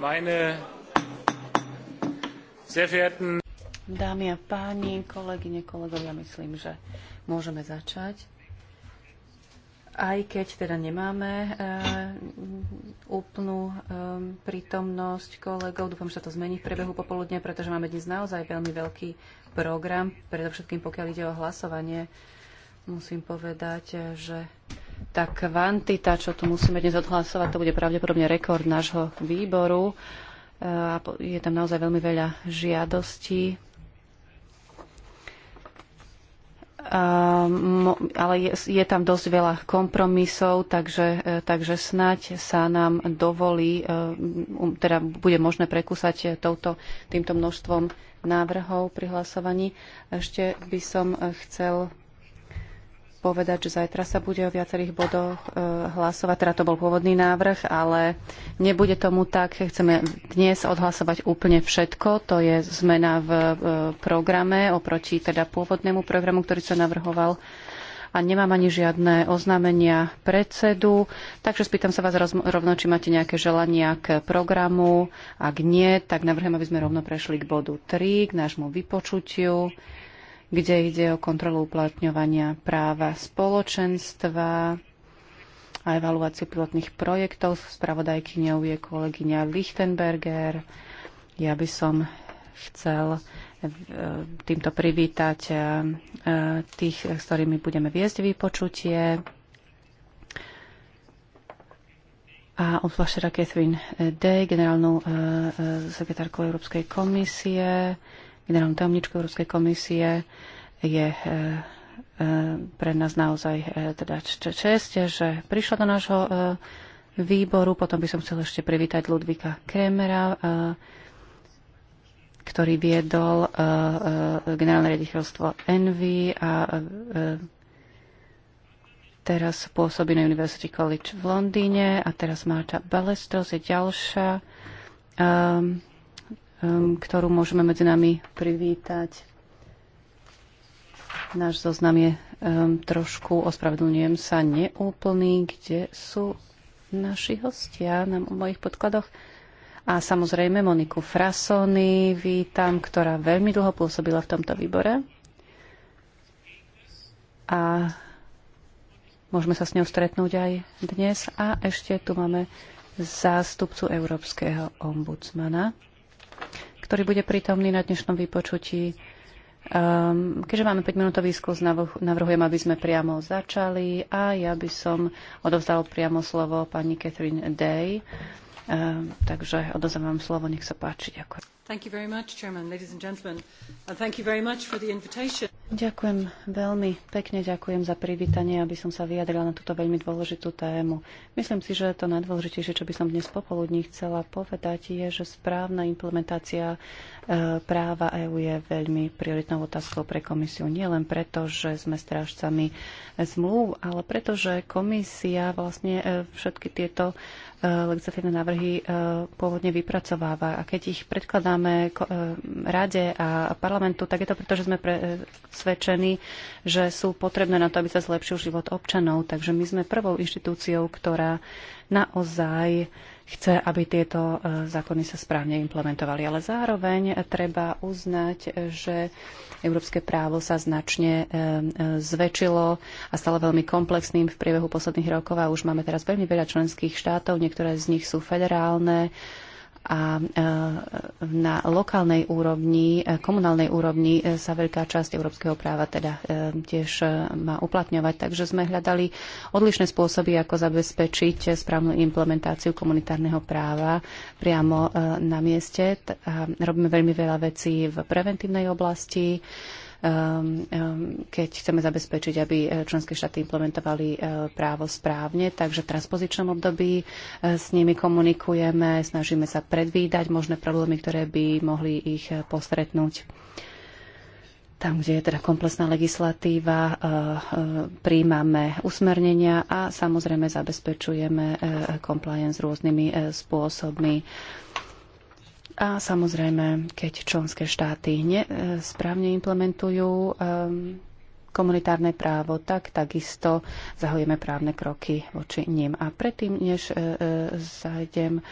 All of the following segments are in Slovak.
meine sehr verehrten Dámy a páni, kolegyne, kolegovia, myslím, že môžeme začať. Aj keď teda nemáme eh, úplnú eh, prítomnosť kolegov, dúfam, že sa to zmení v priebehu popoludne, pretože máme dnes naozaj veľmi veľký program, predovšetkým pokiaľ ide o hlasovanie. Musím povedať, eh, že tá kvantita, čo tu musíme dnes odhlasovať, to bude pravdepodobne rekord nášho výboru. A je tam naozaj veľmi veľa žiadostí. ale je, je tam dosť veľa kompromisov, takže, e, takže snať sa nám dovolí, e, um, teda bude možné prekúsať e, touto, týmto množstvom návrhov pri hlasovaní. Ešte by som chcel povedať, že zajtra sa bude o viacerých bodoch e, hlasovať. Teda to bol pôvodný návrh, ale nebude tomu tak. Chceme dnes odhlasovať úplne všetko. To je zmena v e, programe oproti teda pôvodnému programu, ktorý sa navrhoval a nemám ani žiadne oznámenia predsedu. Takže spýtam sa vás rovno, či máte nejaké želania k programu. Ak nie, tak navrhujem, aby sme rovno prešli k bodu 3, k nášmu vypočutiu kde ide o kontrolu uplatňovania práva spoločenstva a evaluáciu pilotných projektov. Spravodajkyňou je kolegyňa Lichtenberger. Ja by som chcel eh, týmto privítať eh, tých, s ktorými budeme viesť vypočutie. A obzvlášť teda Catherine Day, generálnu eh, sekretárku Európskej komisie generálnu tajomničku Európskej komisie. Je eh, eh, pre nás naozaj eh, teda čest, že prišla do nášho výboru. Potom by som chcel ešte privítať Ludvika Kremera, ktorý viedol generálne rediteľstvo Envy a teraz pôsobí na University College v Londýne a teraz Marta Balestros je ďalšia um, Um, ktorú môžeme medzi nami privítať. Náš zoznam je um, trošku, ospravedlňujem sa, neúplný, kde sú naši hostia na mojich podkladoch. A samozrejme Moniku Frasony vítam, ktorá veľmi dlho pôsobila v tomto výbore. A môžeme sa s ňou stretnúť aj dnes. A ešte tu máme zástupcu Európskeho ombudsmana ktorý bude prítomný na dnešnom vypočutí. Um, keďže máme 5-minútový skús, navrhujem, aby sme priamo začali a ja by som odovzdal priamo slovo pani Catherine Day. Um, Ehm, takže odozávam slovo, nech sa páči. Ďakujem. Much, Chairman, ďakujem veľmi pekne, ďakujem za privítanie, aby som sa vyjadrila na túto veľmi dôležitú tému. Myslím si, že to najdôležitejšie, čo by som dnes popoludní chcela povedať, je, že správna implementácia E, práva EÚ je veľmi prioritnou otázkou pre komisiu. Nie len preto, že sme strážcami zmluv, ale preto, že komisia vlastne e, všetky tieto e, legislatívne návrhy pôvodne vypracováva. A keď ich predkladáme rade a parlamentu, tak je to preto, že sme presvedčení, že sú potrebné na to, aby sa zlepšil život občanov. Takže my sme prvou inštitúciou, ktorá naozaj chce, aby tieto e, zákony sa správne implementovali. Ale zároveň treba uznať, že európske právo sa značne e, e, zväčšilo a stalo veľmi komplexným v priebehu posledných rokov a už máme teraz veľmi veľa členských štátov, niektoré z nich sú federálne, a e, na lokálnej úrovni, e, komunálnej úrovni e, sa veľká časť európskeho práva teda tiež má uplatňovať. Takže sme hľadali odlišné spôsoby, ako zabezpečiť správnu implementáciu komunitárneho práva priamo na mieste. robíme veľmi veľa vecí v preventívnej oblasti Ehm, ehm, keď chceme zabezpečiť, aby e, členské štáty implementovali e, právo správne. Takže v transpozičnom období e, s nimi komunikujeme, snažíme sa predvídať možné problémy, ktoré by mohli ich postretnúť tam, kde je teda komplexná legislatíva, príjmame usmernenia a samozrejme zabezpečujeme compliance rôznymi spôsobmi. A samozrejme, keď členské štáty nesprávne e, implementujú e, komunitárne právo, tak takisto zahojeme právne kroky voči ním. A predtým, než e, zajdem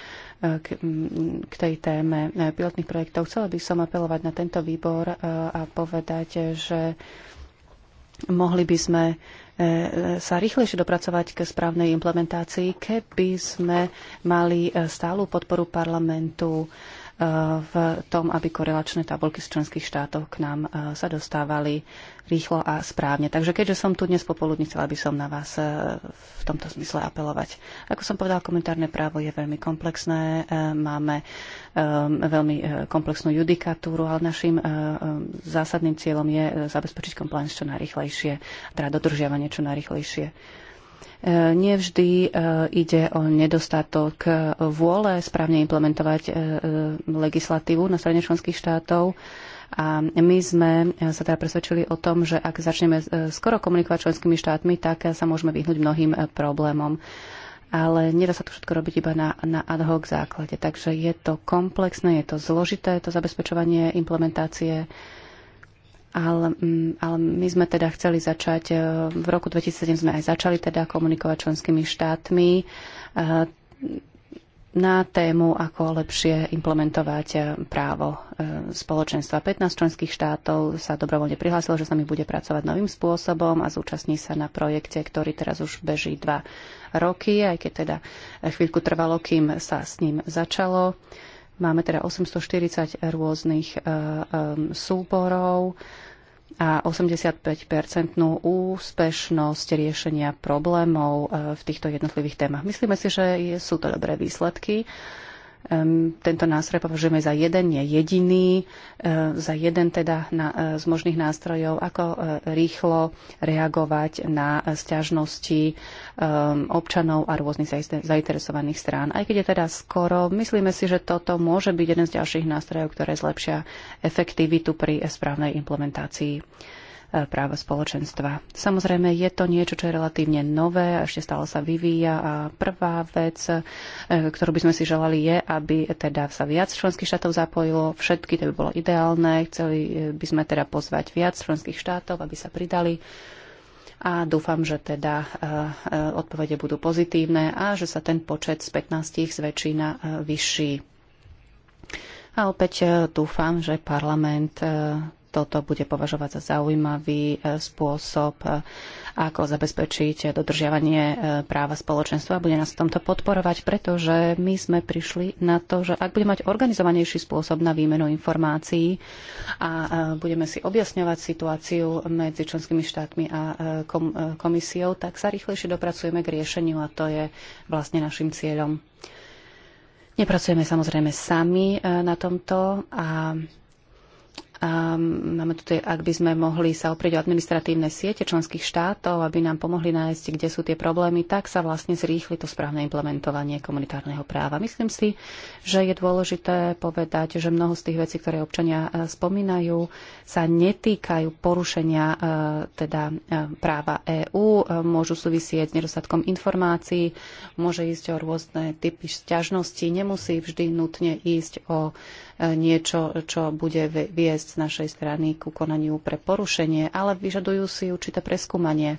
k tej téme pilotných projektov, chcela by som apelovať na tento výbor a povedať, že mohli by sme sa rýchlejšie dopracovať k správnej implementácii, keby sme mali stálu podporu parlamentu v tom, aby korelačné tabulky z členských štátov k nám e, sa dostávali rýchlo a správne. Takže keďže som tu dnes popoludní, chcela by som na vás e, v tomto zmysle apelovať. Ako som povedal, komentárne právo je veľmi komplexné, e, máme veľmi komplexnú judikatúru, ale našim zásadným cieľom je zabezpečiť compliance čo najrychlejšie, teda dodržiavanie čo najrychlejšie. E, nevždy e, ide o nedostatok e, vôle správne implementovať legislatívu na strane členských štátov. A my sme sa teda presvedčili o tom, že ak začneme skoro komunikovať členskými štátmi, tak sa môžeme vyhnúť mnohým problémom. Ale nedá sa to všetko robiť iba na, na ad hoc základe. Takže je to komplexné, je to zložité, to zabezpečovanie implementácie ale, mm, ale my sme teda chceli začať, e, v roku 2007 sme aj začali teda komunikovať členskými štátmi e, na tému, ako lepšie implementovať e, právo spoločenstva. 15 členských štátov sa dobrovoľne prihlásilo, že sa mi bude pracovať novým spôsobom a zúčastní sa na projekte, ktorý teraz už beží dva roky, aj keď teda chvíľku trvalo, kým sa s ním začalo. Máme teda 840 rôznych súborov a 85-percentnú úspešnosť riešenia problémov e, v týchto jednotlivých témach. Myslíme si, že sú to dobré výsledky tento nástroj považujeme za jeden, nie jediný, za jeden teda na, e, z možných nástrojov, ako e, rýchlo reagovať na e, stiažnosti občanov a rôznych zainteresovaných strán. Aj keď je teda skoro, myslíme si, že toto môže byť jeden z ďalších nástrojov, ktoré zlepšia efektivitu pri správnej implementácii. E, práva spoločenstva. Samozrejme, je to niečo, čo je relatívne nové, ešte stále sa vyvíja a prvá vec, e, ktorú by sme si želali, je, aby teda sa viac členských štátov zapojilo, všetky, to by bolo ideálne, chceli e, by sme teda pozvať viac členských štátov, aby sa pridali a dúfam, že teda odpovede budú pozitívne a že sa ten počet z 15 zväčší na vyšší. A opäť dúfam, že parlament toto bude považovať za zaujímavý e, spôsob, e, ako zabezpečiť dodržiavanie e, práva spoločenstva a bude nás v tomto podporovať, pretože my sme prišli na to, že ak bude mať organizovanejší spôsob na výmenu informácií a budeme si objasňovať situáciu medzi členskými štátmi a komisiou, tak sa rýchlejšie dopracujeme k riešeniu a to je vlastne našim cieľom. Nepracujeme samozrejme sami na tomto a Um, máme tu, tie, ak by sme mohli sa oprieť o administratívne siete členských štátov, aby nám pomohli nájsť, kde sú tie problémy, tak sa vlastne zrýchli to správne implementovanie komunitárneho práva. Myslím si, že je dôležité povedať, že mnoho z tých vecí, ktoré občania e, spomínajú, sa netýkajú porušenia e, teda e, práva EÚ, môžu súvisieť s nedostatkom informácií, môže ísť o rôzne typy sťažnosti, nemusí vždy nutne ísť o niečo, čo bude viesť z našej strany ku konaniu pre porušenie, ale vyžadujú si určité preskúmanie.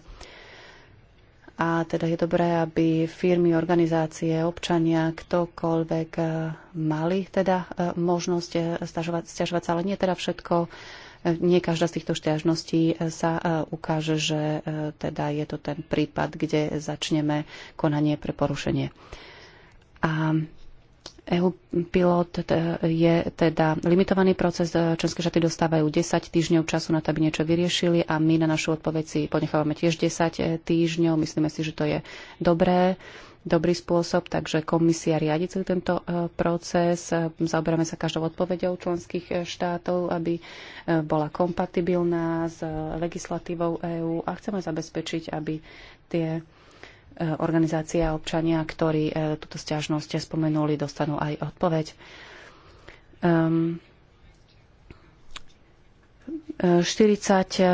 A teda je dobré, aby firmy, organizácie, občania, ktokoľvek eh, mali teda eh, možnosť eh, stažovať, stiažovať sa, ale nie teda všetko nie každá z týchto šťažností sa ukáže, že teda je to ten prípad, kde začneme konanie pre porušenie. A EU pilot je teda limitovaný proces. E, členské štáty dostávajú 10 týždňov času na to, aby niečo vyriešili a my na našu odpoveď si ponechávame tiež 10 e, týždňov. Myslíme si, že to je dobré dobrý spôsob, takže komisia riadi celý tento e, proces. Zaoberáme sa každou odpoveďou členských štátov, aby bola kompatibilná s legislatívou EÚ a chceme zabezpečiť, aby tie Eh, organizácia občania, ktorí eh, túto stiažnosť spomenuli, dostanú aj odpoveď. Um, ehm, 40 eh,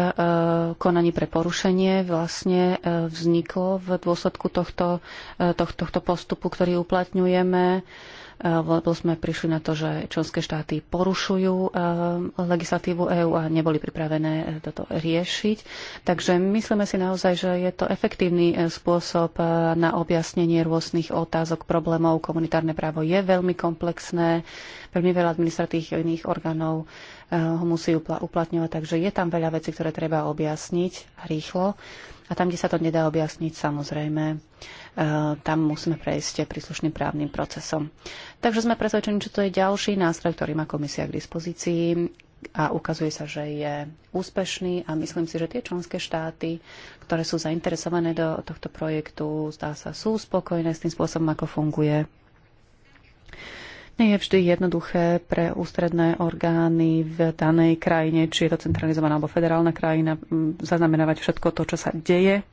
konaní pre porušenie vlastne vzniklo v dôsledku tohto, tohto postupu, ktorý uplatňujeme lebo sme prišli na to, že členské štáty porušujú eh, legislatívu EÚ a neboli pripravené eh, toto riešiť. Takže myslíme si naozaj, že je to efektívny eh, spôsob na objasnenie rôznych otázok, problémov. Komunitárne právo je veľmi komplexné, veľmi veľa administratívnych orgánov ho musí uplatňovať, takže je tam veľa vecí, ktoré treba objasniť rýchlo. A tam, kde sa to nedá objasniť, samozrejme, Eh, tam musíme prejsť príslušným právnym procesom. Takže sme presvedčení, že to je ďalší nástroj, ktorý má komisia k dispozícii a ukazuje sa, že je úspešný a myslím si, že tie členské štáty, ktoré sú zainteresované do tohto projektu, zdá sa, sú spokojné s tým spôsobom, ako funguje. Nie je vždy jednoduché pre ústredné orgány v danej krajine, či je to centralizovaná alebo federálna krajina, zaznamenávať všetko to, čo sa deje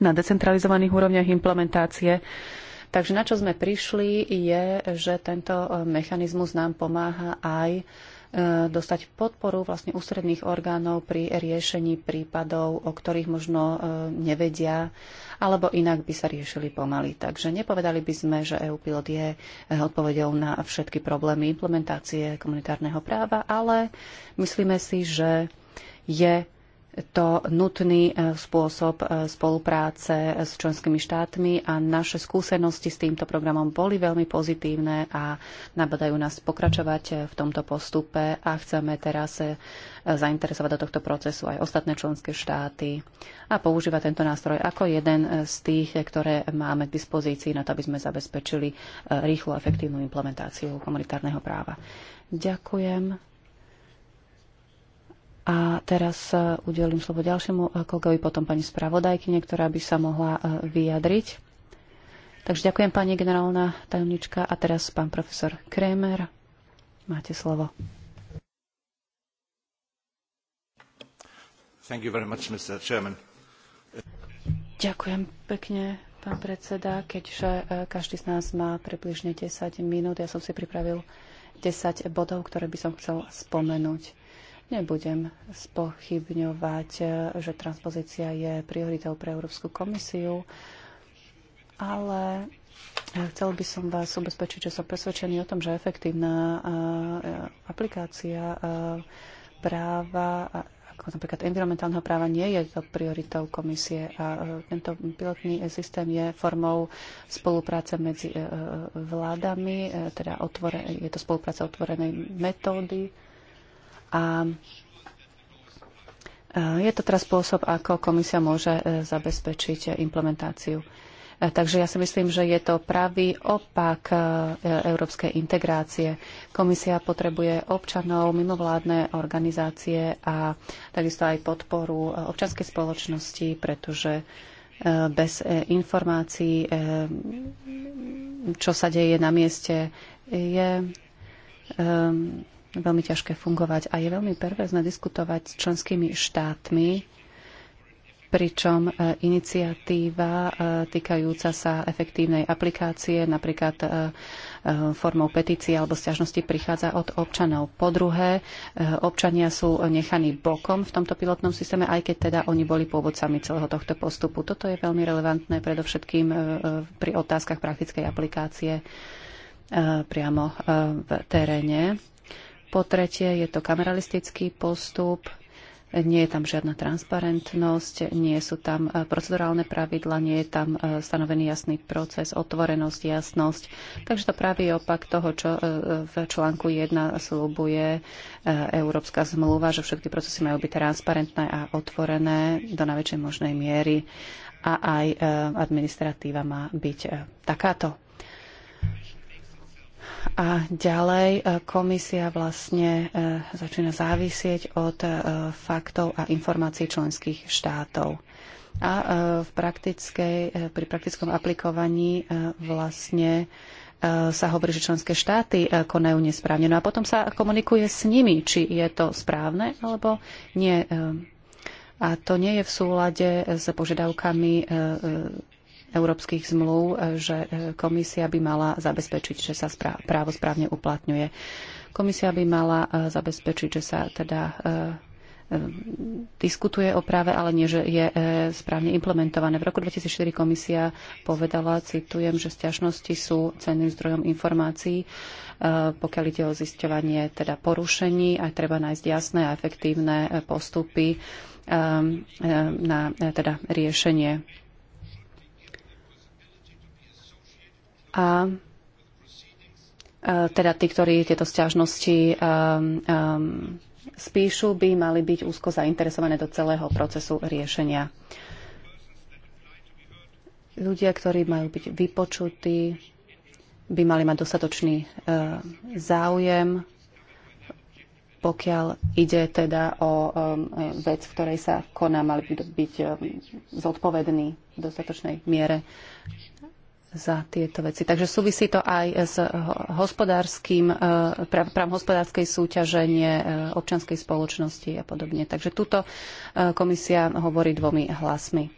na decentralizovaných úrovniach implementácie. Takže na čo sme prišli je, že tento e, mechanizmus nám pomáha aj e, dostať podporu vlastne ústredných orgánov pri riešení prípadov, o ktorých možno e, nevedia, alebo inak by sa riešili pomaly. Takže nepovedali by sme, že EU pilot je odpovedou na všetky problémy implementácie komunitárneho práva, ale myslíme si, že je to nutný e, spôsob e, spolupráce s členskými štátmi a naše skúsenosti s týmto programom boli veľmi pozitívne a nabadajú nás pokračovať e, v tomto postupe a chceme teraz zainteresovať do tohto procesu aj ostatné členské štáty a používať tento nástroj ako jeden z tých, ktoré máme k dispozícii na to, aby sme zabezpečili rýchlu a efektívnu implementáciu komunitárneho práva. Ďakujem. A teraz e, udelím slovo ďalšiemu e, kolegovi, potom pani spravodajkyne, ktorá by sa mohla e, vyjadriť. Takže ďakujem pani generálna tajomnička a teraz pán profesor Kremer. Máte slovo. Thank you very much, Mr. Chairman. Ďakujem pekne, pán predseda. Keďže každý z nás má približne 10 minút, ja som si pripravil 10 bodov, ktoré by som chcel spomenúť. Nebudem spochybňovať, e, že transpozícia je prioritou pre Európsku komisiu, ale e, chcel by som vás ubezpečiť, že som presvedčený o tom, že efektívna e, aplikácia práva ako napríklad environmentálneho práva nie je to prioritou komisie a tento pilotný systém je formou spolupráce medzi vládami, teda otvore, je to spolupráca otvorenej metódy a e, je to teraz spôsob, ako komisia môže e, zabezpečiť implementáciu. E, takže ja si myslím, že je to pravý opak európskej integrácie. Komisia potrebuje občanov, mimovládne organizácie a takisto aj podporu občanskej spoločnosti, pretože bez informácií, čo sa deje na mieste, je veľmi ťažké fungovať a je veľmi perverzné diskutovať s členskými štátmi, pričom e, iniciatíva e, týkajúca sa efektívnej aplikácie, napríklad e, formou petície alebo stiažnosti, prichádza od občanov. Po druhé, občania sú nechaní bokom v tomto pilotnom systéme, aj keď teda oni boli pôvodcami celého tohto postupu. Toto je veľmi relevantné predovšetkým pri otázkach praktickej aplikácie priamo v teréne. Po tretie, je to kameralistický postup, nie je tam žiadna transparentnosť, nie sú tam e, procedurálne pravidla, nie je tam e, stanovený jasný proces, otvorenosť, jasnosť. Takže to pravý opak toho, čo e, v článku 1 slúbuje Európska zmluva, že všetky procesy majú byť transparentné a otvorené do najväčšej možnej miery a aj administratíva má byť takáto a ďalej e, komisia vlastne e, začína závisieť od e, faktov a informácií členských štátov. A v pri praktickom aplikovaní vlastne sa hovorí, že členské štáty konajú nesprávne. No a potom sa komunikuje s nimi, či je to správne alebo nie. A to nie je v súlade s požiadavkami európskych zmluv, e, že e, komisia by mala zabezpečiť, že sa právo správne uplatňuje. Komisia by mala e, zabezpečiť, že sa teda diskutuje o práve, ale nie, že je správne implementované. V roku 2004 komisia povedala, citujem, že sťažnosti sú cenným zdrojom informácií, pokiaľ ide o zisťovanie teda porušení a treba nájsť jasné a efektívne postupy na teda riešenie a e, teda tí, ktorí tieto sťažnosti e, e, spíšu, by mali byť úzko zainteresované do celého procesu riešenia. Ľudia, ktorí majú byť vypočutí, by mali mať dostatočný záujem, pokiaľ ide teda o vec, v ktorej sa koná, mali by byť zodpovední v dostatočnej miere za tieto veci. Takže súvisí to aj s hospodárským, e, právom hospodárskej súťaženie občanskej spoločnosti a podobne. Takže túto e, komisia hovorí dvomi hlasmi.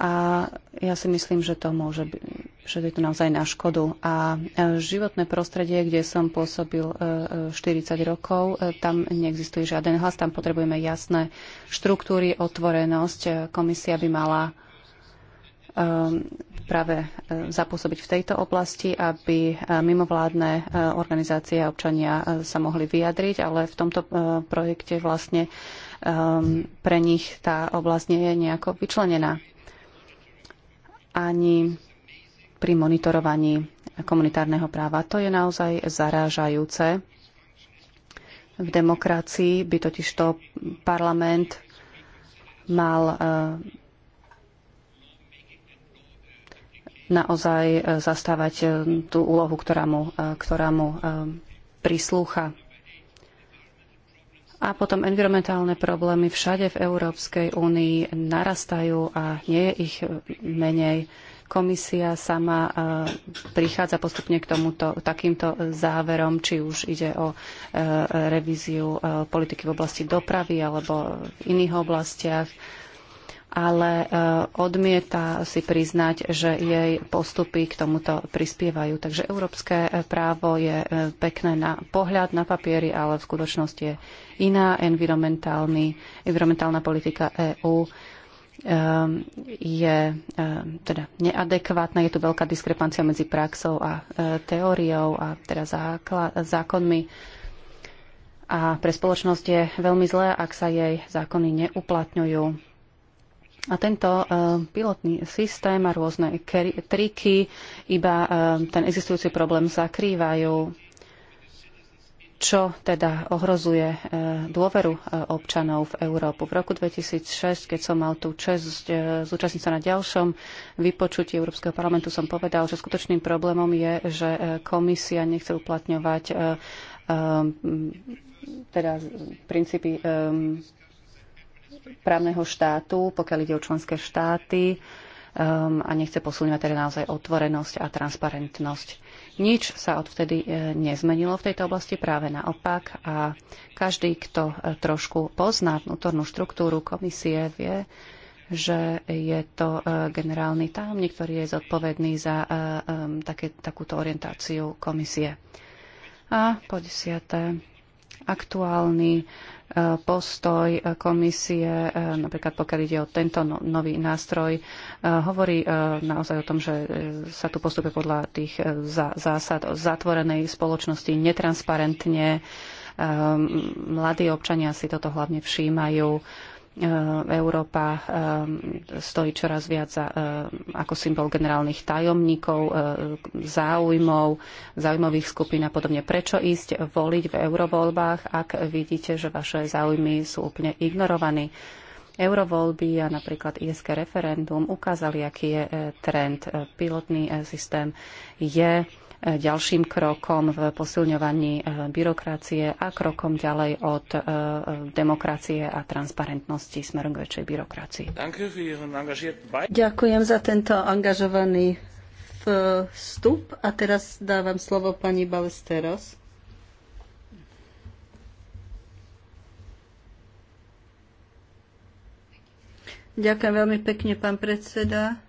A ja si myslím, že to môže byť, že je to naozaj na škodu. A e, životné prostredie, kde som pôsobil 40 rokov, tam neexistuje žiaden hlas, tam potrebujeme jasné štruktúry, otvorenosť. Komisia by mala Um, práve uh, zapôsobiť v tejto oblasti, aby uh, mimovládne uh, organizácie a občania sa mohli vyjadriť, ale v tomto projekte vlastne um, pre nich tá oblasť nie je nejako vyčlenená. Ani pri monitorovaní komunitárneho práva. To je naozaj zarážajúce. V demokracii by totižto parlament mal naozaj e, zastávať e, tú úlohu, ktorá mu, e, ktorá mu prislúcha. A potom environmentálne problémy všade v Európskej únii narastajú a nie je ich menej. Komisia sama prichádza postupne k tomuto, takýmto záverom, či už ide o revíziu politiky v oblasti dopravy alebo v iných oblastiach ale e, odmieta si priznať, že jej postupy k tomuto prispievajú. Takže európske e, právo je e, pekné na pohľad, na papiery, ale v skutočnosti je iná. environmentálna politika EÚ je teda neadekvátna, je tu veľká diskrepancia medzi praxou a teóriou a teda zákonmi. A pre spoločnosť je veľmi zlé, ak sa jej zákony neuplatňujú. A tento eh, pilotný systém a rôzne triky, iba eh, ten existujúci problém zakrývajú, čo teda ohrozuje eh, dôveru občanov v Európu. V roku 2006, keď som mal tú čest zúčastniť sa na ďalšom vypočutí Európskeho parlamentu, som povedal, že skutočným problémom je, že komisia nechce uplatňovať teda princípy právneho štátu, pokiaľ ide o členské štáty um, a nechce posilňovať teda naozaj otvorenosť a transparentnosť. Nič sa odvtedy e, nezmenilo v tejto oblasti, práve naopak. A každý, kto e, trošku pozná vnútornú štruktúru komisie, vie, že je to e, generálny tajomník, ktorý je zodpovedný za um, také, takúto orientáciu komisie. A po desiaté, aktuálny postoj komisie, e, napríklad pokiaľ ide o tento no-, nový nástroj, e, hovorí e, naozaj o tom, že sa tu postupuje podľa tých zásad o zatvorenej spoločnosti netransparentne. Mladí občania si toto hlavne všímajú E, Európa e, stojí čoraz viac za, e, ako symbol generálnych tajomníkov, záujmov, záujmových skupín a podobne. Prečo ísť voliť v eurovoľbách, ak vidíte, že vaše záujmy sú úplne ignorovaní? Eurovoľby a napríklad ISK referendum ukázali, aký je trend. Pilotný systém je ďalším krokom v posilňovaní e, byrokracie a krokom ďalej od e, demokracie a transparentnosti smerom k väčšej byrokracii. Ďakujem za tento angažovaný vstup a teraz dávam slovo pani Balesteros. Ďakujem veľmi pekne, pán predseda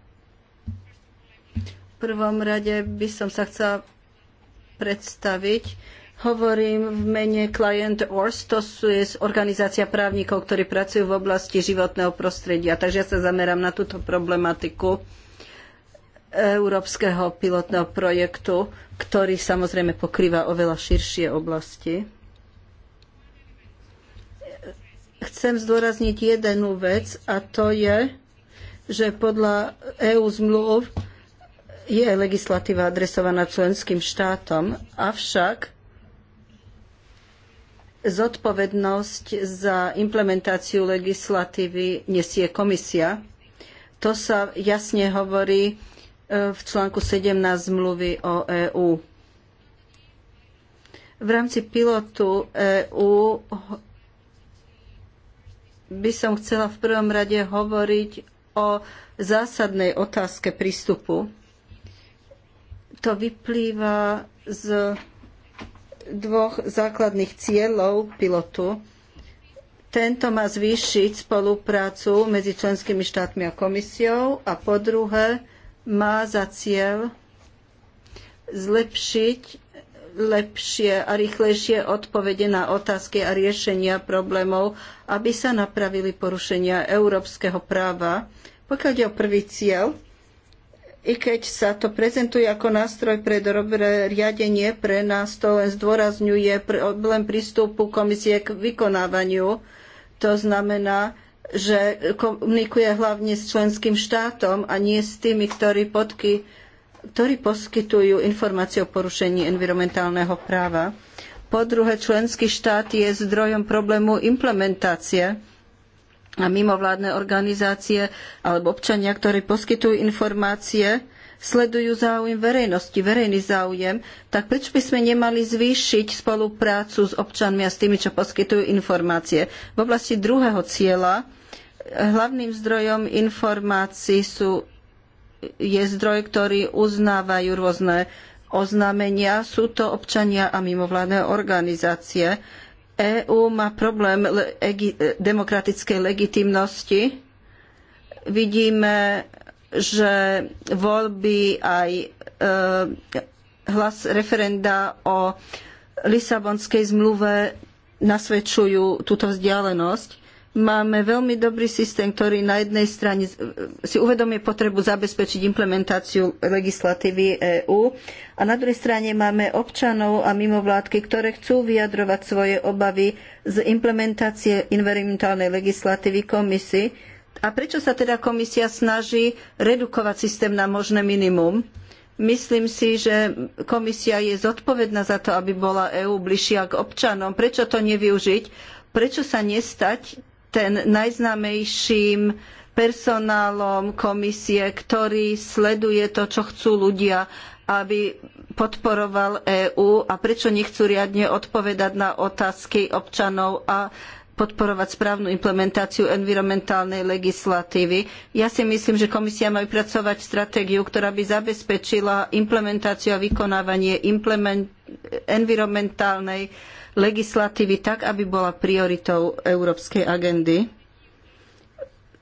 prvom rade by som sa chcela predstaviť. Hovorím v mene Client Ors, to je organizácia právnikov, ktorí pracujú v oblasti životného prostredia. Takže ja sa zamerám na túto problematiku e, európskeho pilotného projektu, ktorý samozrejme pokrýva oveľa širšie oblasti. Chcem zdôrazniť jednu vec a to je, že podľa EU zmluv je aj legislatíva adresovaná členským štátom, avšak zodpovednosť za implementáciu legislatívy nesie komisia. To sa jasne hovorí e, v článku 17 zmluvy o EÚ. V rámci pilotu EÚ by som chcela v prvom rade hovoriť o zásadnej otázke prístupu to vyplýva z dvoch základných cieľov pilotu. Tento má zvýšiť spoluprácu medzi členskými štátmi a komisiou a po druhé má za cieľ zlepšiť lepšie a rýchlejšie odpovede na otázky a riešenia problémov, aby sa napravili porušenia európskeho práva. Pokiaľ je o prvý cieľ, i keď sa to prezentuje ako nástroj pre dobré riadenie, pre nás to len zdôrazňuje problém prístupu komisie k vykonávaniu. To znamená, že komunikuje hlavne s členským štátom a nie s tými, ktorí, podky, ktorí poskytujú informácie o porušení environmentálneho práva. Po druhé, členský štát je zdrojom problému implementácie a mimovládne organizácie alebo občania, ktorí poskytujú informácie, sledujú záujem verejnosti, verejný záujem, tak prečo by sme nemali zvýšiť spoluprácu s občanmi a s tými, čo poskytujú informácie? V oblasti druhého cieľa hlavným zdrojom informácií sú, je zdroj, ktorý uznávajú rôzne oznámenia. Sú to občania a mimovládne organizácie. EÚ má problém e, demokratickej legitimnosti. Vidíme, že voľby aj e, hlas referenda o Lisabonskej zmluve nasvedčujú túto vzdialenosť. Máme veľmi dobrý systém, ktorý na jednej strane si uvedomuje potrebu zabezpečiť implementáciu legislatívy EÚ a na druhej strane máme občanov a mimovládky, ktoré chcú vyjadrovať svoje obavy z implementácie environmentálnej legislatívy komisii. A prečo sa teda komisia snaží redukovať systém na možné minimum? Myslím si, že komisia je zodpovedná za to, aby bola EÚ bližšia k občanom. Prečo to nevyužiť? Prečo sa nestať ten najznámejším personálom komisie, ktorý sleduje to, čo chcú ľudia, aby podporoval EÚ a prečo nechcú riadne odpovedať na otázky občanov a podporovať správnu implementáciu environmentálnej legislatívy. Ja si myslím, že komisia má vypracovať stratégiu, ktorá by zabezpečila implementáciu a vykonávanie environmentálnej legislatívy legislatívy tak, aby bola prioritou európskej agendy.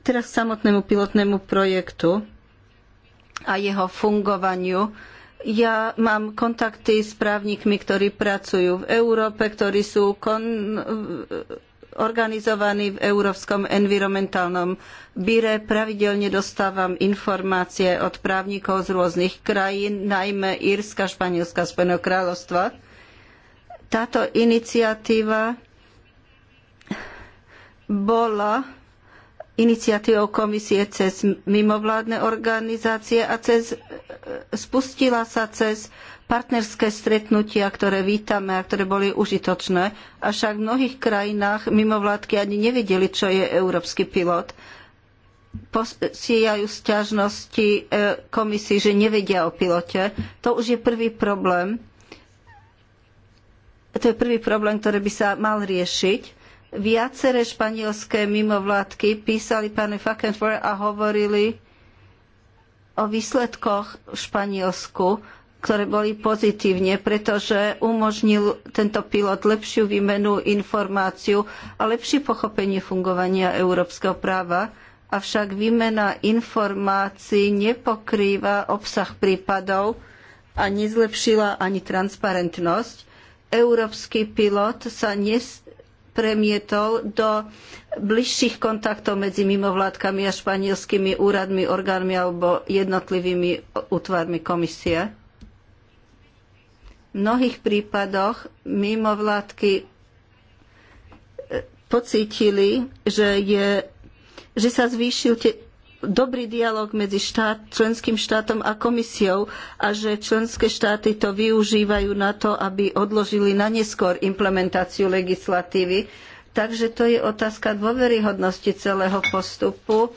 Teraz k samotnému pilotnému projektu a jeho fungovaniu. Ja mám kontakty s právnikmi, ktorí pracujú v Európe, ktorí sú kon... organizovaní v Európskom environmentálnom bíre. Pravidelne dostávam informácie od právnikov z rôznych krajín, najmä Írska, Španielska, Spojeného kráľovstva táto iniciatíva bola iniciatívou komisie cez mimovládne organizácie a cez, spustila sa cez partnerské stretnutia, ktoré vítame a ktoré boli užitočné. Avšak v mnohých krajinách mimovládky ani nevedeli, čo je európsky pilot. Posiejajú sťažnosti e, komisii, že nevedia o pilote. To už je prvý problém to je prvý problém, ktorý by sa mal riešiť. Viaceré španielské mimovládky písali pani Fakenfore a hovorili o výsledkoch v Španielsku, ktoré boli pozitívne, pretože umožnil tento pilot lepšiu výmenu informáciu a lepšie pochopenie fungovania európskeho práva. Avšak výmena informácií nepokrýva obsah prípadov a nezlepšila ani transparentnosť európsky pilot sa nepremietol do bližších kontaktov medzi mimovládkami a španielskými úradmi, orgánmi alebo jednotlivými útvarmi komisie. V mnohých prípadoch mimovládky e, pocítili, že, je, že sa zvýšil dobrý dialog medzi štát, členským štátom a komisiou a že členské štáty to využívajú na to, aby odložili na neskôr implementáciu legislatívy. Takže to je otázka dôveryhodnosti celého postupu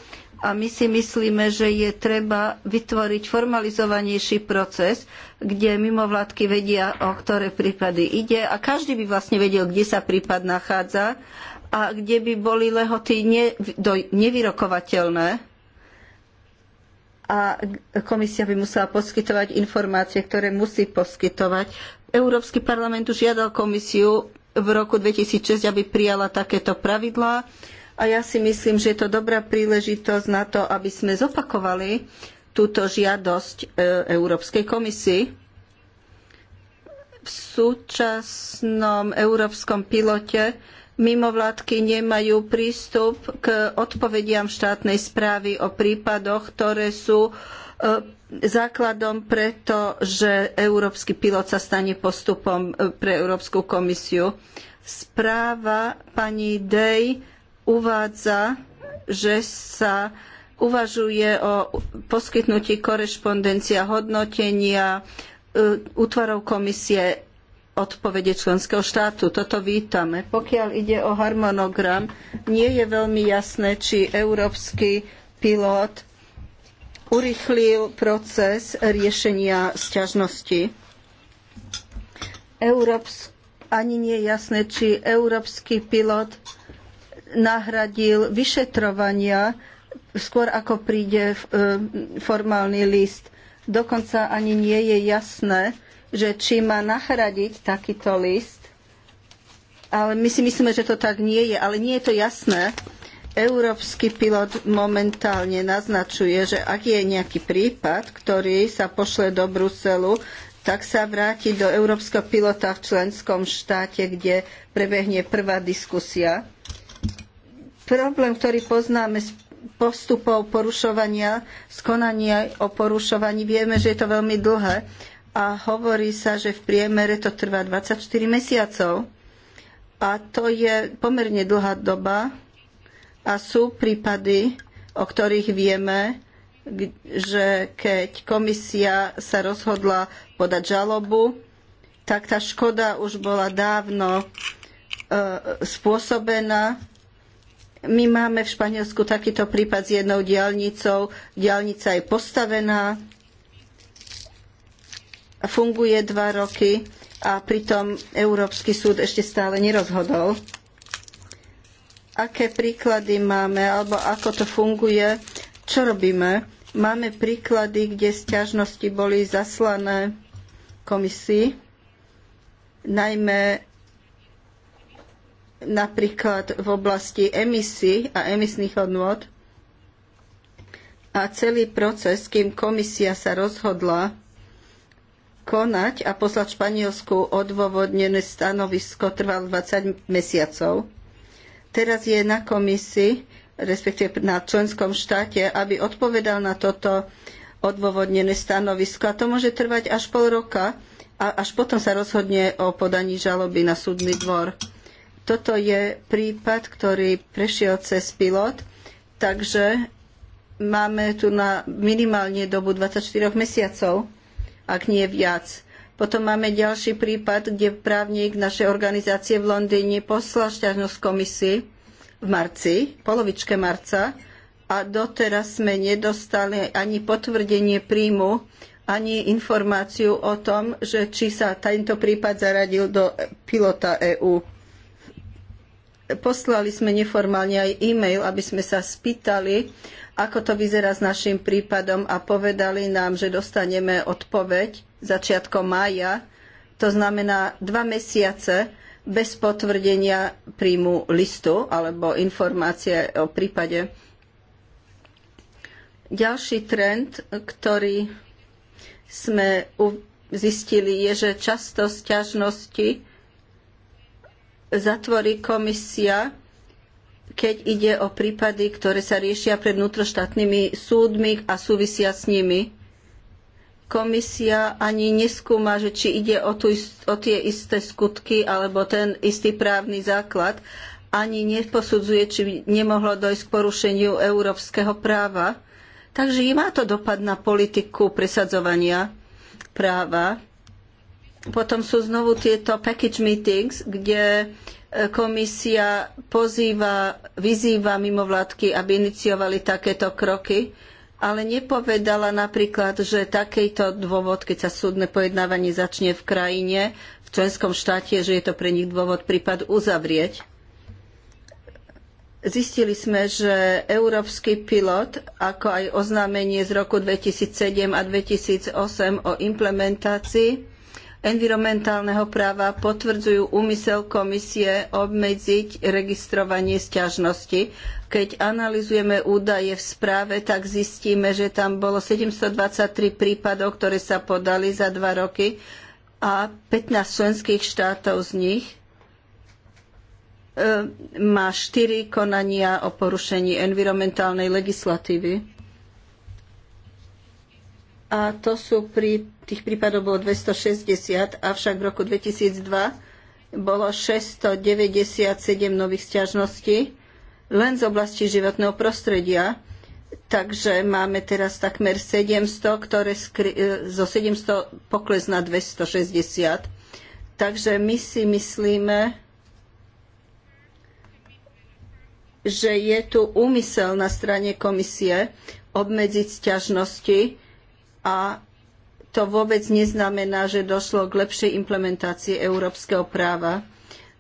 a my si myslíme, že je treba vytvoriť formalizovanejší proces, kde mimovládky vedia, o ktoré prípady ide a každý by vlastne vedel, kde sa prípad nachádza a kde by boli lehoty nevyrokovateľné a komisia by musela poskytovať informácie, ktoré musí poskytovať. Európsky parlament už žiadal komisiu v roku 2006, aby prijala takéto pravidlá a ja si myslím, že je to dobrá príležitosť na to, aby sme zopakovali túto žiadosť e, Európskej komisii. V súčasnom európskom pilote mimovládky nemajú prístup k odpovediam štátnej správy o prípadoch, ktoré sú e, základom preto, že európsky pilot sa stane postupom e, pre Európsku komisiu. Správa pani Day uvádza, že sa uvažuje o poskytnutí korešpondencia hodnotenia e, útvarov komisie odpovede členského štátu. Toto vítame. Pokiaľ ide o harmonogram, nie je veľmi jasné, či európsky pilot urýchlil proces riešenia sťažnosti. Európs... Ani nie je jasné, či európsky pilot nahradil vyšetrovania skôr ako príde e, formálny list. Dokonca ani nie je jasné, že či má nahradiť takýto list, ale my si myslíme, že to tak nie je, ale nie je to jasné. Európsky pilot momentálne naznačuje, že ak je nejaký prípad, ktorý sa pošle do Bruselu, tak sa vráti do európskeho pilota v členskom štáte, kde prebehne prvá diskusia. Problém, ktorý poznáme z postupov porušovania, skonania o porušovaní, vieme, že je to veľmi dlhé a hovorí sa, že v priemere to trvá 24 mesiacov. A to je pomerne dlhá doba a sú prípady, o ktorých vieme, že keď komisia sa rozhodla podať žalobu, tak tá škoda už bola dávno e, spôsobená. My máme v Španielsku takýto prípad s jednou diaľnicou. Diaľnica je postavená, funguje dva roky a pritom Európsky súd ešte stále nerozhodol. Aké príklady máme, alebo ako to funguje, čo robíme? Máme príklady, kde sťažnosti boli zaslané komisii, najmä napríklad v oblasti emisí a emisných hodnôt. A celý proces, kým komisia sa rozhodla konať a poslať Španielsku odôvodnené stanovisko trvalo 20 mesiacov. Teraz je na komisii, respektíve na členskom štáte, aby odpovedal na toto odôvodnené stanovisko. A to môže trvať až pol roka a až potom sa rozhodne o podaní žaloby na súdny dvor. Toto je prípad, ktorý prešiel cez pilot, takže máme tu na minimálne dobu 24 mesiacov ak nie viac. Potom máme ďalší prípad, kde právnik našej organizácie v Londýne poslal šťažnosť komisii v marci, polovičke marca, a doteraz sme nedostali ani potvrdenie príjmu, ani informáciu o tom, že či sa tento prípad zaradil do pilota EÚ. Poslali sme neformálne aj e-mail, aby sme sa spýtali, ako to vyzerá s našim prípadom a povedali nám, že dostaneme odpoveď začiatkom mája, to znamená dva mesiace bez potvrdenia príjmu listu alebo informácie o prípade. Ďalší trend, ktorý sme zistili, je, že často sťažnosti zatvorí komisia keď ide o prípady, ktoré sa riešia pred vnútroštátnymi súdmi a súvisia s nimi. Komisia ani neskúma, že či ide o, tu, o tie isté skutky alebo ten istý právny základ, ani neposudzuje, či nemohlo dojsť k porušeniu európskeho práva. Takže má to dopad na politiku presadzovania práva. Potom sú znovu tieto package meetings, kde komisia pozýva, vyzýva mimovládky, aby iniciovali takéto kroky, ale nepovedala napríklad, že takýto dôvod, keď sa súdne pojednávanie začne v krajine, v členskom štáte, že je to pre nich dôvod prípad uzavrieť. Zistili sme, že európsky pilot, ako aj oznámenie z roku 2007 a 2008 o implementácii environmentálneho práva potvrdzujú úmysel komisie obmedziť registrovanie sťažnosti. Keď analizujeme údaje v správe, tak zistíme, že tam bolo 723 prípadov, ktoré sa podali za dva roky a 15 členských štátov z nich e, má štyri konania o porušení environmentálnej legislatívy. A to sú pri tých prípadov bolo 260, avšak v roku 2002 bolo 697 nových stiažností len z oblasti životného prostredia. Takže máme teraz takmer 700, ktoré skry, e, zo 700 pokles na 260. Takže my si myslíme, že je tu úmysel na strane komisie obmedziť sťažnosti a to vôbec neznamená, že došlo k lepšej implementácii európskeho práva.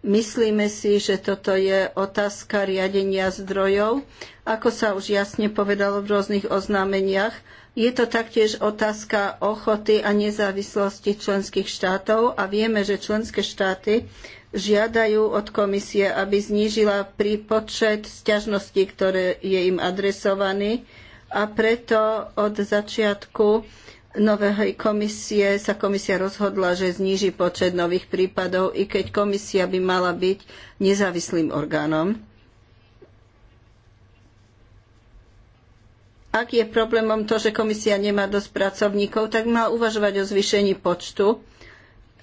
Myslíme si, že toto je otázka riadenia zdrojov, ako sa už jasne povedalo v rôznych oznámeniach. Je to taktiež otázka ochoty a nezávislosti členských štátov a vieme, že členské štáty žiadajú od komisie, aby znížila pri počet stiažností, ktoré je im adresovaný a preto od začiatku novej komisie sa komisia rozhodla, že zníži počet nových prípadov, i keď komisia by mala byť nezávislým orgánom. Ak je problémom to, že komisia nemá dosť pracovníkov, tak má uvažovať o zvýšení počtu.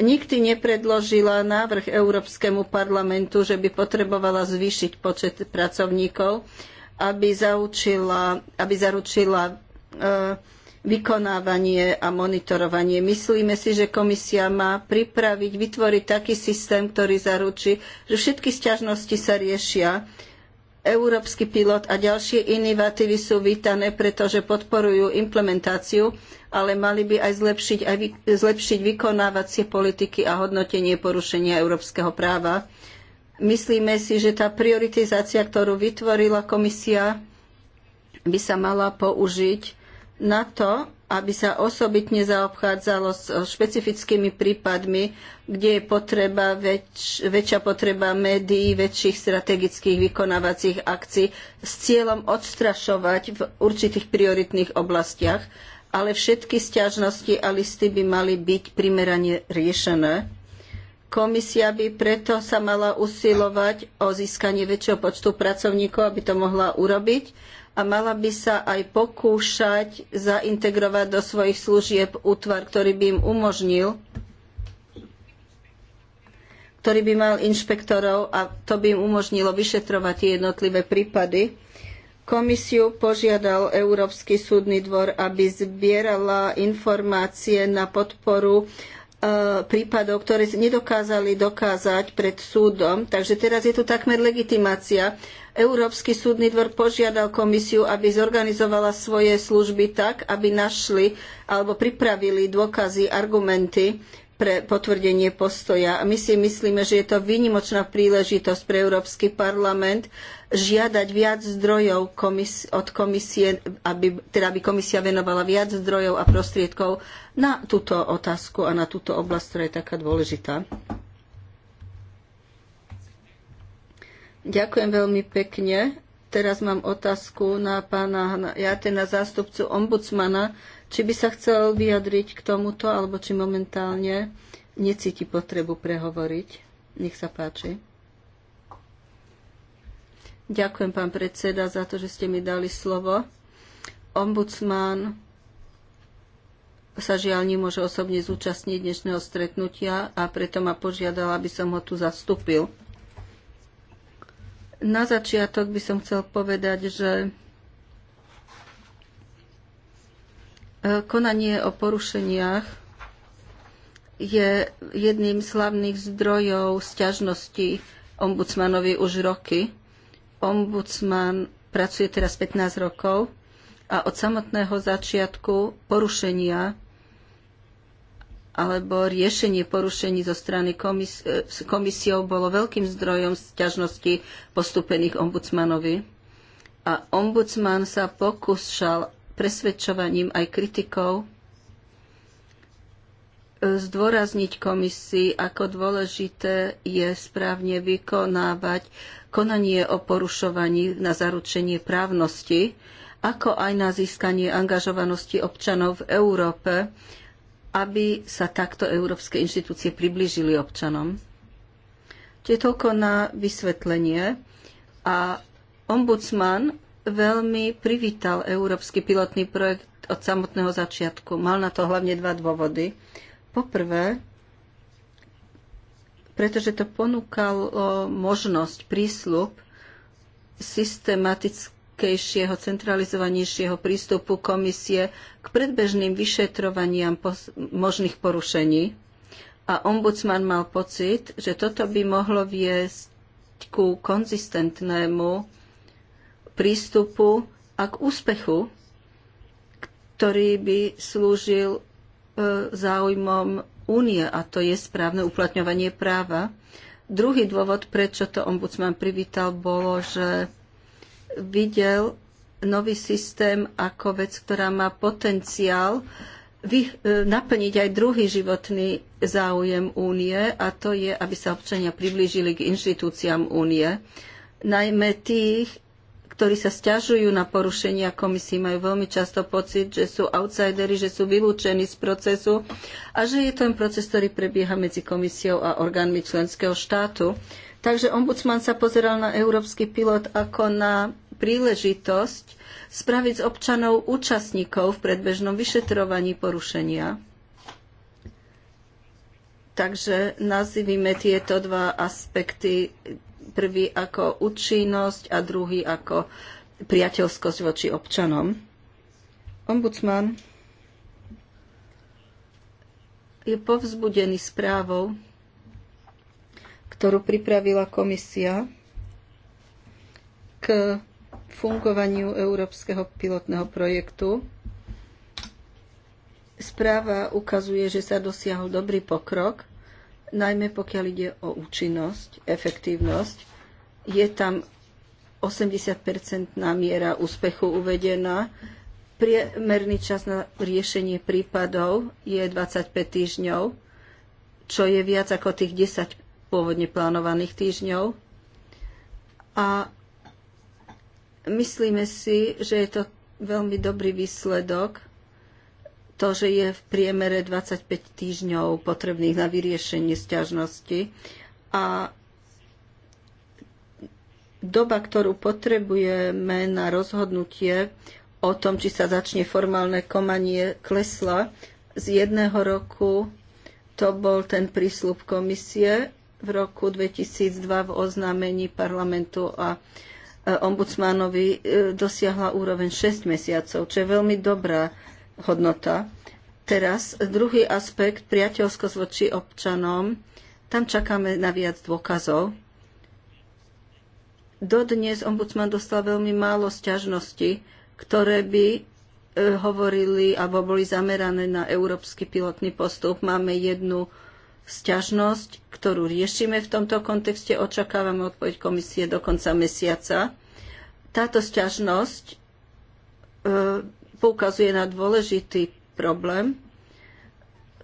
Nikdy nepredložila návrh Európskemu parlamentu, že by potrebovala zvýšiť počet pracovníkov, aby, zaučila, aby zaručila e, vykonávanie a monitorovanie. Myslíme si, že komisia má pripraviť, vytvoriť taký systém, ktorý zaručí, že všetky sťažnosti sa riešia. Európsky pilot a ďalšie inovatívy sú vítané, pretože podporujú implementáciu, ale mali by aj zlepšiť, aj vy, zlepšiť vykonávacie politiky a hodnotenie porušenia európskeho práva. Myslíme si, že tá prioritizácia, ktorú vytvorila komisia, by sa mala použiť na to, aby sa osobitne zaobchádzalo s špecifickými prípadmi, kde je potreba väč, väčšia potreba médií, väčších strategických vykonávacích akcií s cieľom odstrašovať v určitých prioritných oblastiach, ale všetky stiažnosti a listy by mali byť primerane riešené. Komisia by preto sa mala usilovať o získanie väčšieho počtu pracovníkov, aby to mohla urobiť a mala by sa aj pokúšať zaintegrovať do svojich služieb útvar, ktorý by im umožnil, ktorý by mal inšpektorov a to by im umožnilo vyšetrovať tie jednotlivé prípady. Komisiu požiadal Európsky súdny dvor, aby zbierala informácie na podporu e, prípadov, ktoré nedokázali dokázať pred súdom. Takže teraz je tu takmer legitimácia Európsky súdny dvor požiadal komisiu, aby zorganizovala svoje služby tak, aby našli alebo pripravili dôkazy, argumenty pre potvrdenie postoja. A my si myslíme, že je to výnimočná príležitosť pre Európsky parlament žiadať viac zdrojov komis od komisie, aby, teda aby komisia venovala viac zdrojov a prostriedkov na túto otázku a na túto oblasť, ktorá je taká dôležitá. Ďakujem veľmi pekne. Teraz mám otázku na pána Jate, na zástupcu ombudsmana. Či by sa chcel vyjadriť k tomuto, alebo či momentálne necíti potrebu prehovoriť? Nech sa páči. Ďakujem, pán predseda, za to, že ste mi dali slovo. Ombudsman sa žiaľ nemôže osobne zúčastniť dnešného stretnutia a preto ma požiadala, aby som ho tu zastúpil. Na začiatok by som chcel povedať, že e, konanie o porušeniach je jedným z hlavných zdrojov sťažnosti ombudsmanovi už roky. Ombudsman pracuje teraz 15 rokov a od samotného začiatku porušenia alebo riešenie porušení zo strany komis- e, komisiou bolo veľkým zdrojom sťažnosti postupených ombudsmanovi. A ombudsman sa pokúšal presvedčovaním aj kritikov e, zdôrazniť komisii, ako dôležité je správne vykonávať konanie o porušovaní na zaručenie právnosti, ako aj na získanie angažovanosti občanov v Európe aby sa takto európske inštitúcie priblížili občanom. je toľko na vysvetlenie. A ombudsman veľmi privítal európsky pilotný projekt od samotného začiatku. Mal na to hlavne dva dôvody. Poprvé, pretože to ponúkalo možnosť, prísľub systematicky hlbokejšieho, centralizovanejšieho prístupu komisie k predbežným vyšetrovaniam možných porušení. A ombudsman mal pocit, že toto by mohlo viesť ku konzistentnému prístupu a k úspechu, ktorý by slúžil e, záujmom únie, a to je správne uplatňovanie práva. Druhý dôvod, prečo to ombudsman privítal, bolo, že videl nový systém ako vec, ktorá má potenciál vy, e, naplniť aj druhý životný záujem únie a to je, aby sa občania priblížili k inštitúciám únie. Najmä tých, ktorí sa stiažujú na porušenia komisí, majú veľmi často pocit, že sú outsideri, že sú vylúčení z procesu a že je to ten proces, ktorý prebieha medzi komisiou a orgánmi členského štátu. Takže ombudsman sa pozeral na európsky pilot ako na príležitosť spraviť z občanov účastníkov v predbežnom vyšetrovaní porušenia. Takže nazývime tieto dva aspekty, prvý ako účinnosť a druhý ako priateľskosť voči občanom. Ombudsman je povzbudený správou, ktorú pripravila komisia k fungovaniu európskeho pilotného projektu. Správa ukazuje, že sa dosiahol dobrý pokrok, najmä pokiaľ ide o účinnosť, efektívnosť. Je tam 80-percentná miera úspechu uvedená. Priemerný čas na riešenie prípadov je 25 týždňov, čo je viac ako tých 10 pôvodne plánovaných týždňov. A Myslíme si, že je to veľmi dobrý výsledok, to, že je v priemere 25 týždňov potrebných na vyriešenie sťažnosti a doba, ktorú potrebujeme na rozhodnutie o tom, či sa začne formálne komanie, klesla z jedného roku to bol ten prísľub komisie v roku 2002 v oznámení parlamentu a ombudsmanovi e, dosiahla úroveň 6 mesiacov, čo je veľmi dobrá hodnota. Teraz druhý aspekt, priateľskosť voči občanom. Tam čakáme na viac dôkazov. Dodnes ombudsman dostal veľmi málo sťažností, ktoré by e, hovorili alebo boli zamerané na európsky pilotný postup. Máme jednu sťažnosť, ktorú riešime v tomto kontexte. Očakávame odpoveď komisie do konca mesiaca. Táto sťažnosť e, poukazuje na dôležitý problém.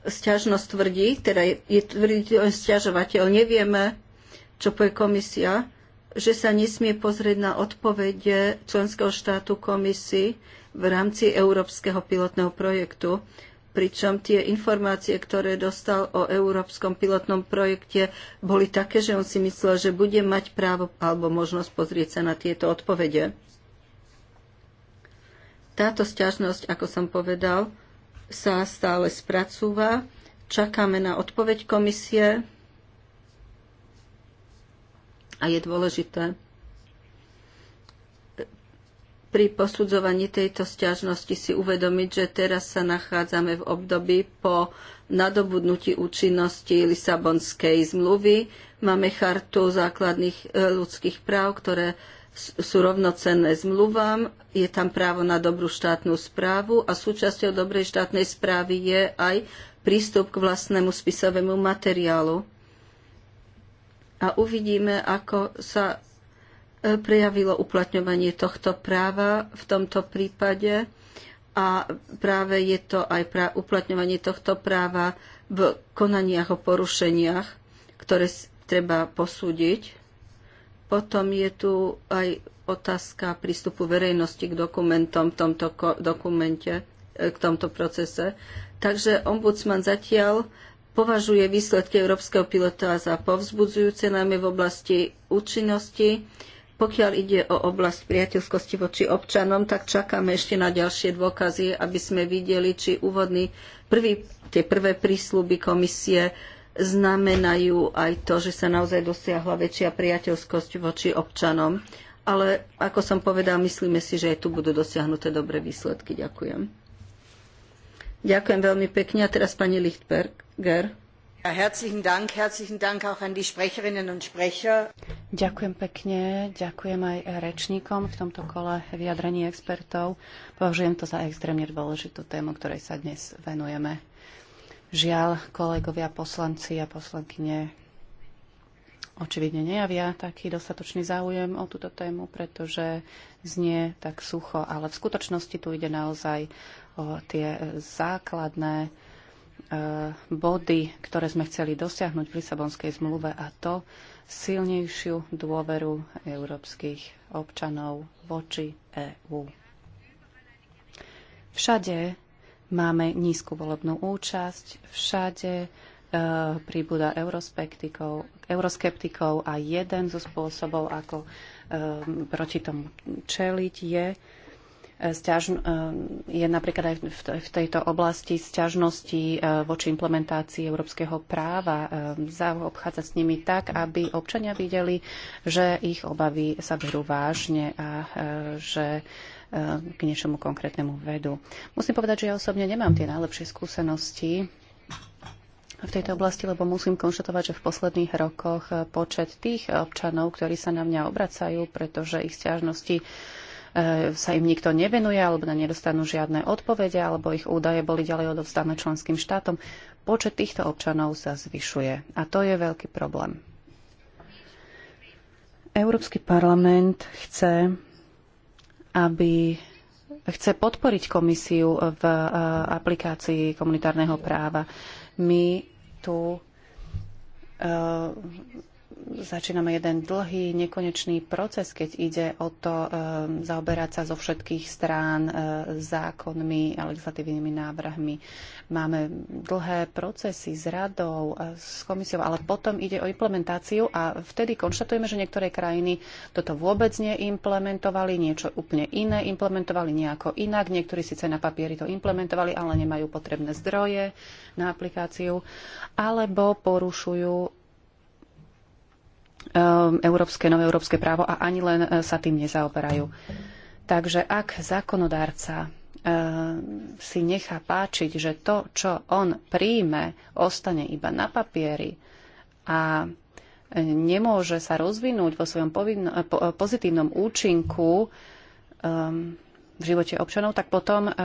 Sťažnosť tvrdí, teda je tvrditeľ sťažovateľ, nevieme, čo povie komisia, že sa nesmie pozrieť na odpovede členského štátu komisii v rámci európskeho pilotného projektu pričom tie informácie, ktoré dostal o európskom pilotnom projekte, boli také, že on si myslel, že bude mať právo alebo možnosť pozrieť sa na tieto odpovede. Táto sťažnosť, ako som povedal, sa stále spracúva. Čakáme na odpoveď komisie a je dôležité, pri posudzovaní tejto stiažnosti si uvedomiť, že teraz sa nachádzame v období po nadobudnutí účinnosti Lisabonskej zmluvy. Máme chartu základných e, ľudských práv, ktoré sú rovnocenné zmluvám, je tam právo na dobrú štátnu správu a súčasťou dobrej štátnej správy je aj prístup k vlastnému spisovému materiálu. A uvidíme, ako sa prejavilo uplatňovanie tohto práva v tomto prípade a práve je to aj uplatňovanie tohto práva v konaniach o porušeniach, ktoré treba posúdiť. Potom je tu aj otázka prístupu verejnosti k dokumentom v tomto dokumente, e, k tomto procese. Takže ombudsman zatiaľ považuje výsledky európskeho pilota za povzbudzujúce, najmä v oblasti účinnosti pokiaľ ide o oblasť priateľskosti voči občanom, tak čakáme ešte na ďalšie dôkazy, aby sme videli, či úvodný prvý, tie prvé prísľuby komisie znamenajú aj to, že sa naozaj dosiahla väčšia priateľskosť voči občanom. Ale ako som povedal, myslíme si, že aj tu budú dosiahnuté dobré výsledky. Ďakujem. Ďakujem veľmi pekne. A teraz pani Lichtberger. Ďakujem pekne, ďakujem aj rečníkom v tomto kole vyjadrení expertov. Považujem to za extrémne dôležitú tému, ktorej sa dnes venujeme. Žiaľ, kolegovia poslanci a poslankyne očividne nejavia taký dostatočný záujem o túto tému, pretože znie tak sucho, ale v skutočnosti tu ide naozaj o tie základné Eh, body, ktoré sme chceli dosiahnuť v Lisabonskej zmluve a to silnejšiu dôveru európskych občanov voči EÚ. Všade máme nízku volebnú účasť, všade eh, príbuda euroskeptikov, euroskeptikov a jeden zo spôsobov, ako eh, proti tomu čeliť, je Sťaž, eh, je napríklad aj v tejto oblasti sťažnosti eh, voči implementácii európskeho práva eh, zaobchádzať s nimi tak, aby občania videli, že ich obavy sa berú vážne a že k niečomu konkrétnemu vedú. Musím povedať, že ja osobne nemám tie najlepšie skúsenosti v tejto oblasti, lebo musím konštatovať, že v posledných rokoch počet tých občanov, ktorí sa na mňa obracajú, pretože ich sťažnosti. E, sa im nikto nevenuje alebo na nedostanú žiadne odpovede alebo ich údaje boli ďalej odovzdané členským štátom. Počet týchto občanov sa zvyšuje a to je veľký problém. Európsky parlament chce, aby chce podporiť komisiu v e, aplikácii komunitárneho práva. My tu e, začíname jeden dlhý, nekonečný proces, keď ide o to eh, zaoberať sa zo všetkých strán eh, zákonmi a legislatívnymi návrhmi. Máme dlhé procesy s radou, eh, s komisiou, ale potom ide o implementáciu a vtedy konštatujeme, že niektoré krajiny toto vôbec neimplementovali, niečo úplne iné implementovali nejako inak. Niektorí síce na papieri to implementovali, ale nemajú potrebné zdroje na aplikáciu alebo porušujú Ehm, európske, nové európske právo a ani len e, sa tým nezaoberajú. Takže ak zákonodárca e, si nechá páčiť, že to, čo on príjme, ostane iba na papieri a e, nemôže sa rozvinúť vo svojom pozitívnom účinku, ehm, v živote občanov, tak potom e, e,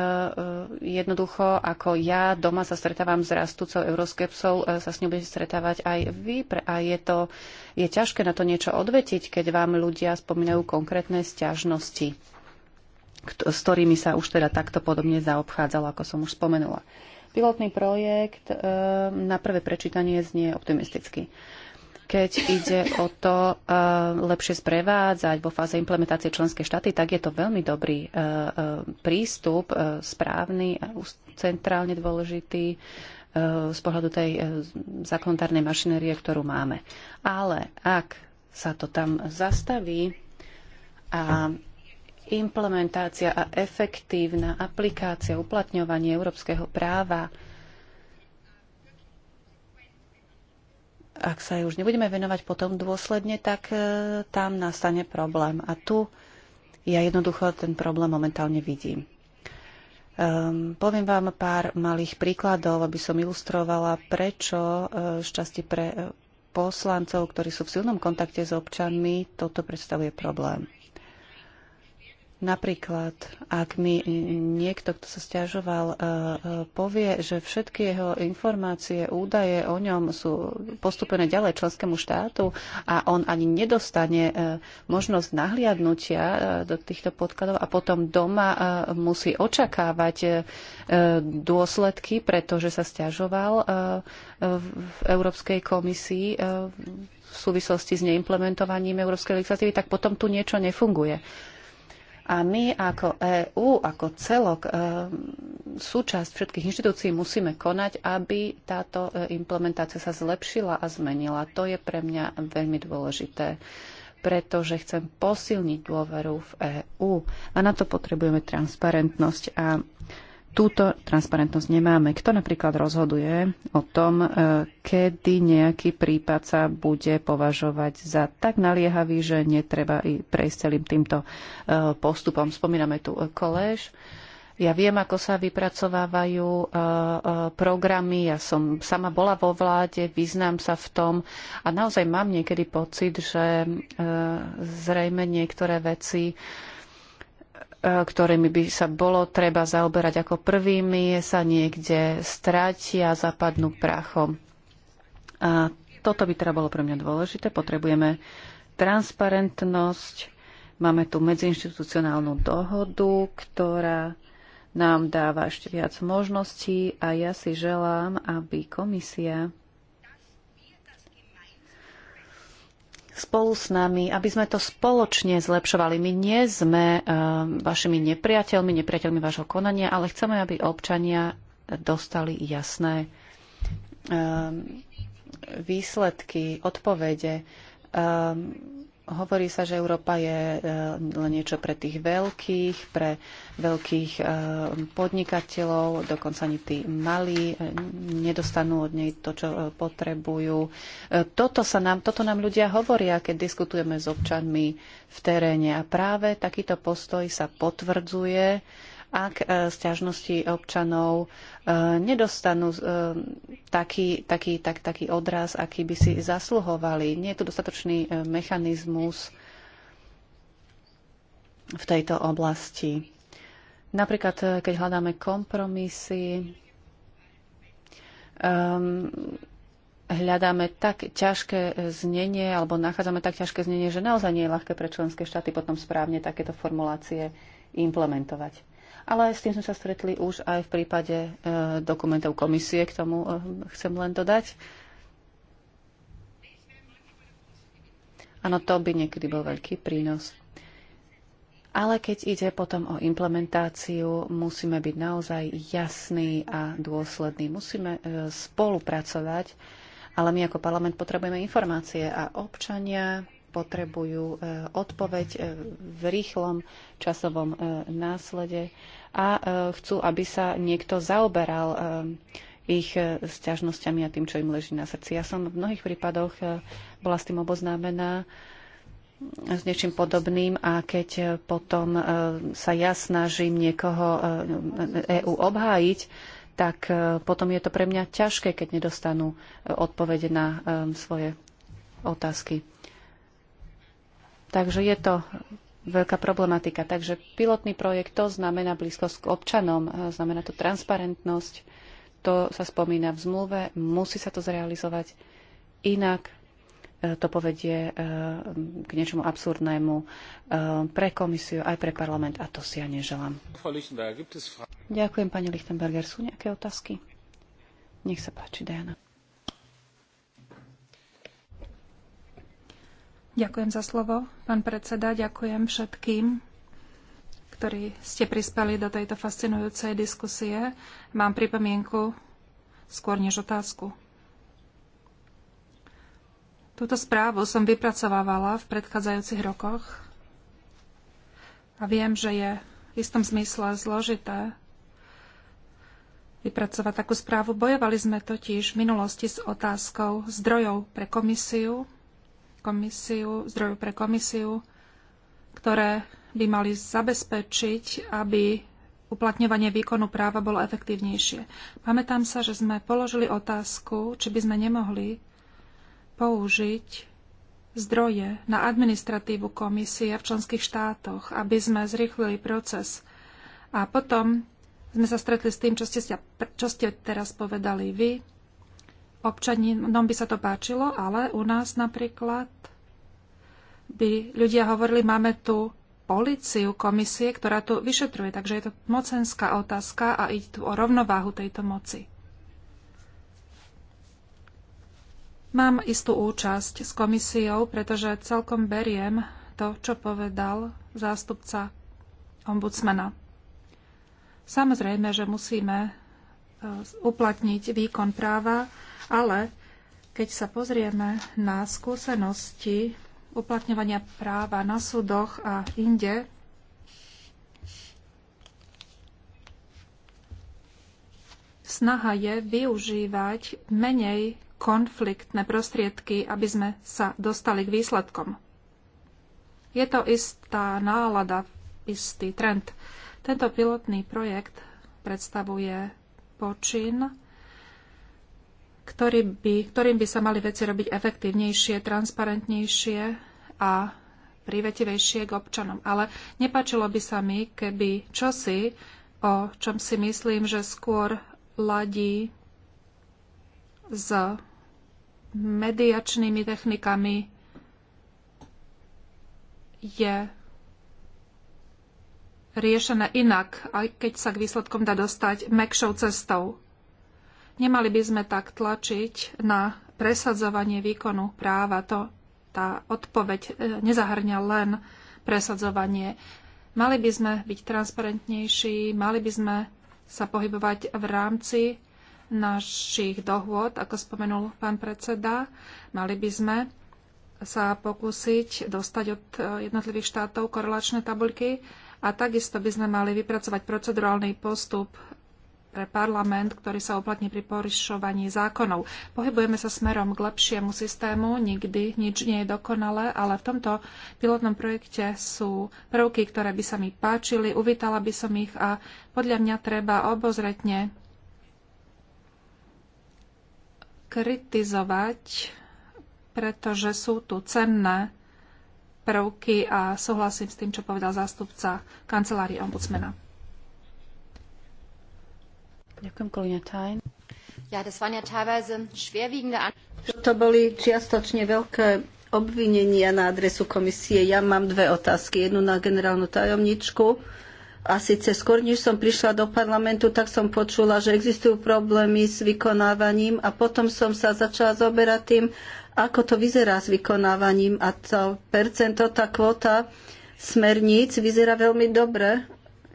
jednoducho, ako ja doma sa stretávam s rastúcou euroskepsou, e, sa s ňou budete stretávať aj vy. A je, to, je ťažké na to niečo odvetiť, keď vám ľudia spomínajú konkrétne stiažnosti, s ktorými sa už teda takto podobne zaobchádzalo, ako som už spomenula. Pilotný projekt na prvé prečítanie znie optimisticky keď ide o to eh, lepšie sprevádzať vo fáze implementácie členské štáty, tak je to veľmi dobrý eh, eh, prístup, správny, centrálne dôležitý z pohľadu tej zákonodárnej mašinérie, ktorú máme. Ale ak sa to tam zastaví a implementácia a efektívna aplikácia, uplatňovanie európskeho práva Ak sa jej už nebudeme venovať potom dôsledne, tak e, tam nastane problém. A tu ja jednoducho ten problém momentálne vidím. Um, poviem vám pár malých príkladov, aby som ilustrovala, prečo uh, e, šťastie pre uh, poslancov, ktorí sú v silnom kontakte s občanmi, toto predstavuje problém. Napríklad, ak mi niekto, kto sa stiažoval, e, e, povie, že všetky jeho informácie, údaje o ňom sú postupené ďalej členskému štátu a on ani nedostane e, možnosť nahliadnutia do týchto podkladov a potom doma musí očakávať dôsledky, pretože sa stiažoval v Európskej komisii v súvislosti s neimplementovaním európskej legislatívy, tak potom tu niečo nefunguje. A my ako EÚ, ako celok, e, súčasť všetkých inštitúcií musíme konať, aby táto e, implementácia sa zlepšila a zmenila. To je pre mňa veľmi dôležité pretože chcem posilniť dôveru v EÚ. A na to potrebujeme transparentnosť. A túto transparentnosť nemáme. Kto napríklad rozhoduje o tom, e, kedy nejaký prípad sa bude považovať za tak naliehavý, že netreba i prejsť celým týmto e, postupom. Spomíname tu e, koléž. Ja viem, ako sa vypracovávajú programy, ja som sama bola vo vláde, vyznám sa v tom a naozaj mám niekedy pocit, že zrejme niektoré veci E, ktorými by sa bolo treba zaoberať ako prvými, sa niekde stratia, zapadnú prachom. A toto by teda bolo pre mňa dôležité. Potrebujeme transparentnosť. Máme tu medziinstitucionálnu dohodu, ktorá nám dáva ešte viac možností a ja si želám, aby komisia spolu s nami, aby sme to spoločne zlepšovali. My nie sme eh, vašimi nepriateľmi, nepriateľmi vášho konania, ale chceme, aby občania dostali jasné eh, výsledky, odpovede. Eh, Hovorí sa, že Európa je e, len niečo pre tých veľkých, pre veľkých e, podnikateľov, dokonca ani tí malí e, nedostanú od nej to, čo potrebujú. Toto, sa nám, toto nám ľudia hovoria, keď diskutujeme s občanmi v teréne a práve takýto postoj sa potvrdzuje ak e, sťažnosti občanov e, nedostanú e, taký, taký, tak, taký odraz, aký by si zasluhovali. Nie je tu dostatočný mechanizmus v tejto oblasti. Napríklad, keď hľadáme kompromisy, um, hľadáme tak ťažké znenie, alebo nachádzame tak ťažké znenie, že naozaj nie je ľahké pre členské štáty potom správne takéto formulácie implementovať ale s tým sme sa stretli už aj v prípade e, dokumentov komisie, k tomu e, chcem len dodať. Áno, to by niekedy bol veľký prínos. Ale keď ide potom o implementáciu, musíme byť naozaj jasný a dôsledný. Musíme e, spolupracovať, ale my ako parlament potrebujeme informácie a občania potrebujú e, odpoveď e, v rýchlom časovom e, následe a chcú, aby sa niekto zaoberal ich sťažnosťami a tým, čo im leží na srdci. Ja som v mnohých prípadoch bola s tým oboznámená s niečím podobným a keď potom sa ja snažím niekoho EU obhájiť, tak potom je to pre mňa ťažké, keď nedostanú odpovede na svoje otázky. Takže je to veľká problematika. Takže pilotný projekt to znamená blízkosť k občanom, znamená to transparentnosť, to sa spomína v zmluve, musí sa to zrealizovať, inak e, to povedie e, k niečomu absurdnému e, pre komisiu aj pre parlament a to si ja neželám. Ďakujem, pani Lichtenberger. Sú nejaké otázky? Nech sa páči, Diana. Ďakujem za slovo, pán predseda. Ďakujem všetkým, ktorí ste prispeli do tejto fascinujúcej diskusie. Mám pripomienku skôr než otázku. Túto správu som vypracovávala v predchádzajúcich rokoch a viem, že je v istom zmysle zložité vypracovať takú správu. Bojovali sme totiž v minulosti s otázkou zdrojov pre komisiu, komisiu, zdrojov pre komisiu, ktoré by mali zabezpečiť, aby uplatňovanie výkonu práva bolo efektívnejšie. Pamätám sa, že sme položili otázku, či by sme nemohli použiť zdroje na administratívu komisie v členských štátoch, aby sme zrýchlili proces. A potom sme sa stretli s tým, čo ste, čo ste teraz povedali vy, Občaninom by sa to páčilo, ale u nás napríklad by ľudia hovorili, máme tu policiu komisie, ktorá tu vyšetruje. Takže je to mocenská otázka a ide tu o rovnováhu tejto moci. Mám istú účasť s komisiou, pretože celkom beriem to, čo povedal zástupca ombudsmana. Samozrejme, že musíme e, uplatniť výkon práva ale keď sa pozrieme na skúsenosti uplatňovania práva na súdoch a inde, snaha je využívať menej konfliktné prostriedky, aby sme sa dostali k výsledkom. Je to istá nálada, istý trend. Tento pilotný projekt predstavuje počin, ktorý by, ktorým by sa mali veci robiť efektívnejšie, transparentnejšie a prívetivejšie k občanom. Ale nepáčilo by sa mi, keby čosi, o čom si myslím, že skôr ladí s mediačnými technikami, je riešené inak, aj keď sa k výsledkom dá dostať mekšou cestou. Nemali by sme tak tlačiť na presadzovanie výkonu práva. To, tá odpoveď e, nezahrňa len presadzovanie. Mali by sme byť transparentnejší, mali by sme sa pohybovať v rámci našich dohôd, ako spomenul pán predseda. Mali by sme sa pokúsiť dostať od e, jednotlivých štátov korelačné tabuľky a takisto by sme mali vypracovať procedurálny postup pre parlament, ktorý sa uplatní pri porušovaní zákonov. Pohybujeme sa smerom k lepšiemu systému, nikdy nič nie je dokonalé, ale v tomto pilotnom projekte sú prvky, ktoré by sa mi páčili, uvítala by som ich a podľa mňa treba obozretne kritizovať, pretože sú tu cenné prvky a súhlasím s tým, čo povedal zástupca kancelárie ombudsmena. To boli čiastočne veľké obvinenia na adresu komisie. Ja mám dve otázky. Jednu na generálnu tajomničku. A síce skôr, než som prišla do parlamentu, tak som počula, že existujú problémy s vykonávaním a potom som sa začala zoberať tým, ako to vyzerá s vykonávaním a to percento, tá kvota smerníc vyzerá veľmi dobre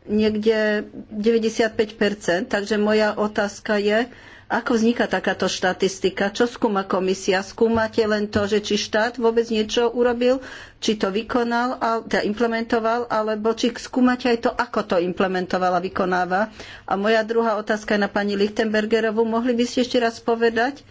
niekde 95%. Takže moja otázka je, ako vzniká takáto štatistika? Čo skúma komisia? Skúmate len to, že či štát vôbec niečo urobil, či to vykonal, teda implementoval, alebo či skúmate aj to, ako to implementovala, vykonáva? A moja druhá otázka je na pani Lichtenbergerovu. Mohli by ste ešte raz povedať,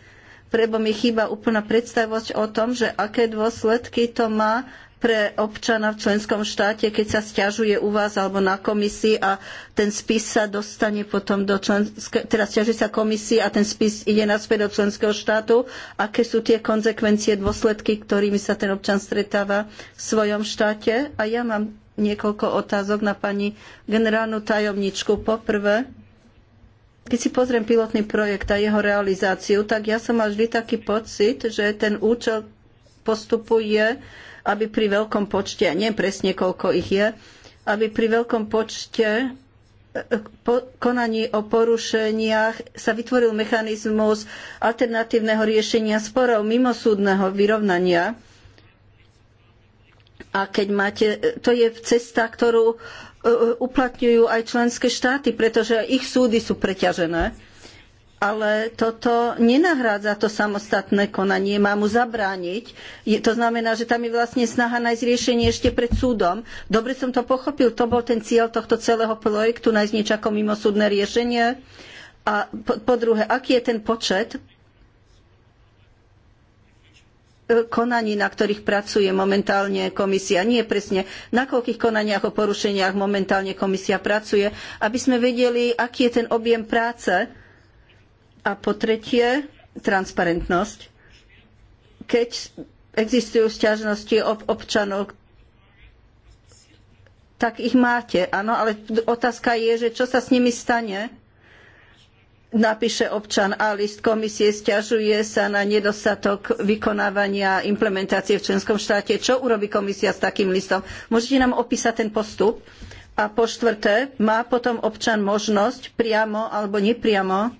Prebo mi chýba úplná predstavosť o tom, že aké dôsledky to má pre občana v členskom štáte, keď sa stiažuje u vás alebo na komisii a ten spis sa dostane potom do členske. teda stiažuje sa komisii a ten spis ide naspäť do členského štátu. Aké sú tie konzekvencie, dôsledky, ktorými sa ten občan stretáva v svojom štáte? A ja mám niekoľko otázok na pani generálnu tajomničku. Poprvé, keď si pozriem pilotný projekt a jeho realizáciu, tak ja som mal vždy taký pocit, že ten účel postupu je aby pri veľkom počte, a neviem presne koľko ich je, aby pri veľkom počte e, po konaní o porušeniach sa vytvoril mechanizmus alternatívneho riešenia sporov mimosúdneho vyrovnania. A keď máte, e, to je cesta, ktorú e, uplatňujú aj členské štáty, pretože ich súdy sú preťažené ale toto nenahrádza to samostatné konanie, má mu zabrániť. Je, to znamená, že tam je vlastne snaha nájsť riešenie ešte pred súdom. Dobre som to pochopil, to bol ten cieľ tohto celého projektu, nájsť niečo ako mimosúdne riešenie. A po, po druhé, aký je ten počet e, konaní, na ktorých pracuje momentálne komisia. Nie presne, na koľkých konaniach o porušeniach momentálne komisia pracuje, aby sme vedeli, aký je ten objem práce, a po tretie, transparentnosť. Keď existujú sťažnosti ob občanov, tak ich máte, áno, ale otázka je, že čo sa s nimi stane? Napíše občan a list komisie, sťažuje sa na nedostatok vykonávania implementácie v členskom štáte. Čo urobí komisia s takým listom? Môžete nám opísať ten postup? A po štvrté, má potom občan možnosť priamo alebo nepriamo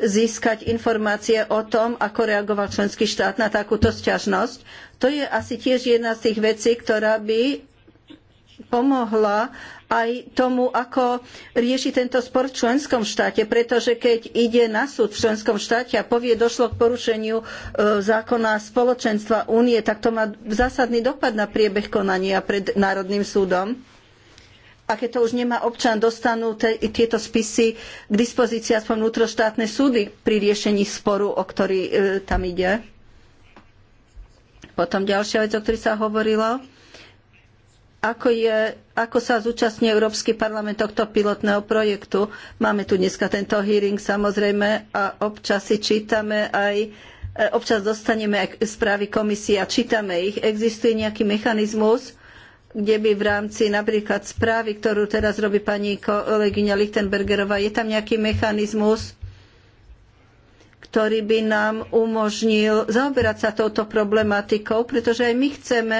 získať informácie o tom, ako reagoval členský štát na takúto sťažnosť. To je asi tiež jedna z tých vecí, ktorá by pomohla aj tomu, ako rieši tento spor v členskom štáte, pretože keď ide na súd v členskom štáte a povie, došlo k porušeniu e, zákona spoločenstva únie, tak to má zásadný dopad na priebeh konania pred Národným súdom a keď to už nemá občan, dostanú te, tieto spisy k dispozícii aspoň vnútroštátne súdy pri riešení sporu, o ktorý e, tam ide. Potom ďalšia vec, o ktorej sa hovorilo, ako, je, ako sa zúčastní Európsky parlament tohto pilotného projektu. Máme tu dneska tento hearing samozrejme a občas si čítame aj e, občas dostaneme aj správy komisie a čítame ich. Existuje nejaký mechanizmus, kde by v rámci napríklad správy, ktorú teraz robí pani kolegyňa Lichtenbergerová, je tam nejaký mechanizmus, ktorý by nám umožnil zaoberať sa touto problematikou, pretože aj my chceme,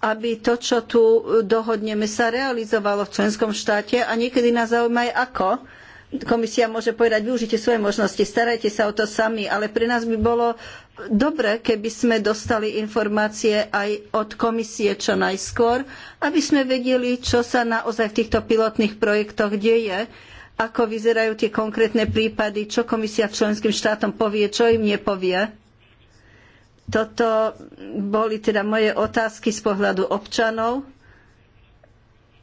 aby to, čo tu dohodneme, sa realizovalo v členskom štáte a niekedy nás zaujíma aj ako komisia môže povedať, využite svoje možnosti, starajte sa o to sami, ale pre nás by bolo dobre, keby sme dostali informácie aj od komisie čo najskôr, aby sme vedeli, čo sa naozaj v týchto pilotných projektoch deje, ako vyzerajú tie konkrétne prípady, čo komisia členským štátom povie, čo im nepovie. Toto boli teda moje otázky z pohľadu občanov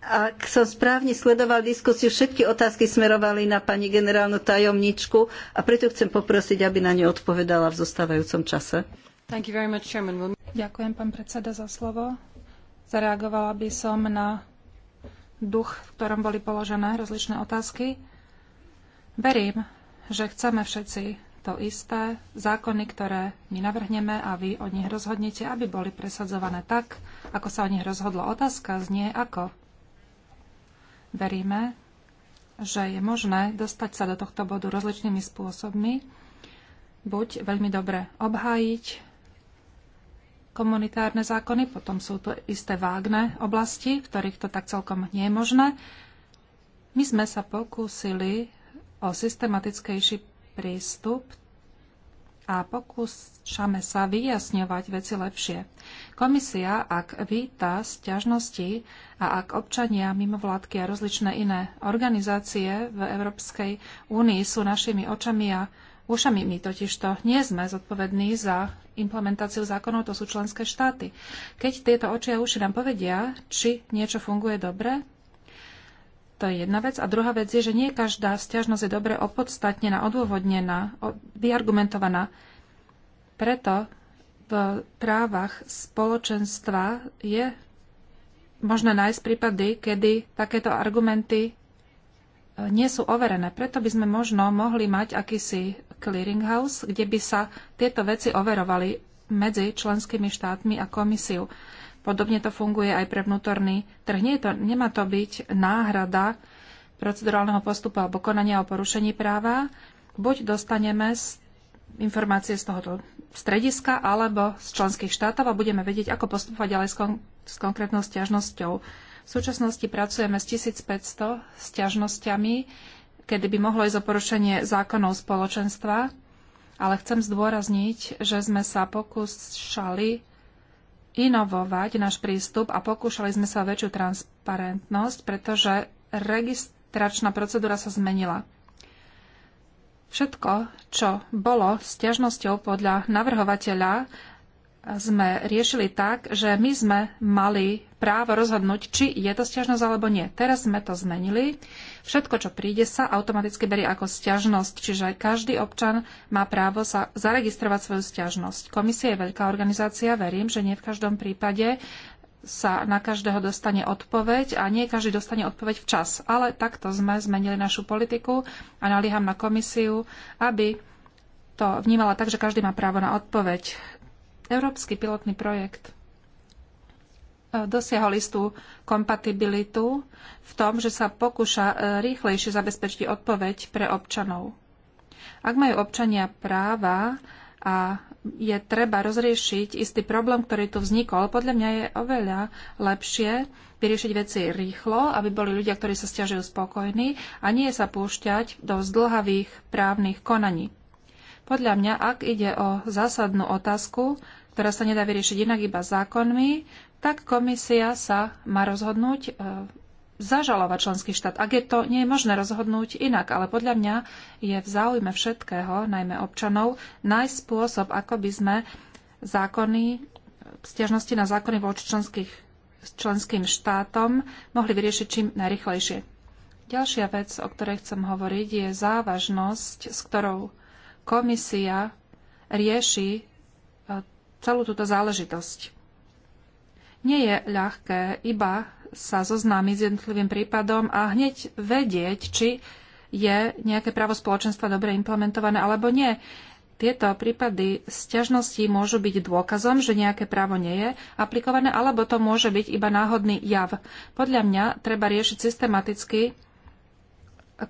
ak som správne sledoval diskusiu, všetky otázky smerovali na pani generálnu tajomničku a preto chcem poprosiť, aby na ne odpovedala v zostávajúcom čase. Much, Ďakujem, pán predseda, za slovo. Zareagovala by som na duch, v ktorom boli položené rozličné otázky. Verím, že chceme všetci to isté, zákony, ktoré my navrhneme a vy o nich rozhodnete, aby boli presadzované tak, ako sa o nich rozhodlo. Otázka znie ako. Veríme, že je možné dostať sa do tohto bodu rozličnými spôsobmi. Buď veľmi dobre obhájiť komunitárne zákony, potom sú tu isté vágne oblasti, v ktorých to tak celkom nie je možné. My sme sa pokúsili o systematickejší prístup a pokúšame sa vyjasňovať veci lepšie. Komisia, ak víta sťažnosti a ak občania, mimovládky a rozličné iné organizácie v Európskej únii sú našimi očami a ušami, my totižto nie sme zodpovední za implementáciu zákonov, to sú členské štáty. Keď tieto oči a uši nám povedia, či niečo funguje dobre, to je jedna vec. A druhá vec je, že nie každá stiažnosť je dobre opodstatnená, odôvodnená, vyargumentovaná. Preto v právach spoločenstva je možné nájsť prípady, kedy takéto argumenty e, nie sú overené. Preto by sme možno mohli mať akýsi clearinghouse, kde by sa tieto veci overovali medzi členskými štátmi a komisiou. Podobne to funguje aj pre vnútorný trh. Nie to, nemá to byť náhrada procedurálneho postupu alebo konania o porušení práva. Buď dostaneme z informácie z tohoto strediska alebo z členských štátov a budeme vedieť, ako postupovať ďalej s, kon- s konkrétnou stiažnosťou. V súčasnosti pracujeme s 1500 stiažnosťami, kedy by mohlo ísť o porušenie zákonov spoločenstva, ale chcem zdôrazniť, že sme sa pokúšali inovovať náš prístup a pokúšali sme sa o väčšiu transparentnosť, pretože registračná procedúra sa zmenila. Všetko, čo bolo sťažnosťou podľa navrhovateľa, sme riešili tak, že my sme mali právo rozhodnúť, či je to stiažnosť alebo nie. Teraz sme to zmenili. Všetko, čo príde, sa automaticky berie ako stiažnosť, čiže každý občan má právo sa zaregistrovať svoju stiažnosť. Komisia je veľká organizácia, verím, že nie v každom prípade sa na každého dostane odpoveď a nie každý dostane odpoveď včas. Ale takto sme zmenili našu politiku a nalieham na komisiu, aby to vnímala tak, že každý má právo na odpoveď. Európsky pilotný projekt e, dosiahol istú kompatibilitu v tom, že sa pokúša e, rýchlejšie zabezpečiť odpoveď pre občanov. Ak majú občania práva a je treba rozriešiť istý problém, ktorý tu vznikol. Podľa mňa je oveľa lepšie vyriešiť veci rýchlo, aby boli ľudia, ktorí sa stiažujú spokojní a nie sa púšťať do zdlhavých právnych konaní. Podľa mňa, ak ide o zásadnú otázku, ktorá sa nedá vyriešiť inak iba zákonmi, tak komisia sa má rozhodnúť e, zažalovať členský štát, ak je to nie je možné rozhodnúť inak. Ale podľa mňa je v záujme všetkého, najmä občanov, nájsť spôsob, ako by sme zákony, stiažnosti na zákony voči členských, členským štátom mohli vyriešiť čím najrychlejšie. Ďalšia vec, o ktorej chcem hovoriť, je závažnosť, s ktorou komisia rieši e, celú túto záležitosť. Nie je ľahké iba sa zoznámiť s jednotlivým prípadom a hneď vedieť, či je nejaké právo spoločenstva dobre implementované alebo nie. Tieto prípady sťažností môžu byť dôkazom, že nejaké právo nie je aplikované, alebo to môže byť iba náhodný jav. Podľa mňa treba riešiť systematicky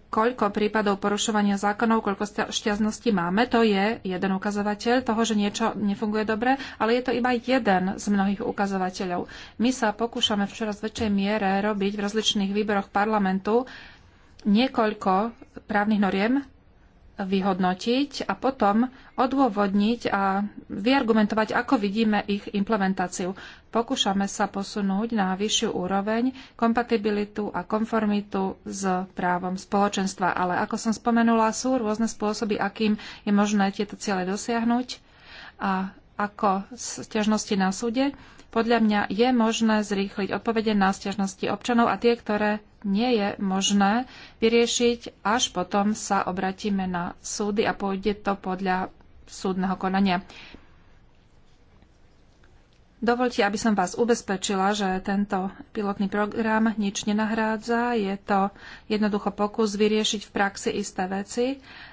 koľko prípadov porušovania zákonov, koľko šťastností máme, to je jeden ukazovateľ toho, že niečo nefunguje dobre, ale je to iba jeden z mnohých ukazovateľov. My sa pokúšame v čoraz väčšej miere robiť v rozličných výboroch parlamentu niekoľko právnych noriem, vyhodnotiť a potom odôvodniť a vyargumentovať, ako vidíme ich implementáciu. Pokúšame sa posunúť na vyššiu úroveň kompatibilitu a konformitu s právom spoločenstva, ale ako som spomenula, sú rôzne spôsoby, akým je možné tieto ciele dosiahnuť a ako stiažnosti na súde. Podľa mňa je možné zrýchliť odpovede na stiažnosti občanov a tie, ktoré nie je možné vyriešiť, až potom sa obratíme na súdy a pôjde to podľa súdneho konania. Dovolte, aby som vás ubezpečila, že tento pilotný program nič nenahrádza. Je to jednoducho pokus vyriešiť v praxi isté veci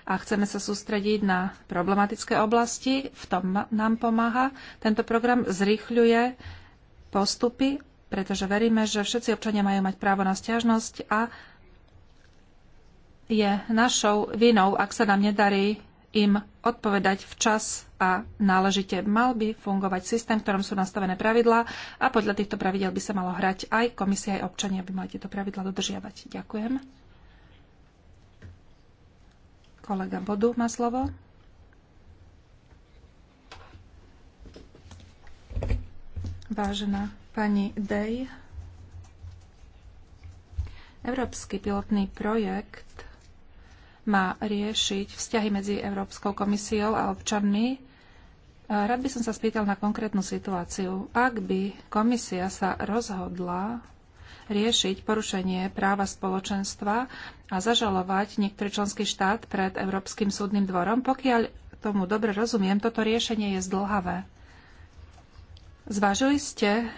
a chceme sa sústrediť na problematické oblasti. V tom nám pomáha. Tento program zrýchľuje postupy pretože veríme, že všetci občania majú mať právo na stiažnosť a je našou vinou, ak sa nám nedarí im odpovedať včas a náležite. Mal by fungovať systém, v ktorom sú nastavené pravidlá a podľa týchto pravidel by sa malo hrať aj komisia, aj občania aby mali tieto pravidlá dodržiavať. Ďakujem. Kolega Bodu má slovo. Vážená Pani Dej. Európsky pilotný projekt má riešiť vzťahy medzi Európskou komisiou a občanmi. Rád by som sa spýtal na konkrétnu situáciu. Ak by komisia sa rozhodla riešiť porušenie práva spoločenstva a zažalovať niektorý členský štát pred Európskym súdnym dvorom, pokiaľ tomu dobre rozumiem, toto riešenie je zdlhavé. Zvážili ste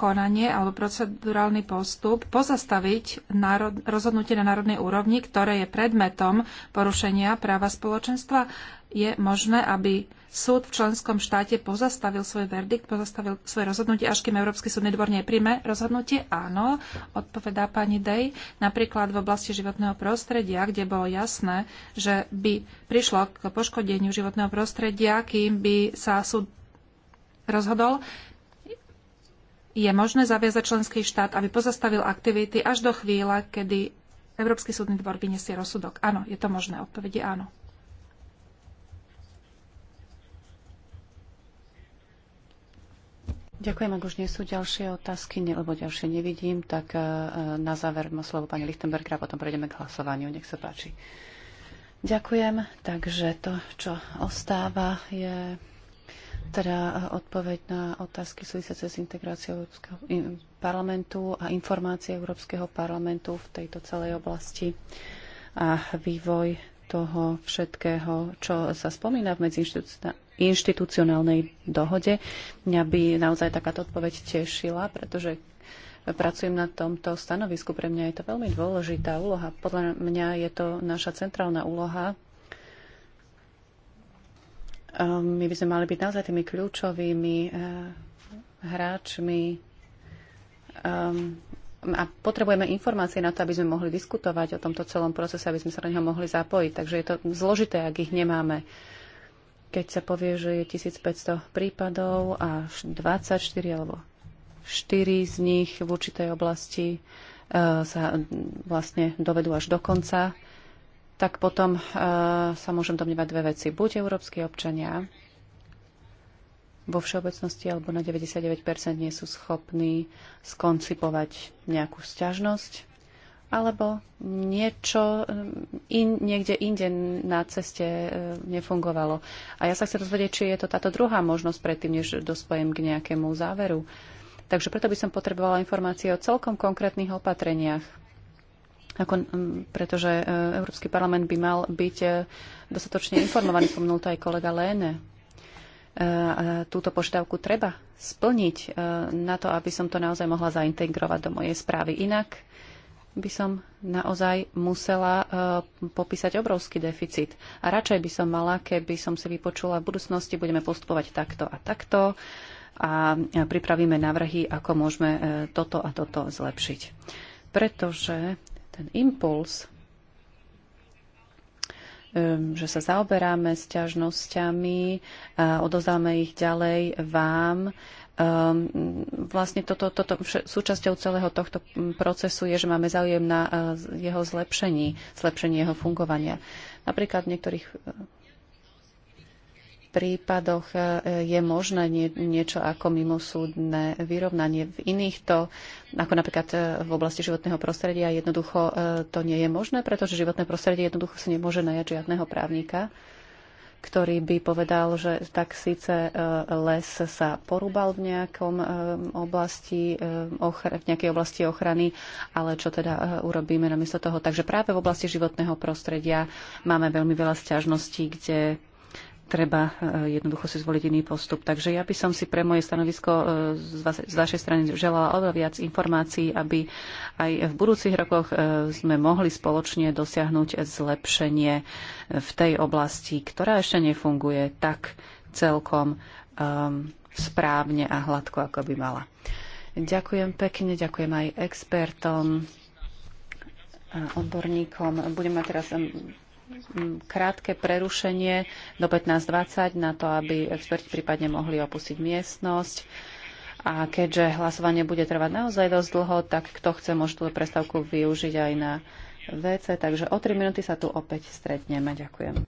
konanie alebo procedurálny postup pozastaviť národ, rozhodnutie na národnej úrovni, ktoré je predmetom porušenia práva spoločenstva, je možné, aby súd v členskom štáte pozastavil svoj verdikt, pozastavil svoje rozhodnutie, až kým Európsky súdny dvor nepríjme rozhodnutie? Áno, odpovedá pani Dej, napríklad v oblasti životného prostredia, kde bolo jasné, že by prišlo k poškodeniu životného prostredia, kým by sa súd rozhodol, je možné zaviazať členský štát, aby pozastavil aktivity až do chvíle, kedy Európsky súdny dvor vyniesie rozsudok. Áno, je to možné. Odpovede áno. Ďakujem, ak už nie sú ďalšie otázky, lebo ďalšie nevidím, tak e, e, na záver má slovo pani Lichtenberger a potom prejdeme k hlasovaniu. Nech sa páči. Ďakujem. Takže to, čo ostáva, je teda eh, odpoveď na otázky súvisiace s integráciou Európskeho parlamentu a informácie Európskeho parlamentu v tejto celej oblasti a vývoj toho všetkého, čo sa spomína v medziinstitucionálnej dohode. Mňa by naozaj takáto odpoveď tešila, pretože pracujem na tomto stanovisku. Pre mňa je to veľmi dôležitá úloha. Podľa mňa je to naša centrálna úloha Ehm, my by sme mali byť naozaj tými kľúčovými eh, hráčmi ehm, a potrebujeme informácie na to, aby sme mohli diskutovať o tomto celom procese, aby sme sa do neho mohli zapojiť. Takže je to zložité, ak ich nemáme. Keď sa povie, že je 1500 prípadov a 24 alebo 4 z nich v určitej oblasti eh, sa mm, vlastne dovedú až do konca, tak potom uh, sa môžem domnievať dve veci. Buď európsky občania vo všeobecnosti alebo na 99% nie sú schopní skoncipovať nejakú sťažnosť, alebo niečo e, in, niekde inde na ceste e, nefungovalo. A ja sa chcem dozvedieť, či je to táto druhá možnosť predtým, než dospojem k nejakému záveru. Takže preto by som potrebovala informácie o celkom konkrétnych opatreniach, nakon, pretože e, Európsky parlament by mal byť e, dostatočne informovaný, spomenul to aj kolega Léne. E, túto požiadavku treba splniť na to, aby som to naozaj mohla zaintegrovať do mojej správy. Inak by som naozaj musela popísať obrovský deficit. A radšej by som mala, keby som si vypočula, v budúcnosti budeme postupovať takto a takto a pripravíme návrhy, ako môžeme toto a toto zlepšiť. Pretože ten impuls, um, že sa zaoberáme sťažnosťami a odozáme ich ďalej vám. Um, vlastne toto, toto, súčasťou celého tohto procesu je, že máme záujem na uh, jeho zlepšení, zlepšenie jeho fungovania. Napríklad v niektorých prípadoch e, je možné nie, niečo ako mimosúdne vyrovnanie. V iných to, ako napríklad e, v oblasti životného prostredia, jednoducho e, to nie je možné, pretože životné prostredie jednoducho si nemôže najať žiadneho právnika ktorý by povedal, že tak síce les sa porúbal v nejakom oblasti, v nejakej oblasti ochrany, ale čo teda urobíme namiesto toho. Takže práve v oblasti životného prostredia máme veľmi veľa sťažností, kde treba e, jednoducho si zvoliť iný postup. Takže ja by som si pre moje stanovisko e, z, va- z vašej strany želala oveľa viac informácií, aby aj v budúcich rokoch e, sme mohli spoločne dosiahnuť zlepšenie v tej oblasti, ktorá ešte nefunguje tak celkom um, správne a hladko, ako by mala. Ďakujem pekne, ďakujem aj expertom, odborníkom. Budeme teraz Mm, krátke prerušenie do 15.20 na to, aby experti prípadne mohli opustiť miestnosť. A keďže hlasovanie bude trvať naozaj dosť dlho, tak kto chce, môže túto prestávku využiť aj na WC. Takže o 3 minúty sa tu opäť stretneme. Ďakujem.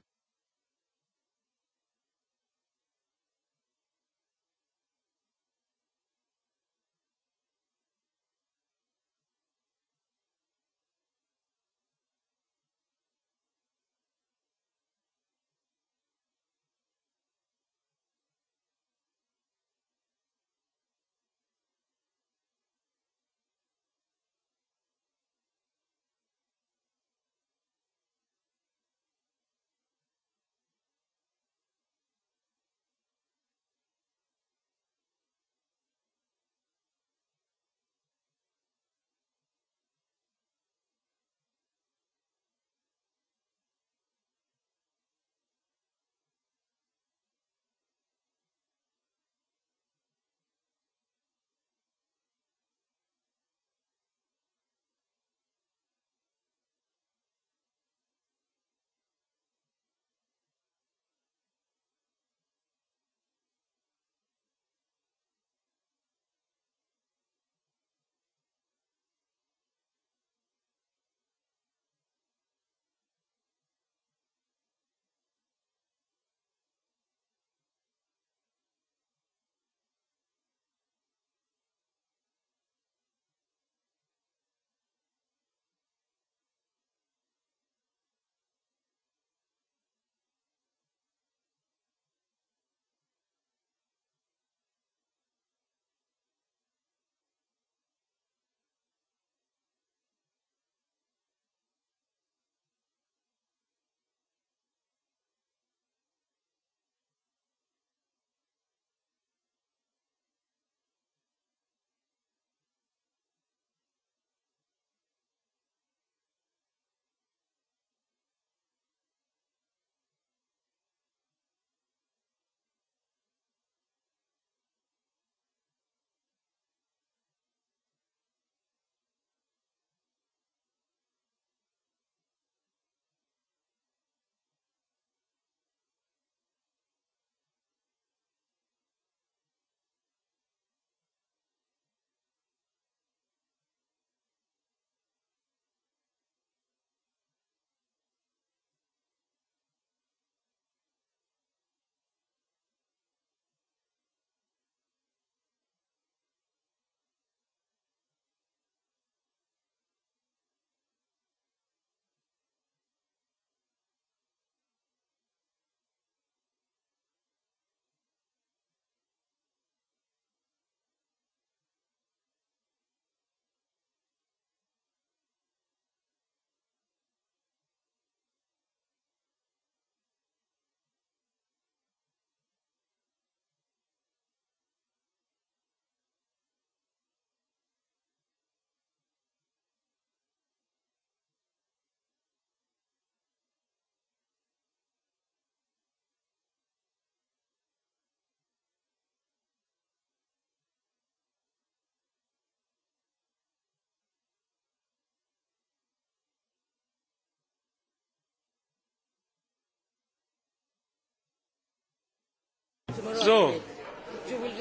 So,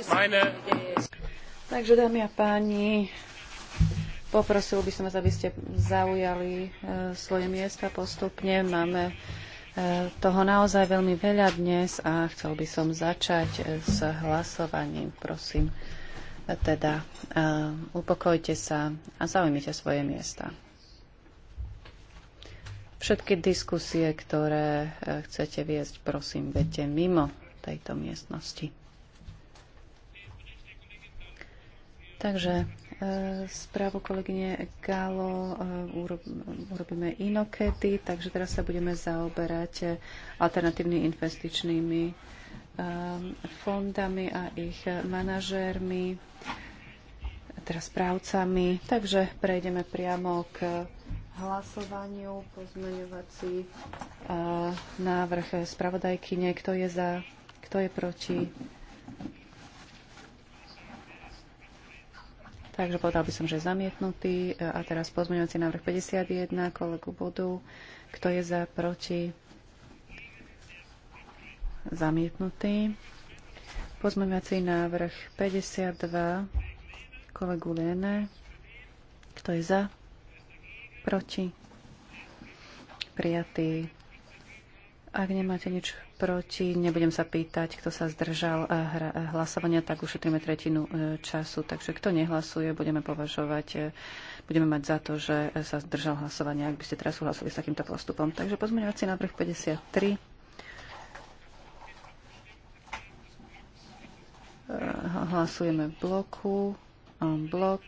meine... Takže, dámy a páni, poprosil by som vás, aby ste zaujali e, svoje miesta postupne. Máme e, toho naozaj veľmi veľa dnes a chcel by som začať e, s hlasovaním. Prosím, e, teda e, upokojte sa a zaujmite svoje miesta všetky diskusie, ktoré e, chcete viesť, prosím, vete mimo tejto miestnosti. Takže e, správu kolegyne Galo e, urobíme inokedy, takže teraz sa budeme zaoberať alternatívnymi investičnými e, fondami a ich manažérmi, teda správcami. Takže prejdeme priamo k hlasovaniu pozmeňovací návrh spravodajkyne. Kto je za? Kto je proti? Takže povedal by som, že je zamietnutý. A teraz pozmeňujúci návrh 51 kolegu Budu. Kto je za, proti? Zamietnutý. Pozmeňovací návrh 52 kolegu Léne. Kto je za? Proti? Prijatý. Ak nemáte nič proti, nebudem sa pýtať, kto sa zdržal eh, eh, hlasovania, tak ušetríme tretinu eh, času. Takže kto nehlasuje, budeme považovať, budeme mať za to, že sa zdržal hlasovania, ak by ste teraz súhlasili s takýmto postupom. Takže pozmeňovací návrh 53. Hlasujeme v bloku, blok.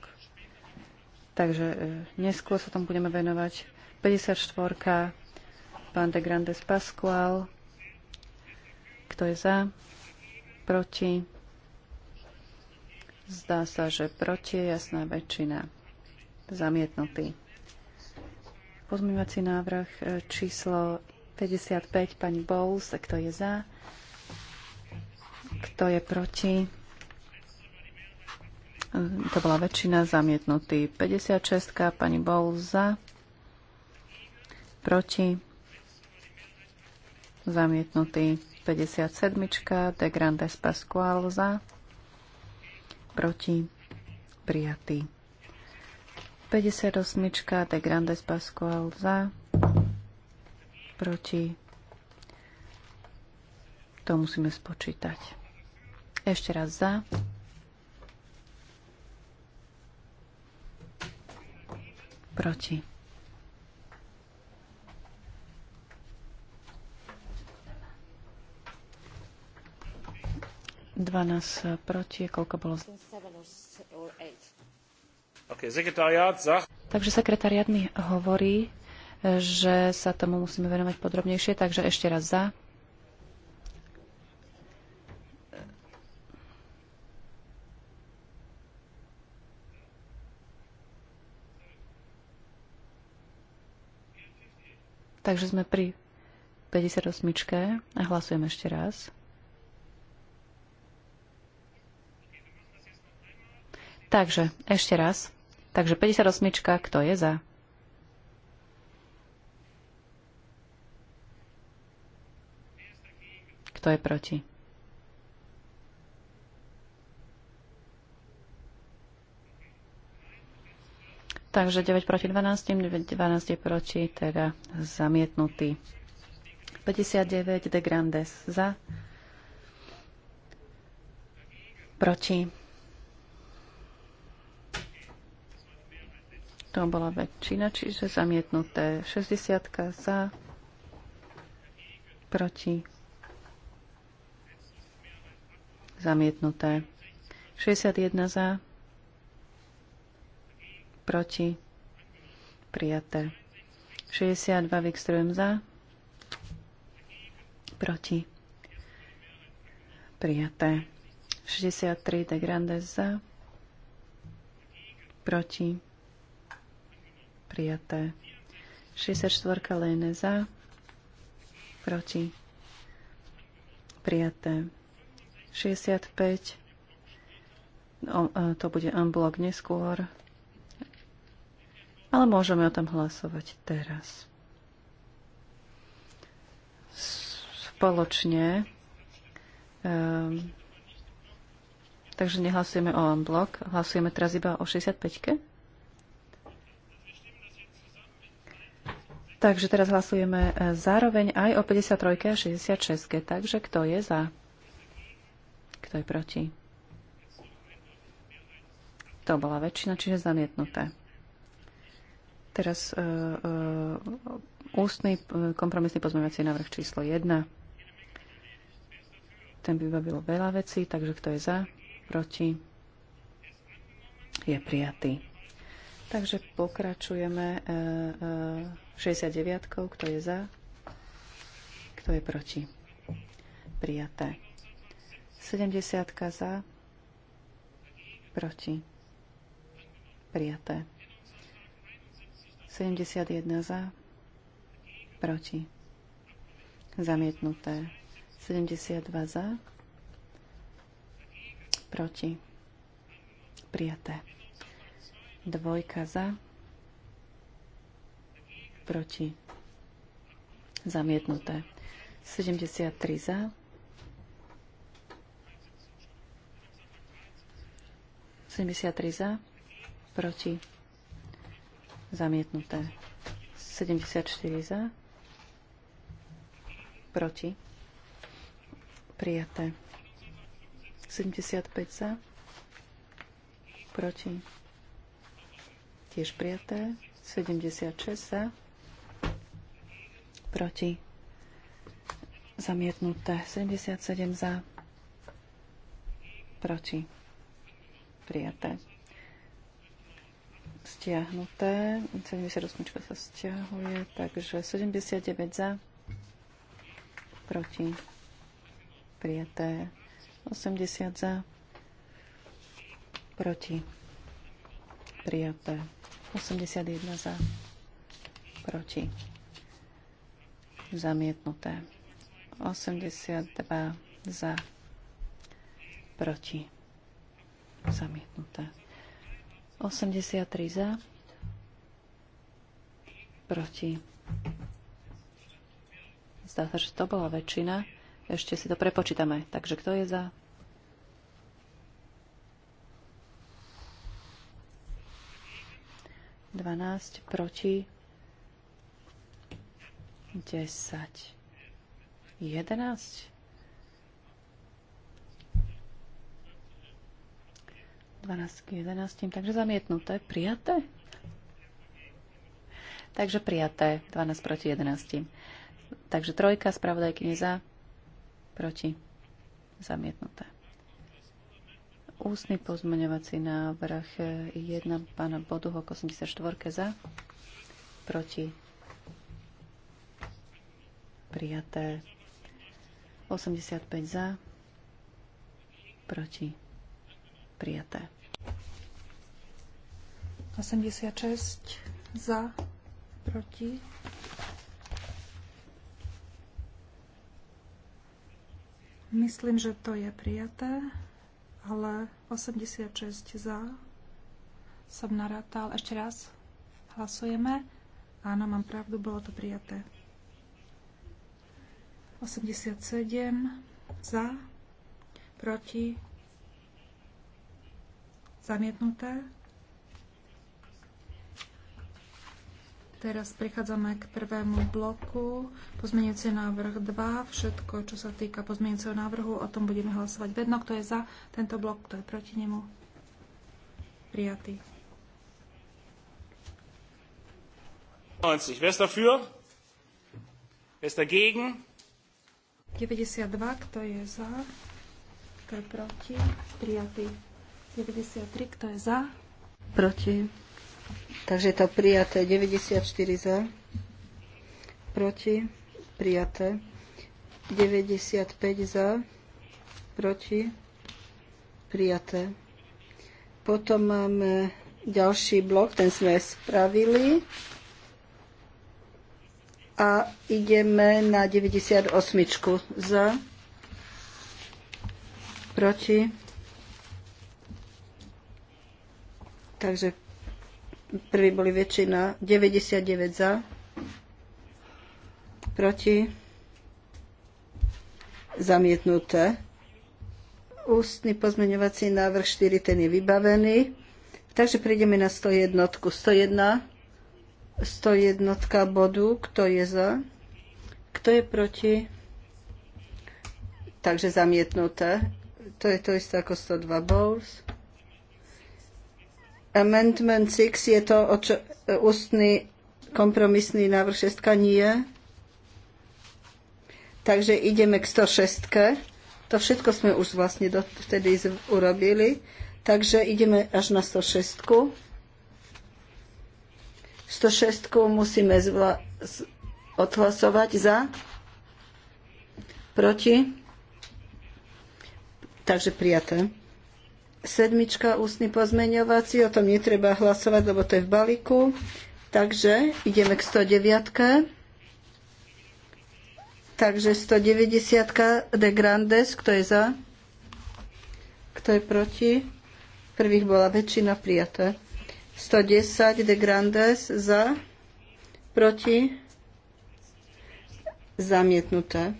Takže neskôr sa tomu budeme venovať. 54. Pán de Grandes Pascual kto je za? Proti? Zdá sa, že proti je jasná väčšina. Zamietnutý. Pozmývací návrh e, číslo 55, pani Bowles. Kto je za? Kto je proti? E, to bola väčšina zamietnutý. 56, pani Bowles za. Proti? Zamietnutý. 57. De Grandes Pascual za. Proti. Prijatý. 58. De Grandes Pascual za. Proti. To musíme spočítať. Ešte raz za. Proti. 12 proti, koľko bolo? Okay, za... Takže sekretariat mi hovorí, že sa tomu musíme venovať podrobnejšie, takže ešte raz za. Takže sme pri 58. a hlasujem ešte raz. Takže, ešte raz. Takže 58. Kto je za? Kto je proti? Takže 9 proti 12, 9, 12 je proti, teda zamietnutý. 59 de Grandes za, proti To bola väčšina, čiže zamietnuté 60 za, proti, zamietnuté 61 za, proti, prijaté 62 Wikström za, proti, prijaté 63 De grande za, proti, prijaté. 64 Lene za, proti, prijaté. 65, o, no, e, to bude unblock neskôr, ale môžeme o tom hlasovať teraz. Spoločne. Um, takže nehlasujeme o unblock, hlasujeme teraz iba o 65 Takže teraz hlasujeme e, zároveň aj o 53 a 66. Takže kto je za? Kto je proti? To bola väčšina, čiže zamietnuté. Teraz uh, uh, ústny kompromisný pozmeňovací návrh číslo 1. Ten by bavilo veľa vecí, takže kto je za, proti, je prijatý. Takže pokračujeme 69. E, e, Kto je za? Kto je proti? Prijaté. 70. za? Proti? Prijaté. 71 za? Proti? Zamietnuté. 72 za? Proti? Prijaté. Dvojka za. Proti. Zamietnuté. 73 za. 73 za, proti, zamietnuté. 74 za, proti, prijaté. 75 za, proti, tiež prijaté. 76 za, proti, zamietnuté. 77 za, proti, prijaté. Stiahnuté. 78 sa stiahuje, takže 79 za, proti, prijaté. 80 za, proti, prijaté. 81 za, proti, zamietnuté. 82 za, proti, zamietnuté. 83 za, proti. Zdá sa, že to bola väčšina. Ešte si to prepočítame. Takže kto je za? 12 proti 10 11 12 k 11, takže zamietnuté, prijaté? Takže prijaté, 12 proti 11. Takže trojka, spravodajkyne za, proti, zamietnuté. Ústny pozmeňovací návrh 1 pána Boduho 84 za. Proti. Prijaté. 85 za. Proti. Prijaté. 86 za. Proti. Myslím, že to je prijaté ale 86 za som narátal. Ešte raz hlasujeme. Áno, mám pravdu, bolo to prijaté. 87 za, proti, zamietnuté. Teraz prechádzame k prvému bloku. Pozmeňujúci návrh 2. Všetko, čo sa týka pozmeňujúceho návrhu, o tom budeme hlasovať vedno. Kto je za tento blok, kto je proti nemu? Prijatý. Wer ist dafür? Wer ist dagegen? 92. Kto je za? Kto je proti? Prijatý. 93. Kto je za? Proti. Takže to prijaté 94 za, proti, prijaté 95 za, proti, prijaté. Potom máme ďalší blok, ten sme spravili. A ideme na 98 za, proti, Takže prvý boli väčšina. 99 za. Proti. Zamietnuté. Ústny pozmeňovací návrh 4, ten je vybavený. Takže prejdeme na 101. 101. 101 bodu. Kto je za? Kto je proti? Takže zamietnuté. To je to isté ako 102 bowls. Amendment 6 je to o čo, ústny kompromisný návrh 6 nie. Takže ideme k 106. To všetko sme už vlastne vtedy urobili. Takže ideme až na 106. 106 musíme zvla- odhlasovať za, proti. Takže prijaté. Sedmička, ústny pozmeňovací, o tom netreba hlasovať, lebo to je v balíku. Takže ideme k 109. Takže 190 de Grandes, kto je za? Kto je proti? Prvých bola väčšina prijaté. 110 de Grandes za, proti, zamietnuté.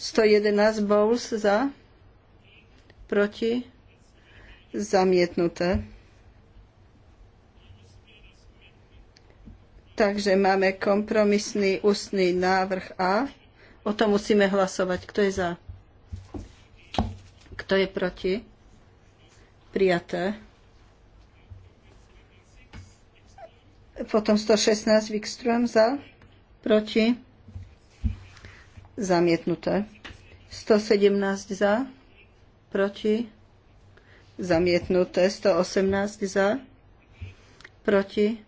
111 Bowles za, proti, zamietnuté. Takže máme kompromisný ústny návrh A. O tom musíme hlasovať. Kto je za? Kto je proti? Prijaté. Potom 116 Wikström za. Proti. Zamietnuté. 117 za. Proti zamietnuté, 118 za, proti,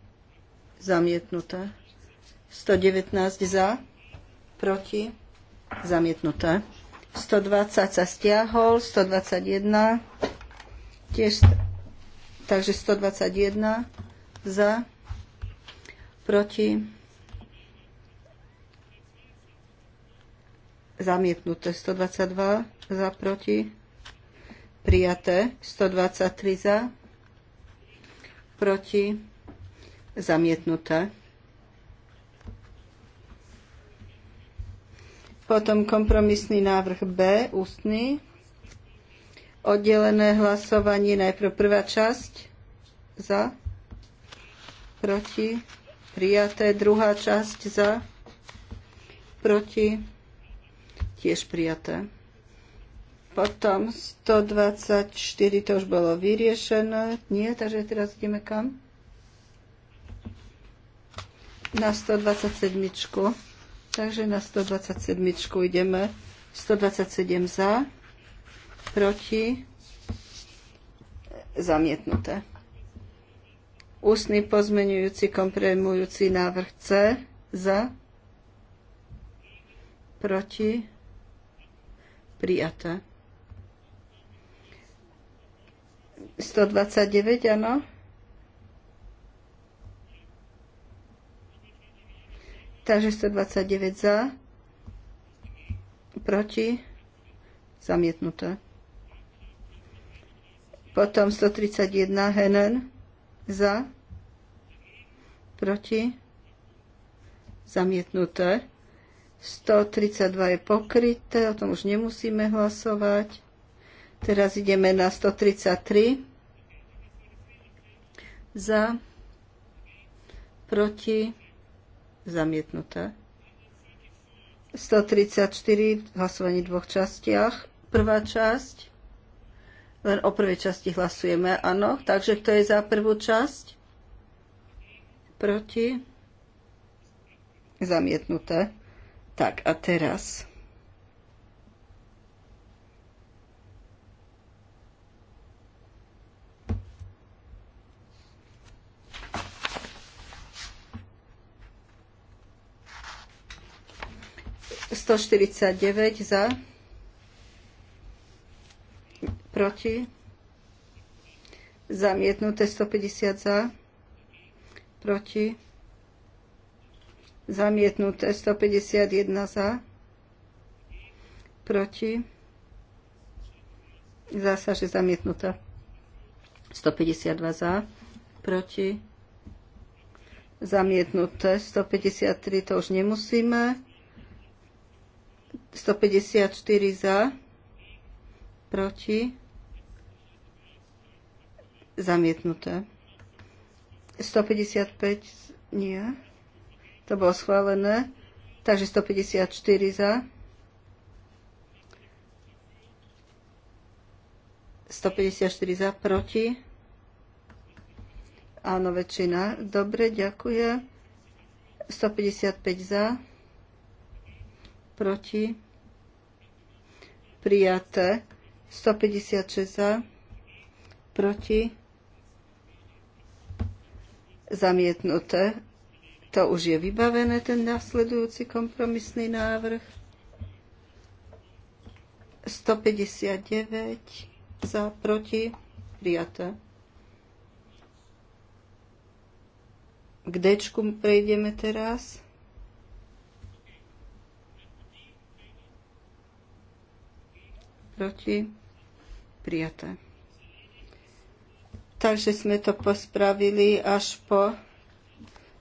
zamietnuté, 119 za, proti, zamietnuté, 120 sa stiahol, 121 tiež, takže 121 za, proti, zamietnuté, 122 za, proti, prijaté 123 za, proti zamietnuté. Potom kompromisný návrh B, ústny. Oddelené hlasovanie, najprv prvá časť za, proti, prijaté, druhá časť za, proti, tiež prijaté. Potom 124 to už bolo vyriešené. Nie, takže teraz ideme kam? Na 127. Takže na 127 ideme. 127 za, proti, zamietnuté. Ústny pozmenujúci komprimujúci návrh C za, proti, prijaté. 129, áno. Takže 129 za, proti, zamietnuté. Potom 131 Henen za, proti, zamietnuté. 132 je pokryté, o tom už nemusíme hlasovať. Teraz ideme na 133. Za, proti, zamietnuté. 134 v hlasovaní v dvoch častiach. Prvá časť, len o prvej časti hlasujeme, áno. Takže kto je za prvú časť? Proti? Zamietnuté. Tak a teraz 149 za, proti, zamietnuté 150 za, proti, zamietnuté 151 za, proti, zasa, že zamietnuté 152 za, proti, zamietnuté 153, to už nemusíme. 154 za, proti, zamietnuté. 155 nie, to bolo schválené, takže 154 za, 154 za, proti, áno, väčšina, dobre, ďakujem, 155 za, proti, prijaté, 156 za, proti, zamietnuté. To už je vybavené, ten nasledujúci kompromisný návrh. 159 za, proti, prijaté. K D prejdeme teraz. proti, prijaté. Takže sme to pospravili až po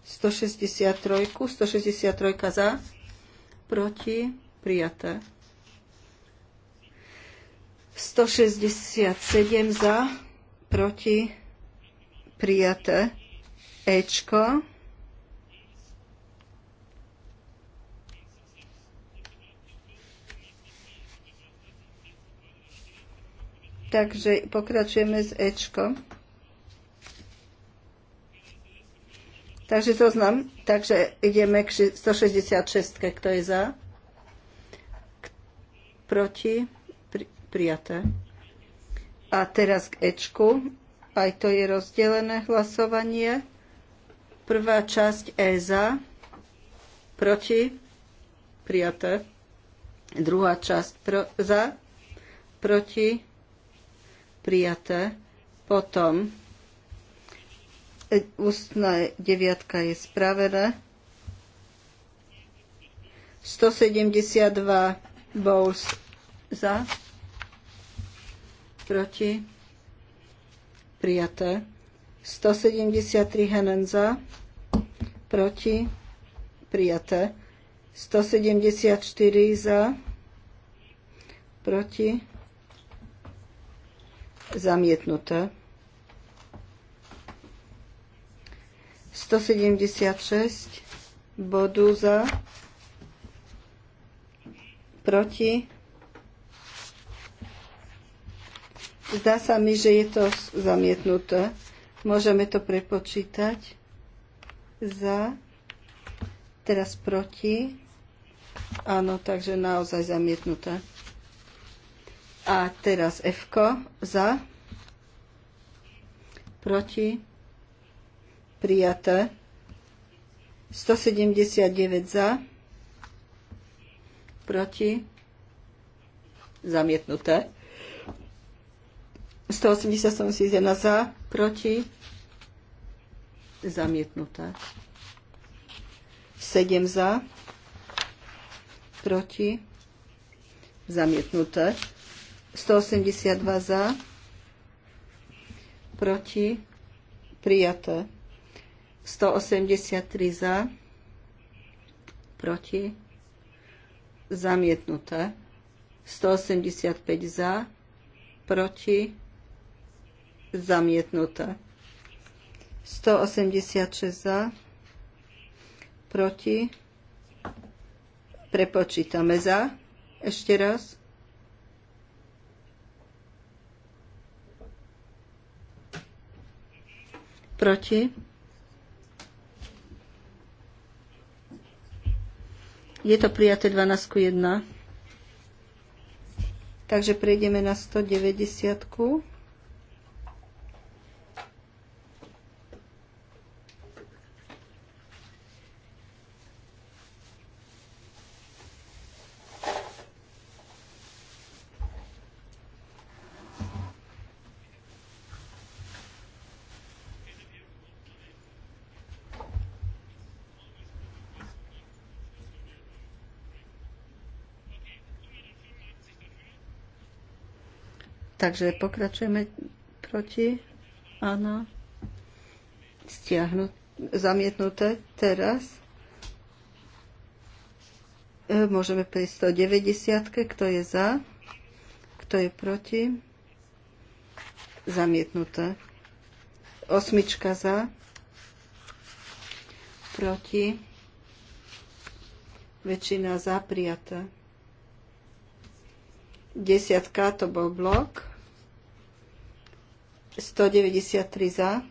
163, 163 za, proti, prijaté. 167 za, proti, prijaté. Ečko Takže pokračujeme s Ečkom. Takže zoznam. Takže ideme k 166. Kto je za? Proti? Pri, prijaté. A teraz k Ečku. Aj to je rozdelené hlasovanie. Prvá časť E za. Proti? Prijaté. Druhá časť pro, za. Proti? prijaté. Potom e, ústna deviatka je spravené. 172 bol za, proti, prijaté. 173 Henen za, proti, prijaté. 174 za, proti, Zamietnuté. 176 bodu za, proti. Zdá sa mi, že je to zamietnuté. Môžeme to prepočítať. Za, teraz proti. Áno, takže naozaj zamietnuté. A teraz F za, proti, prijaté. 179 za, proti, zamietnuté. 187 za, proti, zamietnuté. 7 za, proti, zamietnuté. 182 za, proti, prijaté. 183 za, proti, zamietnuté. 185 za, proti, zamietnuté. 186 za, proti, prepočítame za, ešte raz, Proti? Je to prijaté 12 1. Takže prejdeme na 190. -ku. Takže pokračujeme proti. Áno. Stiahnuť. Zamietnuté teraz. E, môžeme prejsť 190. Kto je za? Kto je proti? Zamietnuté. Osmička za. Proti. Väčšina za prijaté. Desiatka to bol blok. 193 za,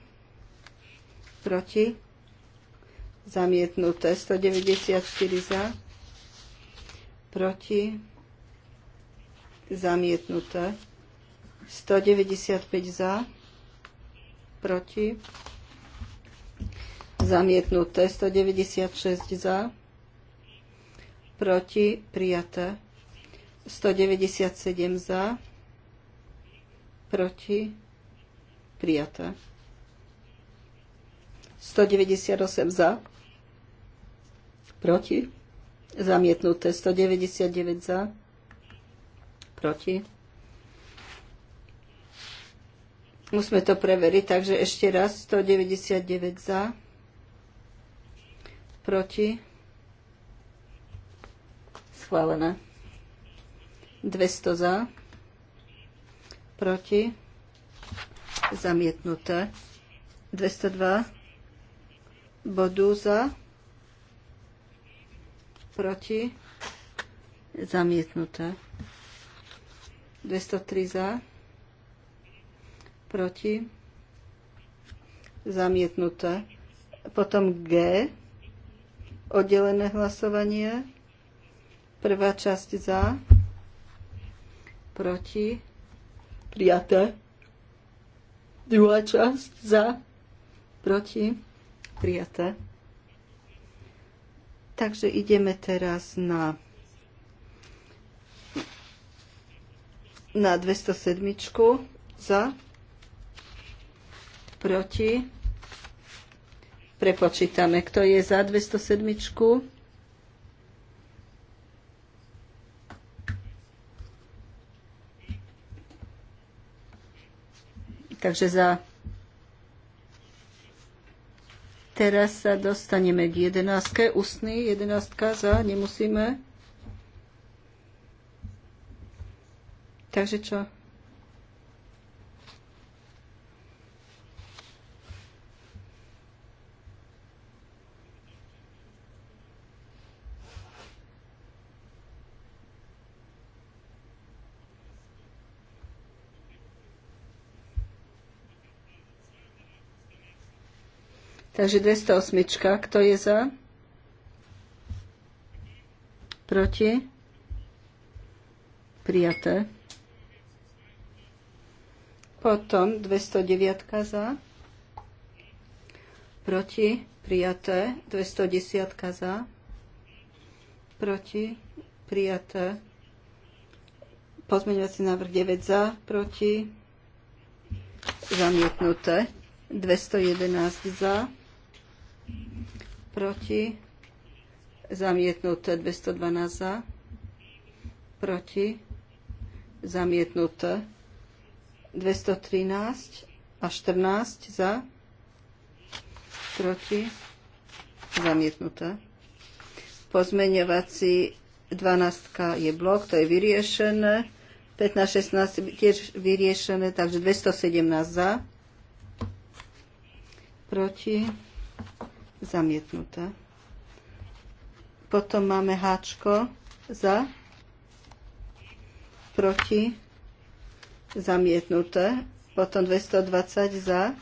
proti, zamietnuté. 194 za, proti, zamietnuté. 195 za, proti, zamietnuté. 196 za, proti, prijaté. 197 za, proti, Prijaté. 198 za. Proti. Zamietnuté. 199 za. Proti. Musíme to preveriť, takže ešte raz. 199 za. Proti. Schválené. 200 za. Proti zamietnuté. 202 bodu za, proti, zamietnuté. 203 za, proti, zamietnuté. Potom G, oddelené hlasovanie. Prvá časť za, proti, prijaté. Druhá časť za, proti, prijaté. Takže ideme teraz na na 207 za, proti, prepočítame, kto je za 207. Takže za Teraz sa dostaneme k jedenáctke. Ústny, jedenáctka za, nemusíme. Takže čo? Takže 208. Kto je za? Proti? Prijaté. Potom 209 za. Proti? Prijaté. 210 za. Proti? Prijaté. Pozmeňovací návrh 9 za. Proti? Zamietnuté. 211 za proti, zamietnuté 212 za, proti, zamietnuté 213 a 14 za, proti, zamietnuté. Pozmeňovací 12 je blok, to je vyriešené. 15, 16 tiež vyriešené, takže 217 za, proti, zamietnuté. Potom máme háčko za, proti, zamietnuté. Potom 220 za,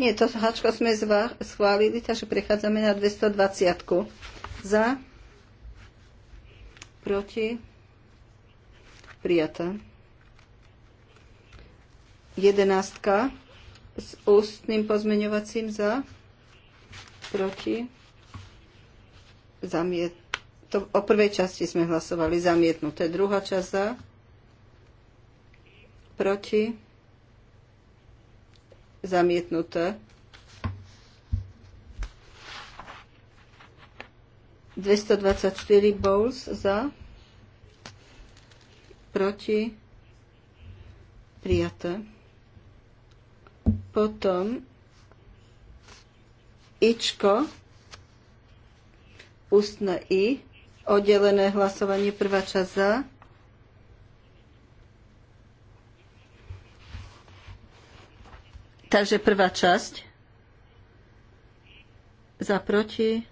Nie, to háčko sme schválili, takže prechádzame na 220. Za. Proti. Prijatá. Jedenástka s ústnym pozmeňovacím za. Proti. Zamiet. To, o prvej časti sme hlasovali zamietnuté. Druhá časť za. Proti zamietnuté. 224 bowls za, proti, prijaté. Potom ičko, ústne i, oddelené hlasovanie, prvá časť za, Takže prvá časť. Za proti.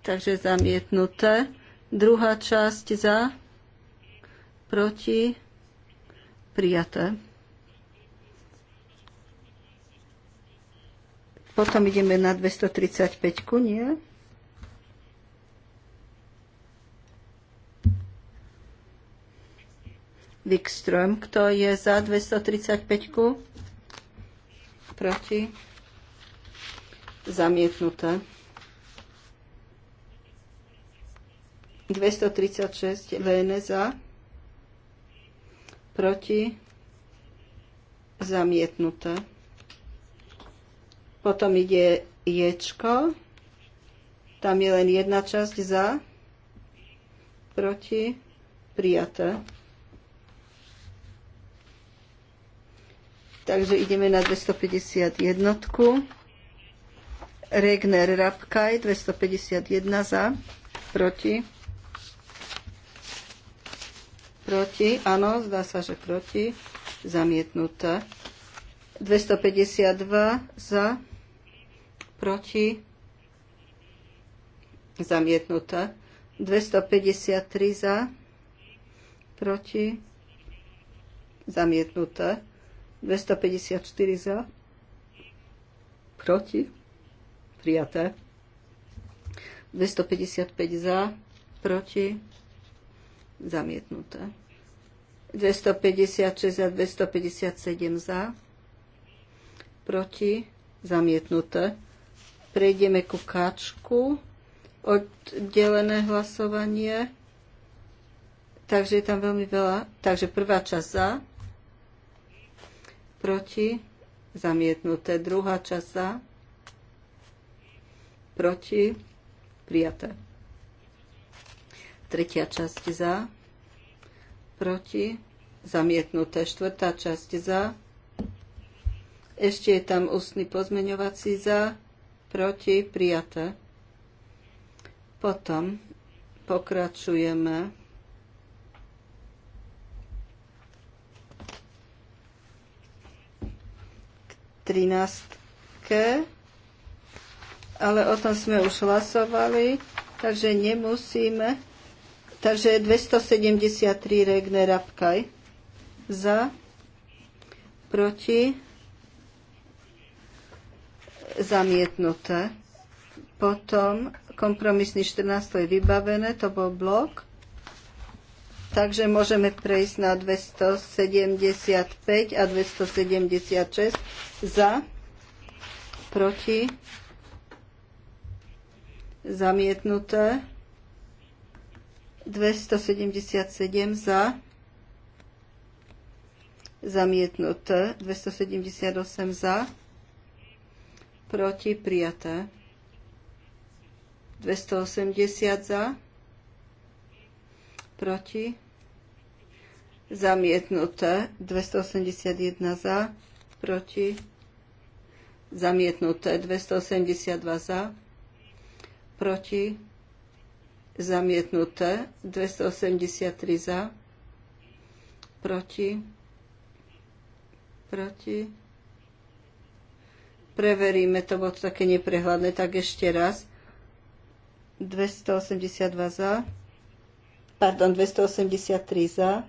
Takže zamietnuté. Druhá časť za. Proti. Prijaté. Potom ideme na 235, nie? Wikström, kto je za 235? proti, zamietnuté. 236 VN za, proti, zamietnuté. Potom ide ječko, tam je len jedna časť za, proti, prijaté. Takže ideme na 251. Regner Rapkaj 251 za, proti. Proti, áno, zdá sa, že proti. Zamietnuté. 252 za, proti. Zamietnuté. 253 za, proti. Zamietnuté. 254 za, proti, prijaté. 255 za, proti, zamietnuté. 256 a 257 za, proti, zamietnuté. Prejdeme ku kačku, oddelené hlasovanie, takže je tam veľmi veľa. Takže prvá časť za, proti, zamietnuté. Druhá časť za, proti, prijaté. Tretia časť za, proti, zamietnuté. Štvrtá časť za, ešte je tam ústny pozmeňovací za, proti, prijaté. Potom pokračujeme 13, ale o tom sme už hlasovali, takže nemusíme. Takže 273 Regne Rabkaj za, proti, zamietnuté. Potom kompromisný 14 je vybavené, to bol blok Takže môžeme prejsť na 275 a 276 za, proti, zamietnuté, 277 za, zamietnuté, 278 za, proti, prijaté, 280 za, proti, zamietnuté, 281 za, proti, zamietnuté, 282 za, proti, zamietnuté, 283 za, proti, proti. Preveríme, to bolo to také neprehľadné, tak ešte raz. 282 za, pardon, 283 za,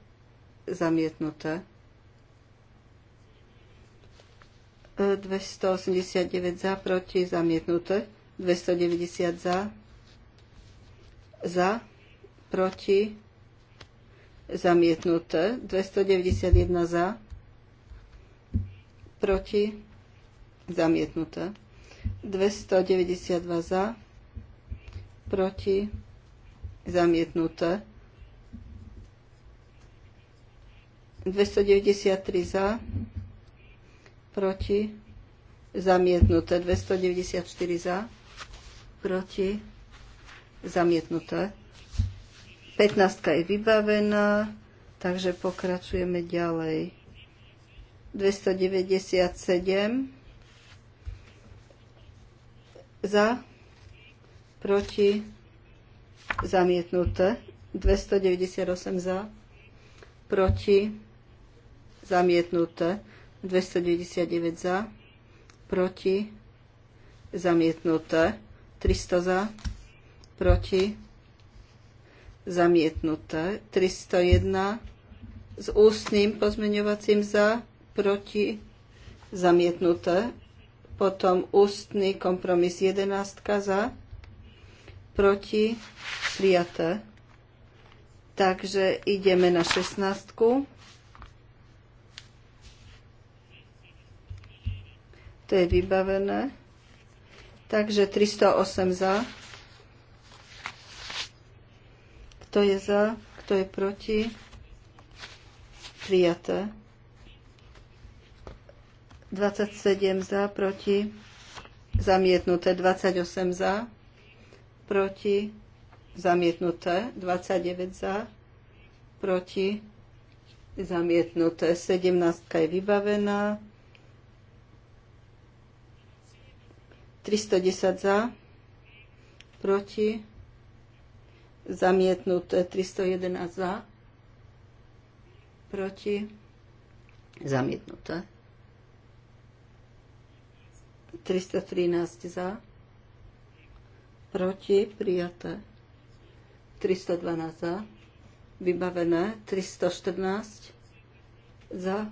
zamietnuté. 289 e, za, proti, zamietnuté. 290 za, za, proti, zamietnuté. 291 za, proti, zamietnuté. 292 za, proti, zamietnuté. 293 za, proti, zamietnuté. 294 za, proti, zamietnuté. 15 je vybavená, takže pokračujeme ďalej. 297 za, proti, zamietnuté. 298 za, proti, zamietnuté. 299 za, proti, zamietnuté. 300 za, proti, zamietnuté. 301 s ústnym pozmeňovacím za, proti, zamietnuté. Potom ústny kompromis 11 za, proti, prijaté. Takže ideme na 16. To je vybavené. Takže 308 za. Kto je za? Kto je proti? Prijaté. 27 za, proti. Zamietnuté. 28 za, proti. Zamietnuté. 29 za, proti. Zamietnuté. 17 je vybavená. 310 za, proti, zamietnuté 311 za, proti, zamietnuté 313 za, proti, prijaté 312 za, vybavené 314 za,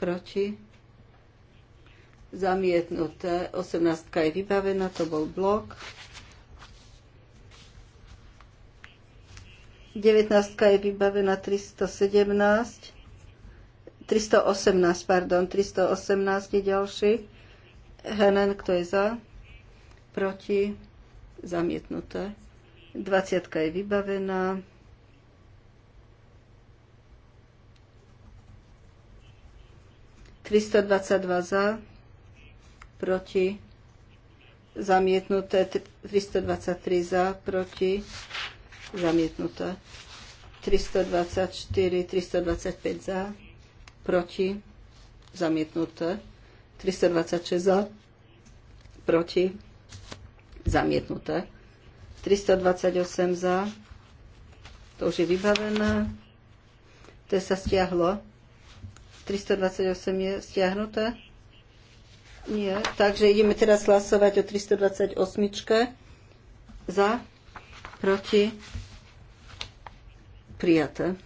proti, zamietnuté. 18 je vybavená, to bol blok. 19 je vybavená 317. 318, pardon, 318 je ďalší. Henen, kto je za? Proti? Zamietnuté. 20 je vybavená. 322 za, proti, zamietnuté 323 za, proti, zamietnuté 324, 325 za, proti, zamietnuté 326 za, proti, zamietnuté 328 za, to už je vybavené, to sa stiahlo, 328 je stiahnuté, nie, takže ideme teraz hlasovať o 328. Za, proti, prijaté.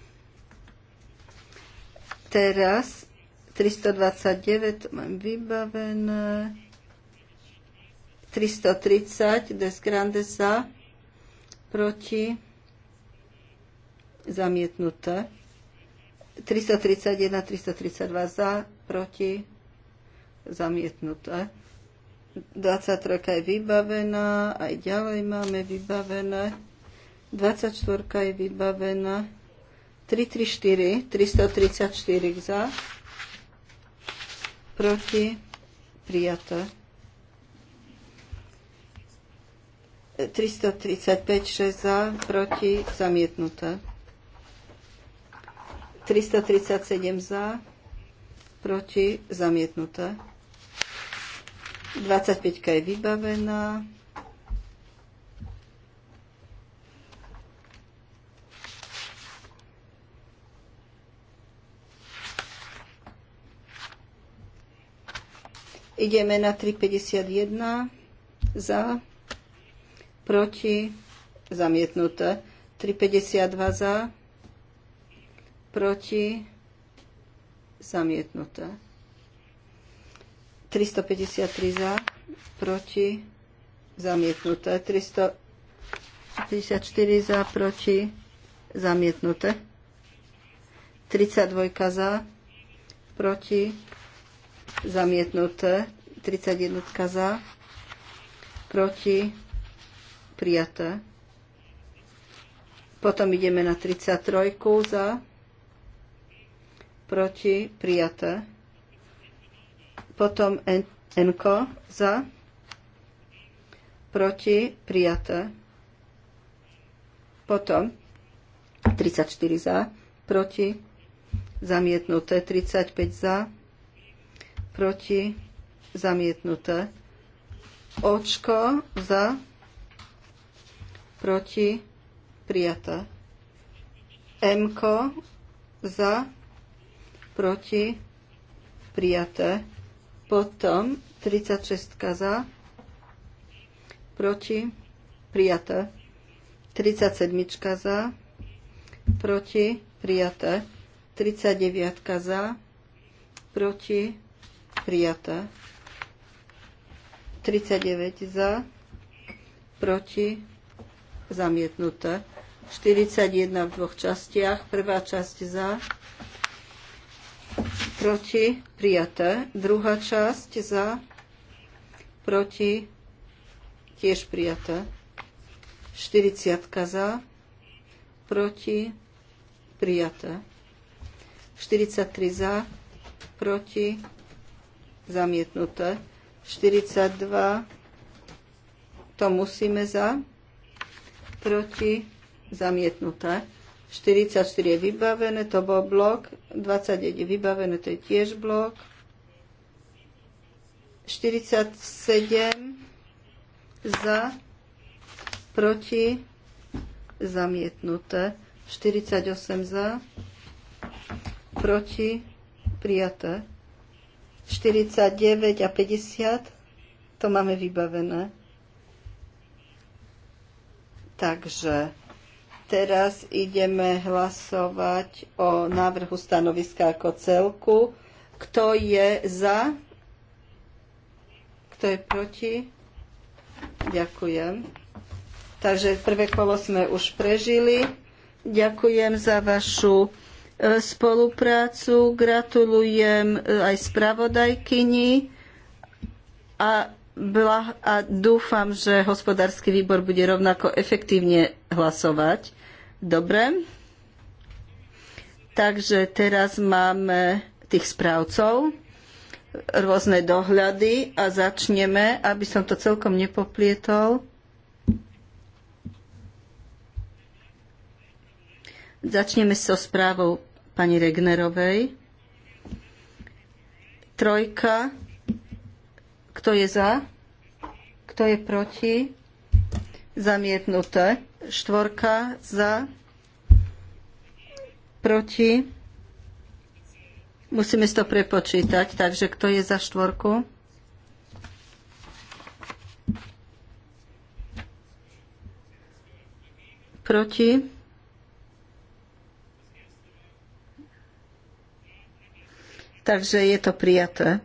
Teraz 329 mám vybavené. 330 des za proti zamietnuté. 331, 332 za, proti zamietnuté. 23 je vybavená, aj ďalej máme vybavené. 24 je vybavená. 334, 334 za, proti, prijaté. 335, 6 za, proti, zamietnuté. 337 za, proti, zamietnuté. 25 je vybavená. Ideme na 351 za, proti, zamietnuté. 352 za, proti, zamietnuté. 353 za, proti, zamietnuté. 354 za, proti, zamietnuté. 32 za, proti, zamietnuté. 31 za, proti, prijaté. Potom ideme na 33 za, proti, prijaté. Potom Enko za, proti, prijaté. Potom 34 za, proti, zamietnuté. 35 za, proti, zamietnuté. Očko za, proti, prijaté. Mko za, proti, prijaté. Potom 36 za, proti, prijaté. 37 za, proti, prijaté. 39 za, proti, prijaté. 39 za, proti, zamietnuté. 41 v dvoch častiach. Prvá časť za, proti, prijaté. Druhá časť za, proti, tiež prijaté. 40 za, proti, prijaté. 43 za, proti, zamietnuté. 42, to musíme za, proti, zamietnuté. 44 je vybavené, to bol blok. 29 je vybavené, to je tiež blok. 47 za, proti, zamietnuté. 48 za, proti, prijaté. 49 a 50, to máme vybavené. Takže teraz ideme hlasovať o návrhu stanoviska ako celku. Kto je za? Kto je proti? Ďakujem. Takže prvé kolo sme už prežili. Ďakujem za vašu e, spoluprácu. Gratulujem e, aj spravodajkyni a a dúfam, že hospodársky výbor bude rovnako efektívne hlasovať. Dobre. Takže teraz máme tých správcov, rôzne dohľady a začneme, aby som to celkom nepoplietol. Začneme so správou pani Regnerovej. Trojka. Kto je za? Kto je proti? Zamietnuté. Štvorka za, proti. Musíme si to prepočítať, takže kto je za štvorku? Proti. Takže je to prijaté.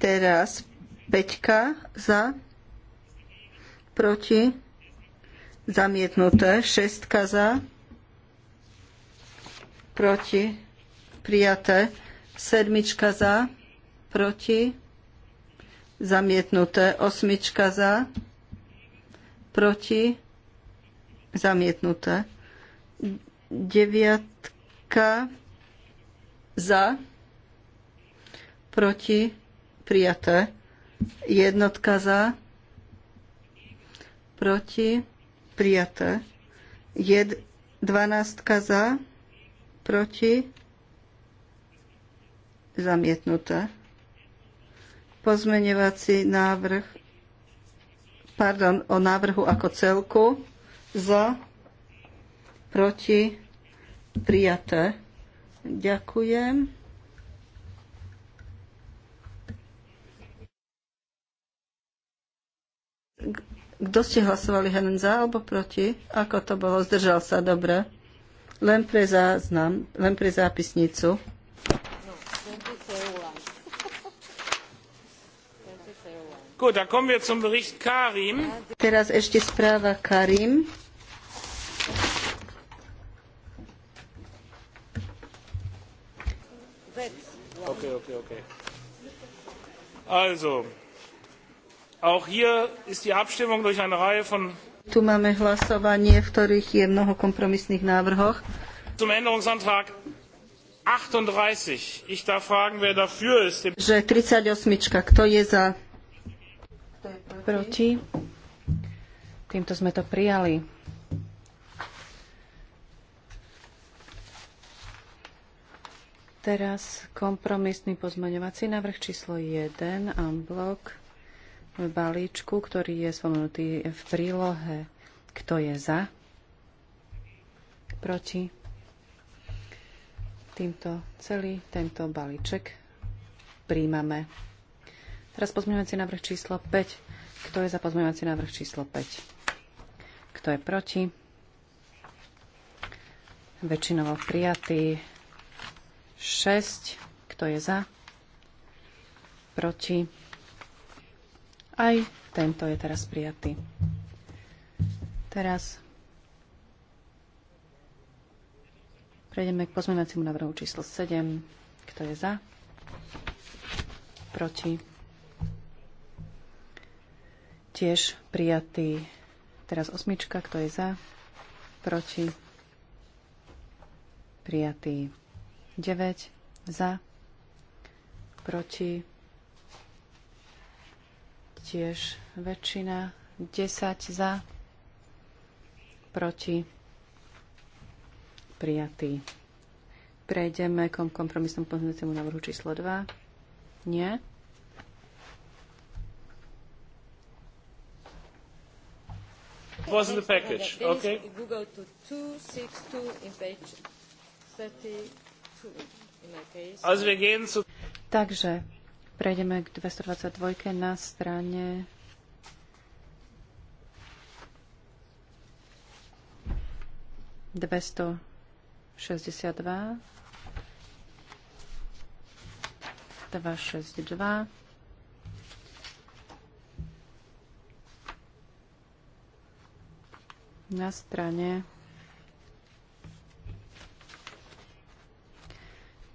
Teraz Peťka za, proti Zamietnuté. Šestka za. Proti. Prijaté. Sedmička za. Proti. Zamietnuté. Osmička za. Proti. Zamietnuté. Deviatka za. Proti. Prijaté. Jednotka za. Proti prijaté. Je 12 za, proti, zamietnuté. Pozmeňovací návrh, pardon, o návrhu ako celku, za, proti, prijaté. Ďakujem. K kto ste hlasovali, Helen, za alebo proti? Ako to bolo? Zdržal sa, dobre. Len pre záznam, len pre zápisnicu. Gut, dann kommen wir zum Bericht Karim. Teraz ešte správa Karim. Okay, okay, okay. Also, Auch hier ist die Abstimmung durch eine Reihe von tu máme hlasovanie, v ktorých je mnoho kompromisných návrhoch. Zum Änderungsantrag 38. Ich darf fragen, wer dafür ist. Že 38. Kto je za? Kto je proti? Týmto sme to prijali. Teraz kompromisný pozmaňovací návrh číslo 1, unblock balíčku, ktorý je spomenutý v prílohe. Kto je za? Proti? Týmto celý tento balíček príjmame. Teraz pozmeňovací návrh číslo 5. Kto je za pozmeňovací návrh číslo 5? Kto je proti? Väčšinovo prijatý 6. Kto je za? Proti? Aj tento je teraz prijatý. Teraz prejdeme k pozmeňovaciemu návrhu číslo 7. Kto je za? Proti? Tiež prijatý. Teraz osmička. Kto je za? Proti? Prijatý. 9. Za? Proti? taktiež väčšina 10 za, proti, prijatý. Prejdeme k kompromisnom pozornosťom návrhu číslo 2. Nie. was the package. Okay. to 262 in page 32 in my case. Takže Prejdeme k 222 na strane 262 262 na strane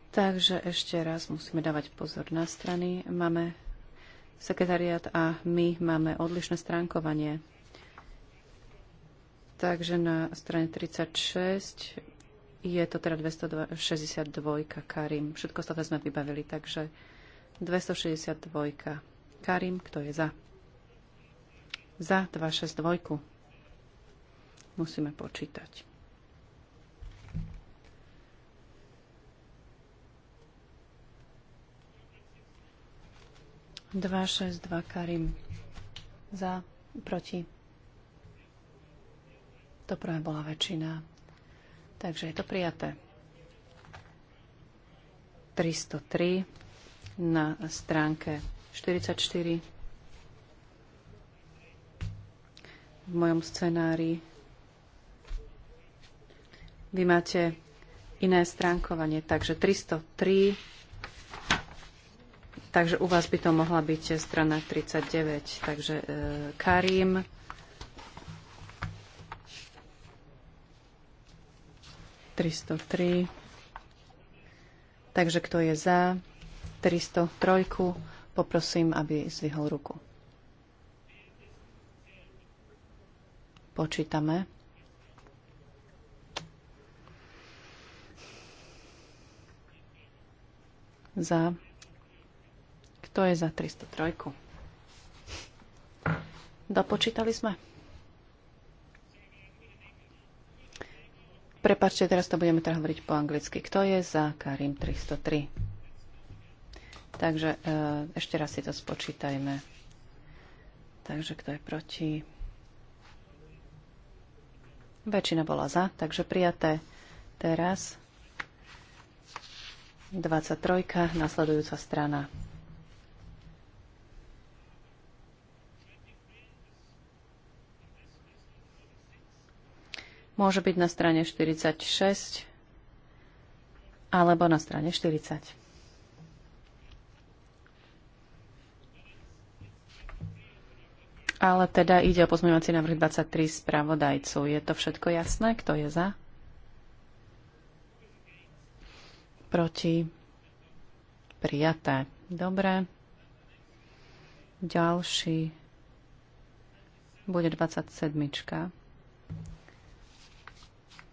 Takže ešte raz musíme dávať pozor na strany. Máme sekretariat a my máme odlišné stránkovanie. Takže na strane 36 je to teda 262 Karim. Všetko ostatné sme vybavili, takže 262 Karim, kto je za? Za 262. Musíme počítať. 262 Karim. Za, proti. To prvé bola väčšina. Takže je to prijaté. 303 na stránke 44 v mojom scenári. Vy máte iné stránkovanie, takže 303 Takže u vás by to mohla byť strana 39. Takže e, Karim. ...303. Takže kto je za 303, poprosím, aby zvihol ruku. Počítame. Za kto je za 303? Dopočítali sme? Prepačte, teraz to budeme teda hovoriť po anglicky. Kto je za Karim 303? Takže e, ešte raz si to spočítajme. Takže kto je proti? Väčšina bola za, takže prijaté. Teraz 23. nasledujúca strana. môže byť na strane 46 alebo na strane 40. Ale teda ide o pozmeňovací návrh 23 spravodajcu. Je to všetko jasné? Kto je za? Proti? Prijaté. Dobre. Ďalší bude 27.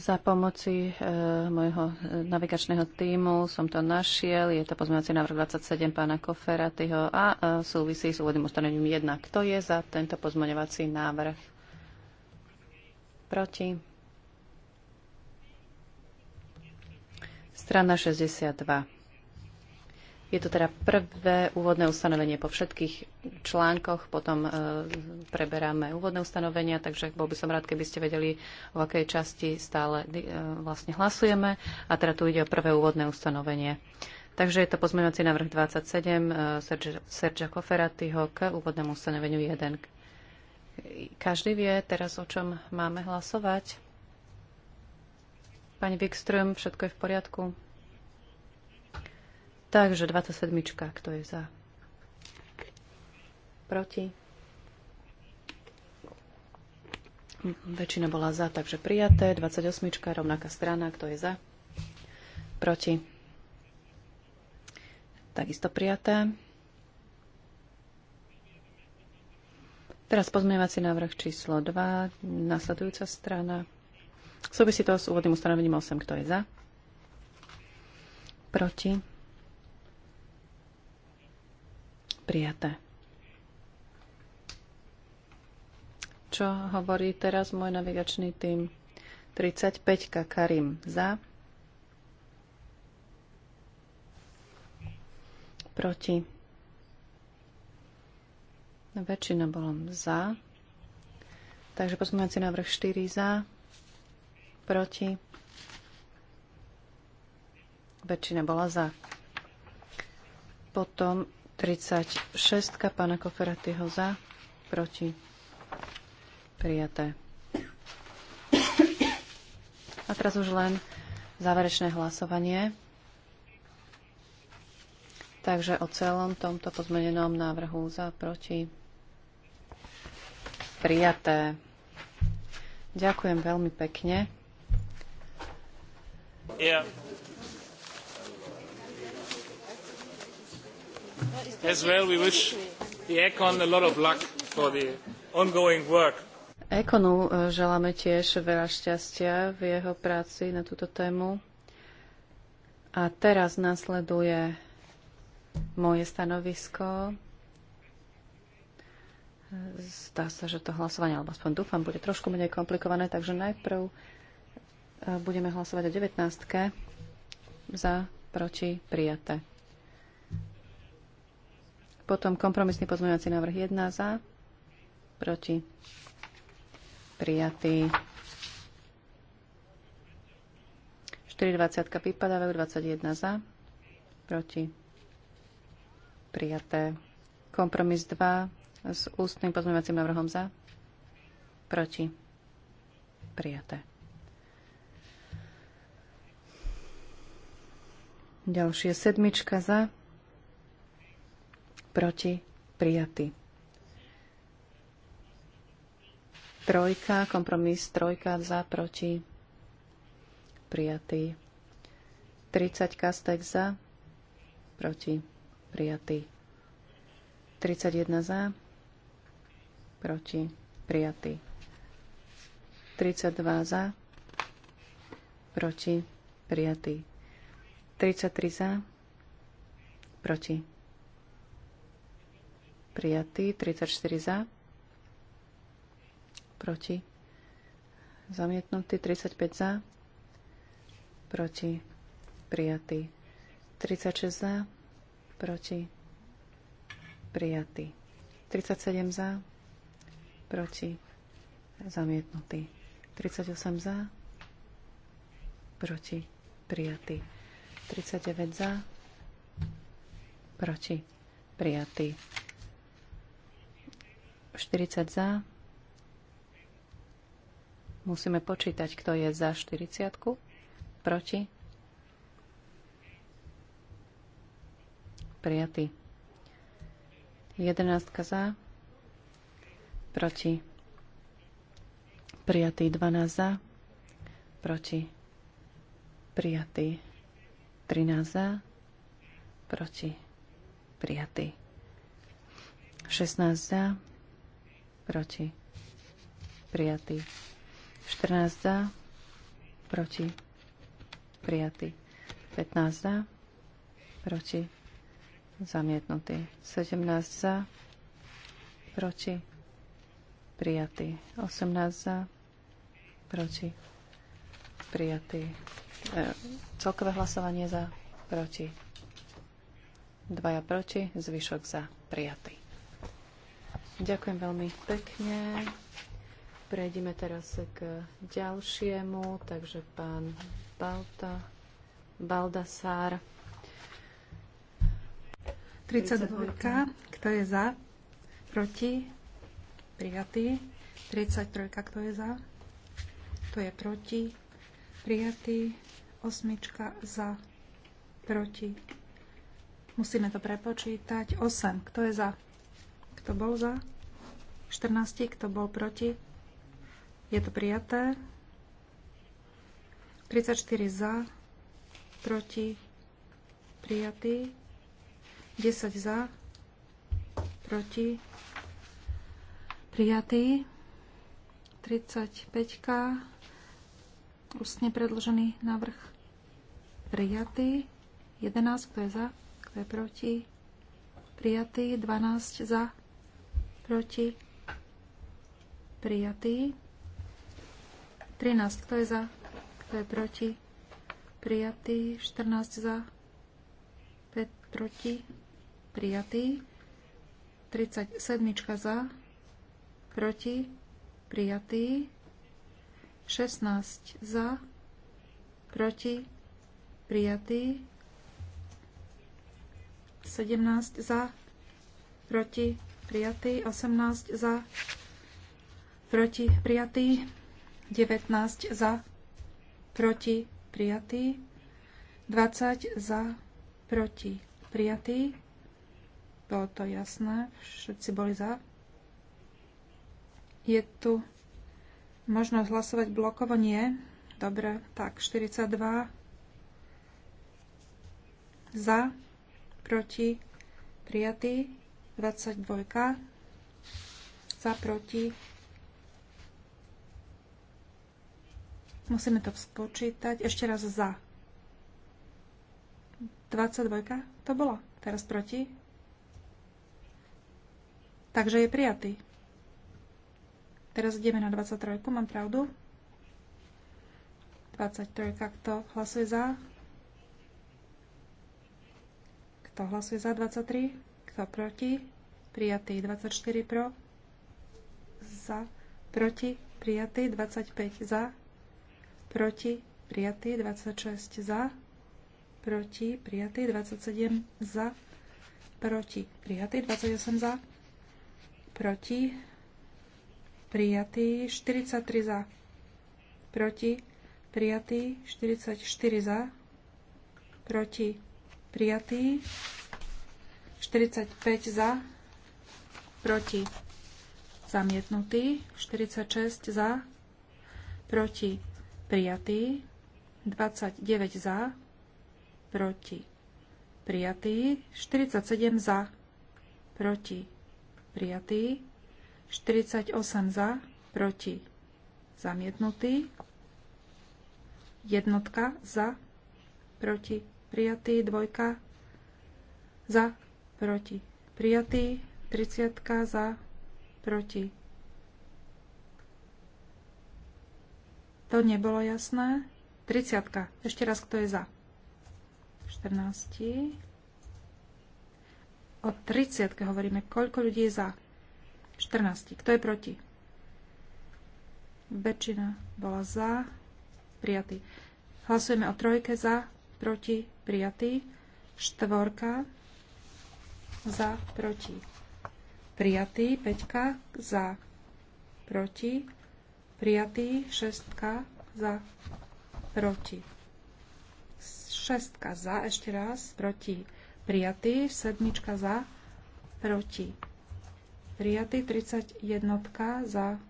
Za pomoci e, môjho e, navigačného týmu som to našiel. Je to pozmeňovací návrh 27 pána Koferatyho a e, súvisí s úvodným ustanovením 1. Kto je za tento pozmeňovací návrh? Proti? Strana 62. Je to teda prvé úvodné ustanovenie po všetkých článkoch, potom e, preberáme úvodné ustanovenia, takže bol by som rád, keby ste vedeli, o akej časti stále e, vlastne hlasujeme. A teda tu ide o prvé úvodné ustanovenie. Takže je to pozmeňovací návrh 27 e, Serge, Koferatyho k úvodnému ustanoveniu 1. Každý vie teraz, o čom máme hlasovať. Pani Wikström, všetko je v poriadku? Takže 27. Kto je za? Proti? Väčšina bola za, takže prijaté. 28. Rovnaká strana. Kto je za? Proti? Takisto prijaté. Teraz pozmievací návrh číslo 2, nasledujúca strana. Súvisí to s úvodným ustanovením 8. Kto je za? Proti? Prijaté. Čo hovorí teraz môj navigačný tým? 35 Karim za. Proti. Väčšina bola za. Takže pozmeňovací návrh 4 za. Proti. Väčšina bola za. Potom 36. Pána Koferatyho za. Proti. Prijaté. A teraz už len záverečné hlasovanie. Takže o celom tomto pozmenenom návrhu za proti prijaté. Ďakujem veľmi pekne. Yeah. as well. We wish the Econ a lot of luck for the ongoing work. Ekonu eh, želáme tiež veľa šťastia v jeho práci na túto tému. A teraz nasleduje moje stanovisko. Zdá sa, že to hlasovanie, alebo aspoň dúfam, bude trošku menej komplikované, takže najprv eh, budeme hlasovať o 19. za, proti, prijaté. Potom kompromisný pozmeňovací návrh 1 za, proti, prijatý. 4,20 vypadávajú, 21 za, proti, prijaté. Kompromis 2 s ústnym pozmeňovacím návrhom za, proti, prijaté. Ďalšie sedmička za, proti, prijatý. Trojka, kompromis trojka za, proti, prijatý. 30 kastek za, proti, prijatý. 31 za, proti, prijatý. 32 za, proti, prijatý. 33 za, proti, prijatý, 34 za, proti, zamietnutý, 35 za, proti, prijatý, 36 za, proti, prijatý, 37 za, proti, zamietnutý, 38 za, proti, prijatý, 39 za, proti, prijatý. 40 za. Musíme počítať, kto je za 40. Proti. Prijatý. 11 za. Proti. Prijatý 12 za. Proti. Prijatý 13 za. Proti. Prijatý. 16 za proti, prijatý. 14 za, proti, prijatý. 15 za, proti, zamietnutý. 17 za, proti, prijatý. 18 za, proti, prijatý. E, celkové hlasovanie za, proti. Dvaja proti, zvyšok za, prijatý. Ďakujem veľmi pekne. Prejdeme teraz k ďalšiemu, takže pán Balta, Baldasár. 32. Kto je za? Proti? Prijatý. 33. Kto je za? Kto je proti? Prijatý. Osmička za. Proti. Musíme to prepočítať. 8. Kto je za? Kto bol za? 14. Kto bol proti? Je to prijaté. 34 za, proti, prijatý. 10 za, proti, prijatý. 35 ústne predložený návrh prijatý. 11, kto je za, kto je proti, prijatý. 12 za, proti, prijatý. 13, kto je za, kto je proti, prijatý. 14 za, 5 proti, prijatý. 37 za, proti, prijatý. 16 za, proti, prijatý. 17 za, proti, prijatý, 18 za, proti prijatý, 19 za, proti prijatý, 20 za, proti prijatý. Bolo to jasné, všetci boli za. Je tu možnosť hlasovať blokovo? Nie. Dobre, tak 42 za, proti prijatý, 22 za, proti. Musíme to spočítať. Ešte raz za. 22 to bolo. Teraz proti. Takže je prijatý. Teraz ideme na 23. Mám pravdu? 23. Kto hlasuje za? Kto hlasuje za 23? Kto proti? prijatý 24 pro, za, proti, prijatý 25 za, proti, prijatý 26 za, proti, prijatý 27 za, proti, prijatý 28 za, proti, prijatý 43 za, proti, prijatý 44 za, proti, prijatý 45 za, proti, zamietnutý, 46 za, proti, prijatý, 29 za, proti, prijatý, 47 za, proti, prijatý, 48 za, proti, zamietnutý, jednotka za, proti, prijatý, dvojka za, proti, prijatý, 30 za, proti. To nebolo jasné. 30. Ešte raz, kto je za? 14. O 30. hovoríme, koľko ľudí je za? 14. Kto je proti? Väčšina bola za, prijatý. Hlasujeme o trojke za, proti, prijatý. Štvorka za, proti prijatý, 5 za, proti, prijatý, 6 za, proti. 6 za, ešte raz, proti, prijatý, 7 za, proti. Prijatý, 31 za,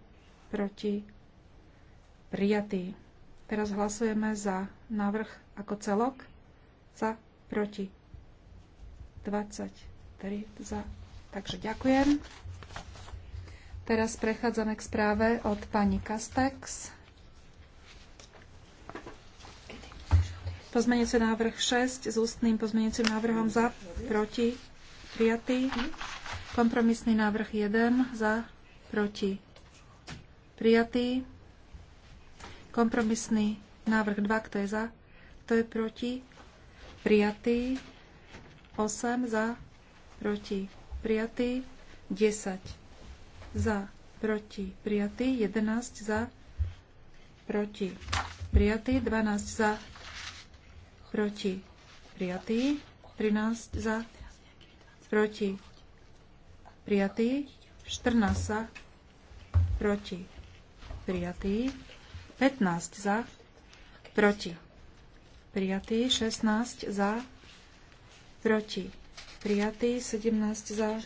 proti, prijatý. Teraz hlasujeme za návrh ako celok, za, proti. 23 za, Takže ďakujem. Teraz prechádzame k správe od pani Kastex. Pozmenujúci návrh 6 s ústnym pozmenujúcim návrhom za, proti, prijatý. Kompromisný návrh 1 za, proti, prijatý. Kompromisný návrh 2, kto je za, kto je proti, prijatý. 8 za, proti, prijatý, 10 za, proti, prijatý, 11 za, proti, prijatý, 12 za, proti, prijatý, 13 za, proti, prijatý, 14 za, proti, prijatý, 15 za, proti, prijatý, 16 za, proti, prijatý, 17 za,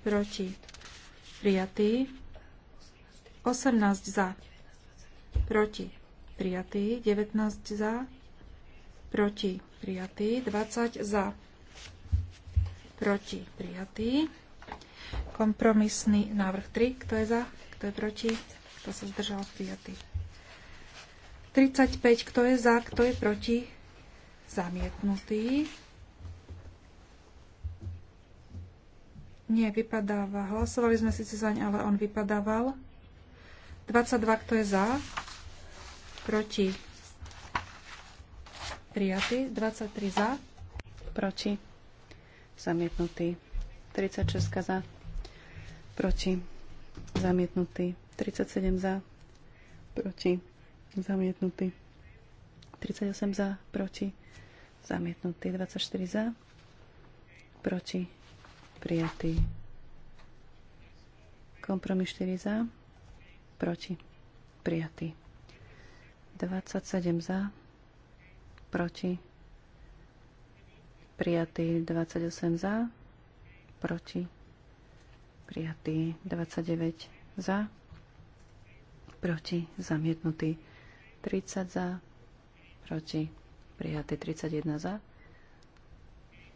proti, prijatý, 18 za, proti, prijatý, 19 za, proti, prijatý, 20 za, proti, prijatý. Kompromisný návrh 3, kto je za, kto je proti, kto sa zdržal, prijatý. 35, kto je za, kto je proti, zamietnutý. Nie, vypadáva. Hlasovali sme síce zaň, ale on vypadával. 22, kto je za? Proti. Prijatý. 23 za. Proti. Zamietnutý. 36 za. Proti. Zamietnutý. 37 za. Proti. Zamietnutý. 38 za. Proti. Zamietnutý. 24 za. Proti prijatý. Kompromis 4 za, proti, prijatý. 27 za, proti, prijatý. 28 za, proti, prijatý. 29 za, proti, zamietnutý. 30 za, proti, prijatý. 31 za,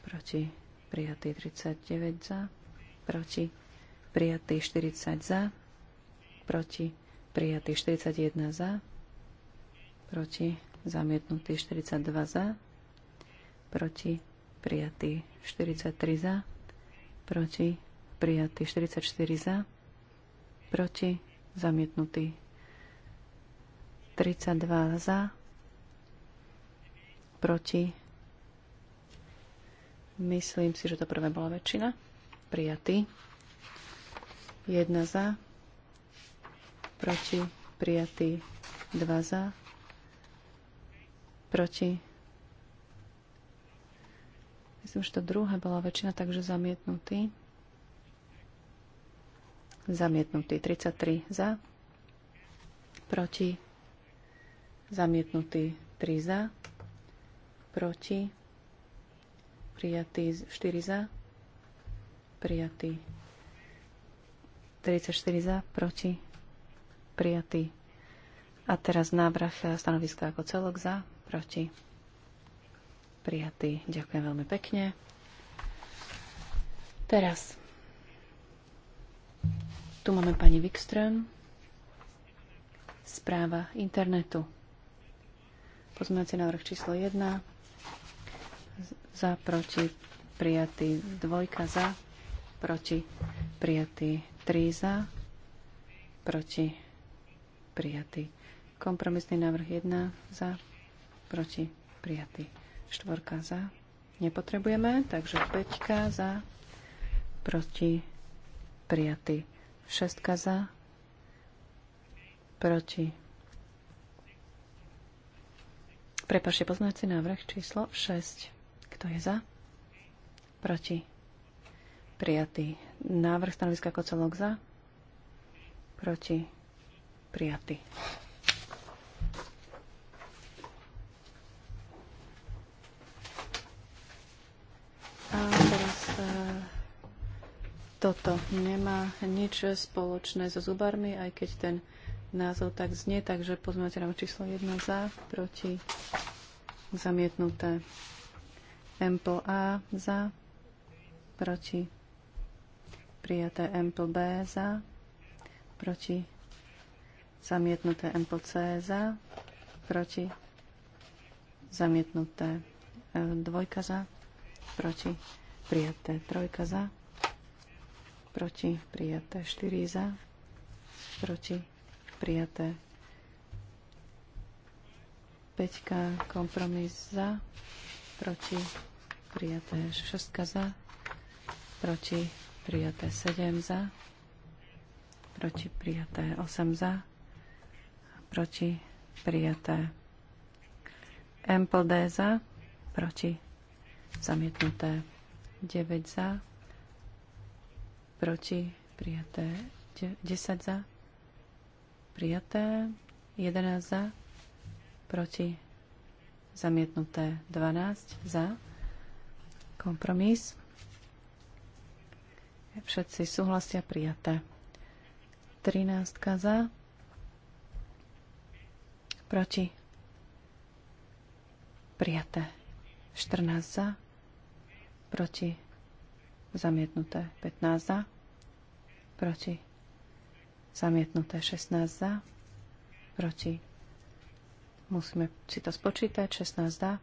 proti, prijatý 39 za, proti, prijatý 40 za, proti, prijatý 41 za, proti, zamietnutý 42 za, proti, prijatý 43 za, proti, prijatý 44 za, proti, zamietnutý 32 za, proti, Myslím si, že to prvé bola väčšina. Prijatý. Jedna za. Proti. Prijatý. Dva za. Proti. Myslím, že to druhé bola väčšina, takže zamietnutý. Zamietnutý. 33 za. Proti. Zamietnutý. 3 za. Proti prijatý 4 za, prijatý 34 za, proti, prijatý. A teraz návrh stanoviska ako celok za, proti, prijatý. Ďakujem veľmi pekne. Teraz tu máme pani Wikström. Správa internetu. Pozmeňujúci návrh číslo 1 za, proti, prijatý. Dvojka za, proti, prijatý. Tri za, proti, prijatý. Kompromisný návrh 1 za, proti, prijatý. Štvorka za, nepotrebujeme, takže 5 za, proti, prijatý. Šestka za, proti. Prepašte, poznáte návrh číslo 6. Kto je za? Proti? Prijatý. Návrh stanoviska ako celok za? Proti? Prijatý. A teraz e, toto nemá nič spoločné so zubarmi, aj keď ten názov tak znie, takže nám číslo 1 za, proti, zamietnuté. Ample A za, proti, prijaté Ample B za, proti, zamietnuté Ample C za, proti, zamietnuté e, dvojka za, proti, prijaté trojka za, proti, prijaté štyri za, proti, prijaté 5 kompromis za, proti, prijaté 6 za, proti, prijaté 7 za, proti, prijaté 8 za, proti, prijaté MPLD za, proti, zamietnuté 9 za, proti, prijaté 10 za, prijaté 11 za, proti, zamietnuté 12 za, kompromis. Všetci súhlasia prijaté. 13 za, proti, prijaté. 14 za, proti, zamietnuté 15 za, proti, zamietnuté 16 za, proti, Musíme si to spočítať. 16 dá.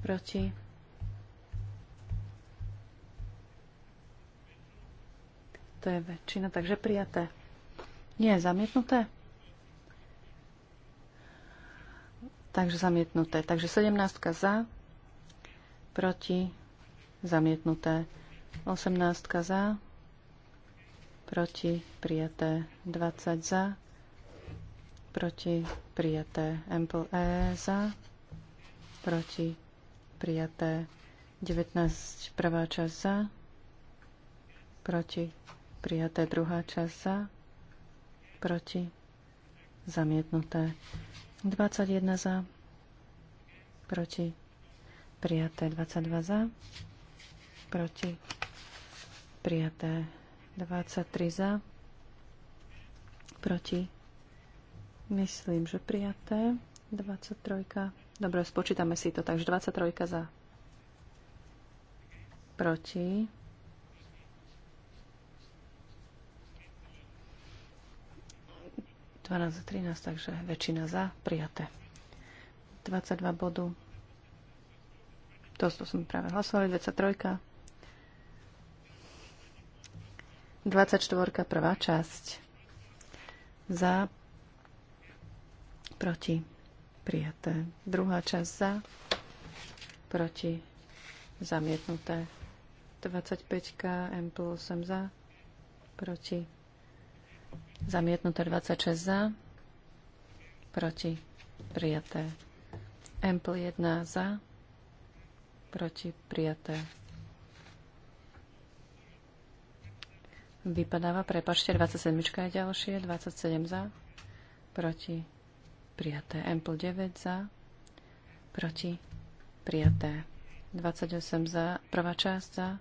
Proti. To je väčšina, takže prijaté. Nie zamietnuté? Takže zamietnuté. Takže 17 za, proti, zamietnuté. 18 za, proti prijaté 20 za, proti prijaté Ample E za, proti prijaté 19 prvá časť za, proti prijaté druhá časť za, proti zamietnuté 21 za, proti prijaté 22 za, proti prijaté 23 za. Proti. Myslím, že prijaté. 23. Dobre, spočítame si to. Takže 23 za. Proti. za 13, takže väčšina za, prijaté. 22 bodu. To, to sme práve hlasovali, 23. 24. prvá časť. Za, proti, prijaté. Druhá časť za, proti, zamietnuté. 25. M plus 8 za, proti, zamietnuté. 26 za, proti, prijaté. M plus 1 za, proti, prijaté. Vypadáva, prepačte, 27 je ďalšie, 27 za, proti, prijaté. m 9 za, proti, prijaté. 28 za, prvá časť za,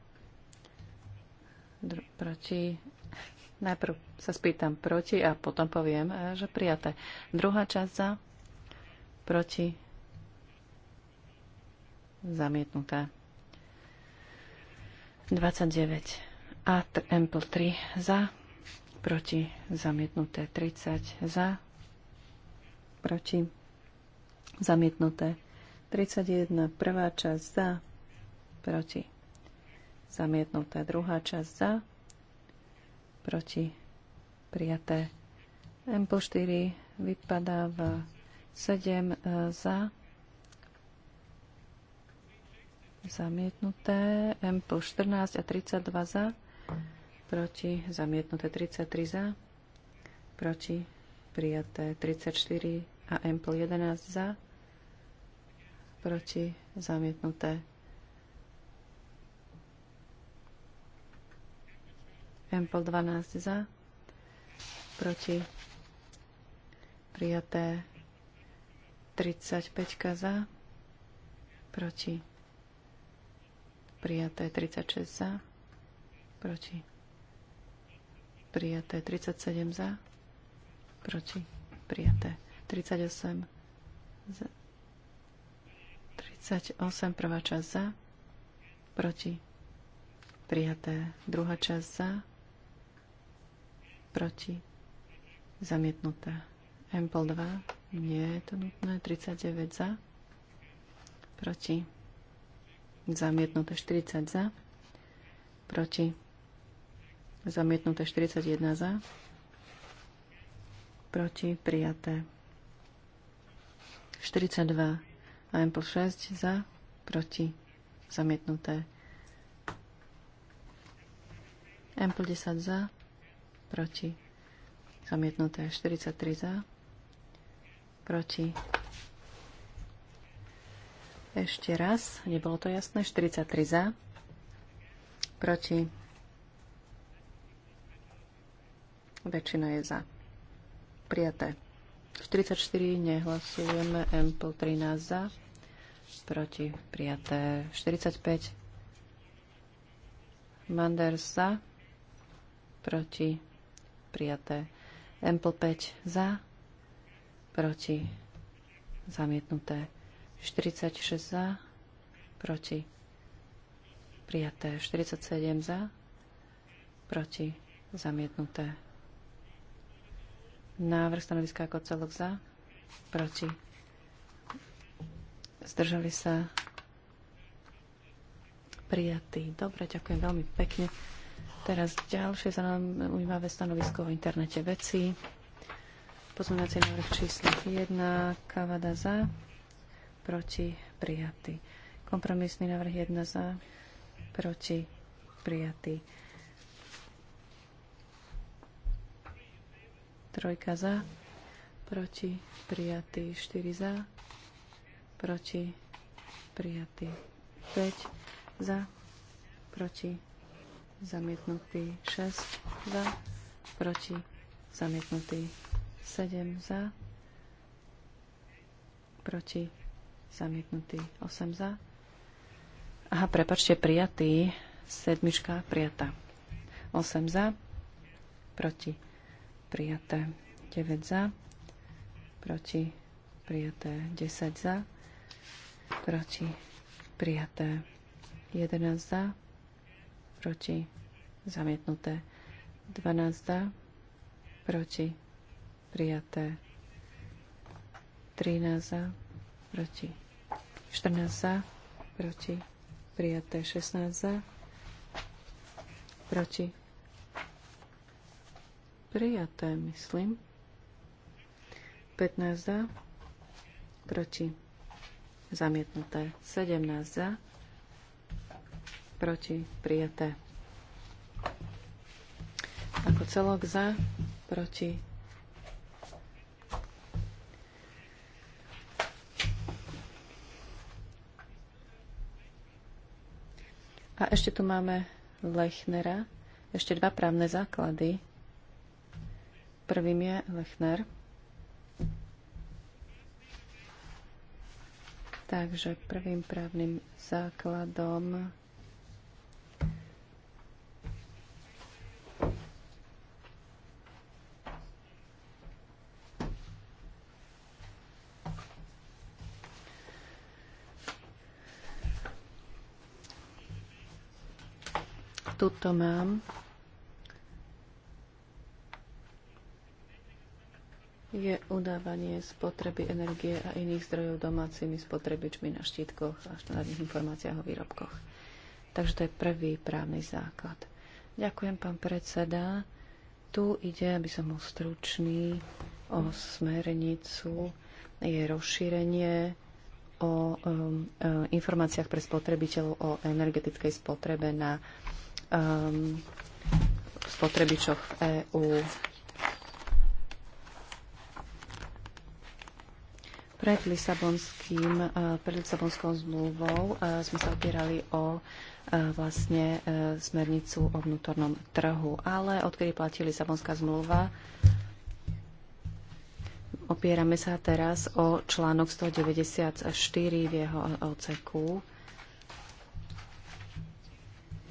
dru, proti, najprv sa spýtam proti a potom poviem, eh, že prijaté. Druhá časť za, proti, zamietnuté. 29 a Ample 3 za, proti zamietnuté 30 za, proti zamietnuté 31 prvá časť za, proti zamietnuté druhá časť za, proti prijaté Ample 4 v 7 e, za, zamietnuté, M plus 14 a 32 za, proti, zamietnuté 33 za, proti, prijaté 34 a Ample 11 za, proti, zamietnuté. Ample 12 za, proti, prijaté 35 za, proti, prijaté 36 za, proti prijaté. 37 za, proti, prijaté. 38 za, 38 prvá časť za, proti, prijaté. Druhá časť za, proti, zamietnuté. Ample 2, nie je to nutné. 39 za, proti, zamietnuté. 40 za, proti, Zamietnuté 41 za. Proti prijaté. 42 a M 6 za. Proti zamietnuté. M 10 za. Proti zamietnuté. 43 za. Proti. Ešte raz, nebolo to jasné, 43 za, proti Väčšina je za. Prijaté. 44 nehlasujeme. MPL 13 za. Proti. Prijaté. 45. Manders za. Proti. Prijaté. Mpl 5 za. Proti. Zamietnuté. 46 za. Proti. Prijaté. 47 za. Proti. Zamietnuté. Návrh stanoviska ako celok za. Proti. Zdržali sa. Prijatý. Dobre, ďakujem veľmi pekne. Teraz ďalšie za ujímavé stanovisko o internete veci. Pozmeňovací návrh číslo 1. Kavada za. Proti. Prijatý. Kompromisný návrh 1 za. Proti. Prijatý trojka za, proti prijatý 4 za, proti prijatý 5 za, proti zamietnutý 6 za, proti zamietnutý 7 za, proti zamietnutý 8 za. Aha, prepačte, prijatý, sedmička prijatá. 8 za, proti prijaté 9 za, proti prijaté 10 za, proti prijaté 11 za, proti zamietnuté 12 za, proti prijaté 13 za, proti 14 za, proti prijaté 16 za, proti prijaté, myslím. 15 za, proti, zamietnuté. 17 za, proti, prijaté. Ako celok za, proti, A ešte tu máme Lechnera, ešte dva právne základy. Prvým je Lechner. Takže prvým právnym základom tuto mám je udávanie spotreby energie a iných zdrojov domácimi spotrebičmi na štítkoch a štandardných informáciách o výrobkoch. Takže to je prvý právny základ. Ďakujem, pán predseda. Tu ide, aby som bol stručný, o smernicu, je rozšírenie o um, e, informáciách pre spotrebiteľov o energetickej spotrebe na um, spotrebičoch v EÚ. Pred, Lisabonským, e, pred Lisabonskou zmluvou e, sme sa opierali o e, vlastne smernicu o vnútornom trhu. Ale odkedy platí Lisabonská zmluva, opierame sa teraz o článok 194 v jeho oceku.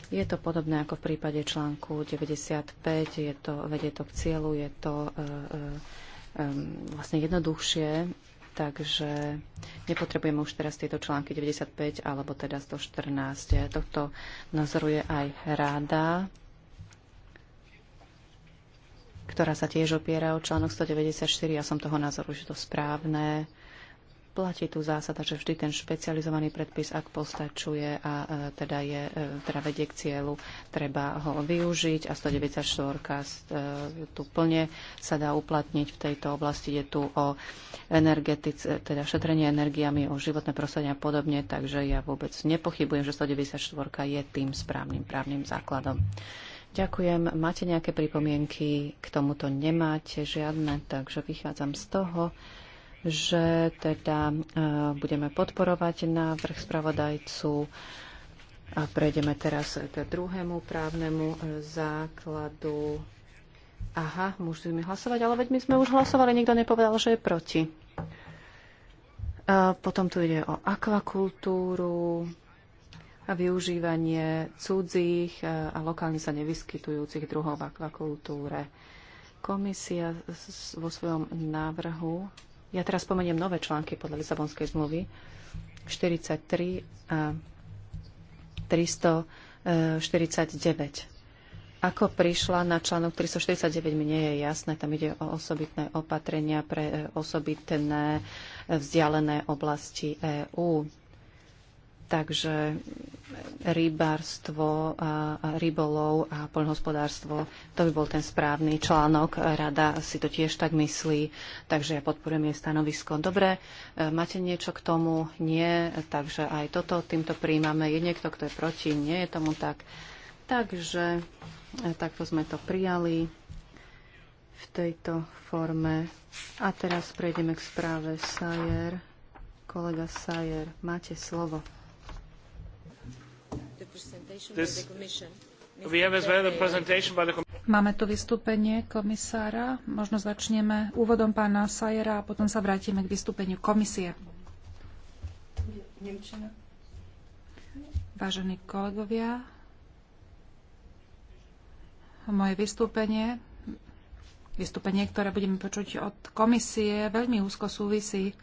Je to podobné ako v prípade článku 95, je to, vedie to k cieľu, je to e, e, vlastne jednoduchšie takže nepotrebujeme už teraz tieto články 95 alebo teda 114. Tohto nazoruje aj rada, ktorá sa tiež opiera o článok 194. Ja som toho názoru, že to správne platí tu zásada, že vždy ten špecializovaný predpis, ak postačuje a e, teda, je, e, teda vedie k cieľu, treba ho využiť a 194 e, tu plne sa dá uplatniť v tejto oblasti. Je tu o energetic, teda šetrenie energiami, o životné prostredie a podobne, takže ja vôbec nepochybujem, že 194 je tým správnym právnym základom. Ďakujem. Máte nejaké pripomienky? K tomuto nemáte žiadne, takže vychádzam z toho, že teda e, budeme podporovať návrh spravodajcu a prejdeme teraz k druhému právnemu e, základu. Aha, môžeme hlasovať, ale veď my sme už hlasovali, nikto nepovedal, že je proti. A e, potom tu ide o akvakultúru a využívanie cudzích a lokálne sa nevyskytujúcich druhov v akvakultúre. Komisia vo svojom návrhu ja teraz spomeniem nové články podľa Lisabonskej zmluvy. 43 a 349. Ako prišla na článok 349, mi nie je jasné. Tam ide o osobitné opatrenia pre e, osobitné e, vzdialené oblasti EÚ. Takže rybárstvo, rybolov a poľnohospodárstvo, to by bol ten správny článok. Rada si to tiež tak myslí, takže ja podporujem jej stanovisko. Dobre, e, máte niečo k tomu? Nie, takže aj toto týmto príjmame. Je niekto, kto je proti? Nie je tomu tak. Takže e, takto sme to prijali v tejto forme. A teraz prejdeme k správe Sajer. Kolega Sajer, máte slovo. Máme tu vystúpenie komisára. Možno začneme úvodom pána Sajera a potom sa vrátime k vystúpeniu komisie. Vážení kolegovia, moje vystúpenie, vystúpenie, ktoré budeme počuť od komisie, veľmi úzko súvisí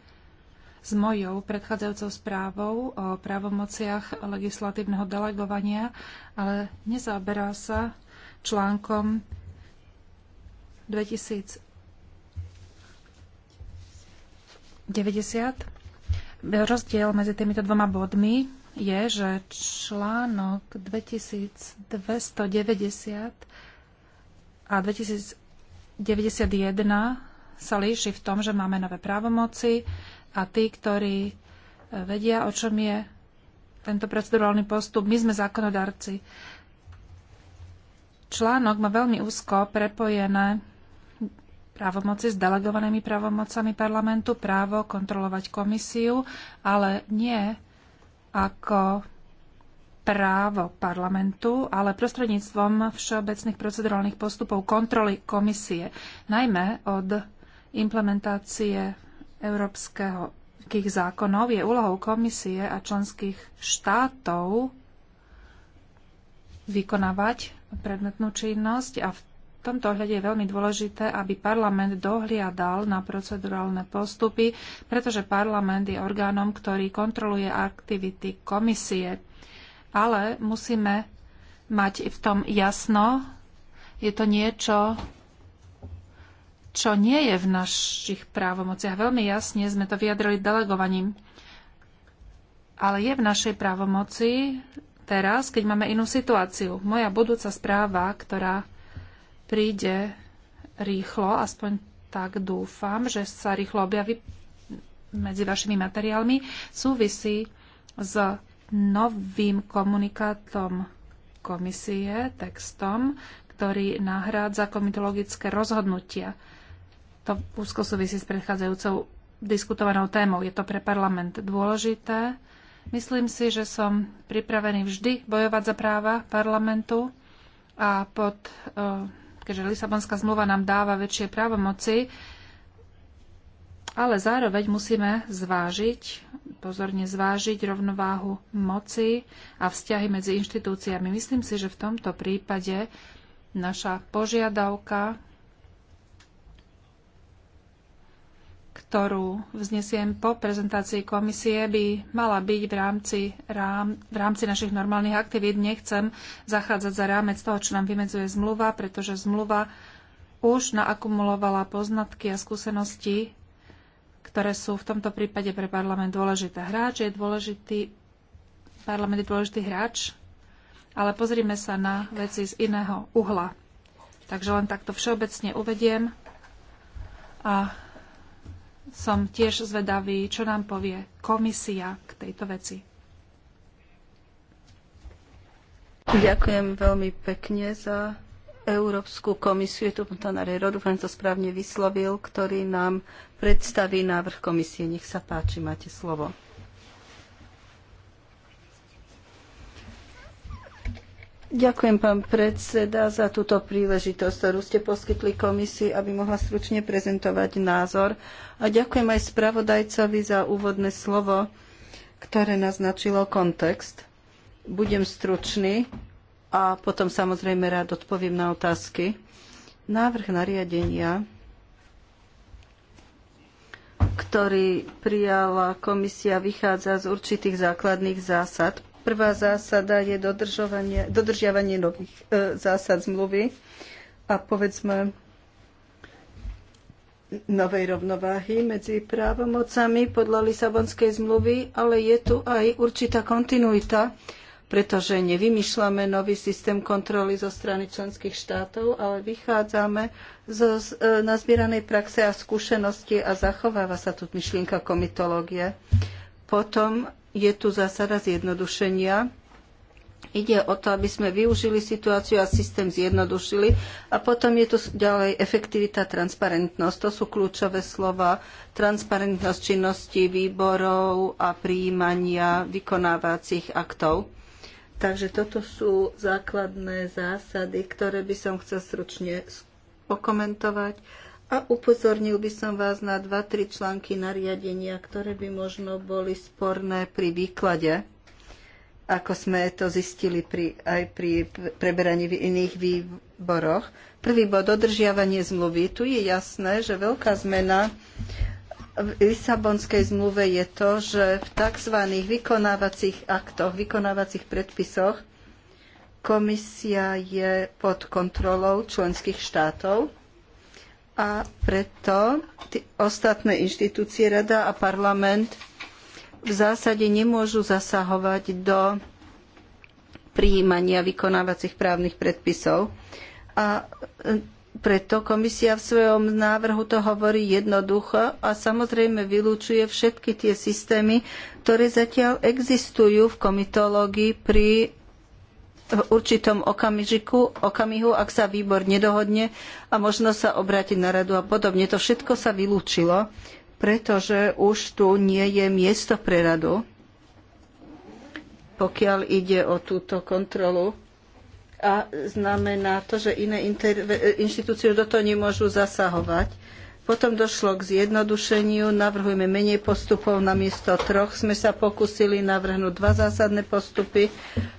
s mojou predchádzajúcou správou o právomociach legislatívneho delegovania, ale nezaberá sa článkom 2090 Rozdiel medzi týmito dvoma bodmi je, že článok 2290 a 2091 sa líši v tom, že máme nové právomoci, a tí, ktorí e, vedia, o čom je tento procedurálny postup. My sme zákonodarci. Článok má veľmi úzko prepojené právomoci s delegovanými právomocami parlamentu, právo kontrolovať komisiu, ale nie ako právo parlamentu, ale prostredníctvom všeobecných procedurálnych postupov kontroly komisie, najmä od implementácie európskeho zákonov je úlohou komisie a členských štátov vykonávať predmetnú činnosť a v tomto ohľade je veľmi dôležité, aby parlament dohliadal na procedurálne postupy, pretože parlament je orgánom, ktorý kontroluje aktivity komisie. Ale musíme mať v tom jasno, je to niečo, čo nie je v našich právomociach. Veľmi jasne sme to vyjadrili delegovaním. Ale je v našej právomoci teraz, keď máme inú situáciu. Moja budúca správa, ktorá príde rýchlo, aspoň tak dúfam, že sa rýchlo objaví medzi vašimi materiálmi, súvisí s novým komunikátom komisie, textom, ktorý nahrádza komitologické rozhodnutia. To úzko súvisí s predchádzajúcou diskutovanou témou. Je to pre parlament dôležité. Myslím si, že som pripravený vždy bojovať za práva parlamentu a pod, eh, keďže Lisabonská zmluva nám dáva väčšie právomoci, ale zároveň musíme zvážiť, pozorne zvážiť rovnováhu moci a vzťahy medzi inštitúciami. Myslím si, že v tomto prípade naša požiadavka ktorú vznesiem po prezentácii komisie, by mala byť v rámci, rám, v rámci našich normálnych aktivít. Nechcem zachádzať za rámec toho, čo nám vymedzuje zmluva, pretože zmluva už naakumulovala poznatky a skúsenosti, ktoré sú v tomto prípade pre parlament dôležité. Hráč je dôležitý, parlament je dôležitý hráč, ale pozrime sa na veci z iného uhla. Takže len takto všeobecne uvediem a som tiež zvedavý, čo nám povie komisia k tejto veci. Ďakujem veľmi pekne za Európsku komisiu. Je tu pán Rero, dúfam, to správne vyslovil, ktorý nám predstaví návrh komisie. Nech sa páči, máte slovo. Ďakujem, pán predseda, za túto príležitosť, ktorú ste poskytli komisii, aby mohla stručne prezentovať názor. A ďakujem aj spravodajcovi za úvodné slovo, ktoré naznačilo kontext. Budem stručný a potom samozrejme rád odpoviem na otázky. Návrh nariadenia, ktorý prijala komisia, vychádza z určitých základných zásad Prvá zásada je dodržiavanie nových e, zásad zmluvy a povedzme novej rovnováhy medzi právomocami podľa Lisabonskej zmluvy, ale je tu aj určitá kontinuita, pretože nevymýšľame nový systém kontroly zo strany členských štátov, ale vychádzame zo e, nazbieranej praxe a skúsenosti a zachováva sa tu myšlienka komitológie. Potom je tu zásada zjednodušenia. Ide o to, aby sme využili situáciu a systém zjednodušili. A potom je tu ďalej efektivita, transparentnosť. To sú kľúčové slova. Transparentnosť činnosti výborov a prijímania vykonávacích aktov. Takže toto sú základné zásady, ktoré by som chcel stručne okomentovať a upozornil by som vás na 2-3 články nariadenia, ktoré by možno boli sporné pri výklade ako sme to zistili pri, aj pri preberaní v iných výboroch. Prvý bod, dodržiavanie zmluvy. Tu je jasné, že veľká zmena v Lisabonskej zmluve je to, že v tzv. vykonávacích aktoch, vykonávacích predpisoch komisia je pod kontrolou členských štátov a preto ostatné inštitúcie, rada a parlament v zásade nemôžu zasahovať do prijímania vykonávacích právnych predpisov. A e, preto komisia v svojom návrhu to hovorí jednoducho a samozrejme vylúčuje všetky tie systémy, ktoré zatiaľ existujú v komitológii pri v určitom okamihu, ak sa výbor nedohodne a možno sa obrátiť na radu a podobne. To všetko sa vylúčilo, pretože už tu nie je miesto pre radu, pokiaľ ide o túto kontrolu. A znamená to, že iné inštitúcie už do toho nemôžu zasahovať. Potom došlo k zjednodušeniu, navrhujeme menej postupov na miesto troch. Sme sa pokúsili navrhnúť dva zásadné postupy.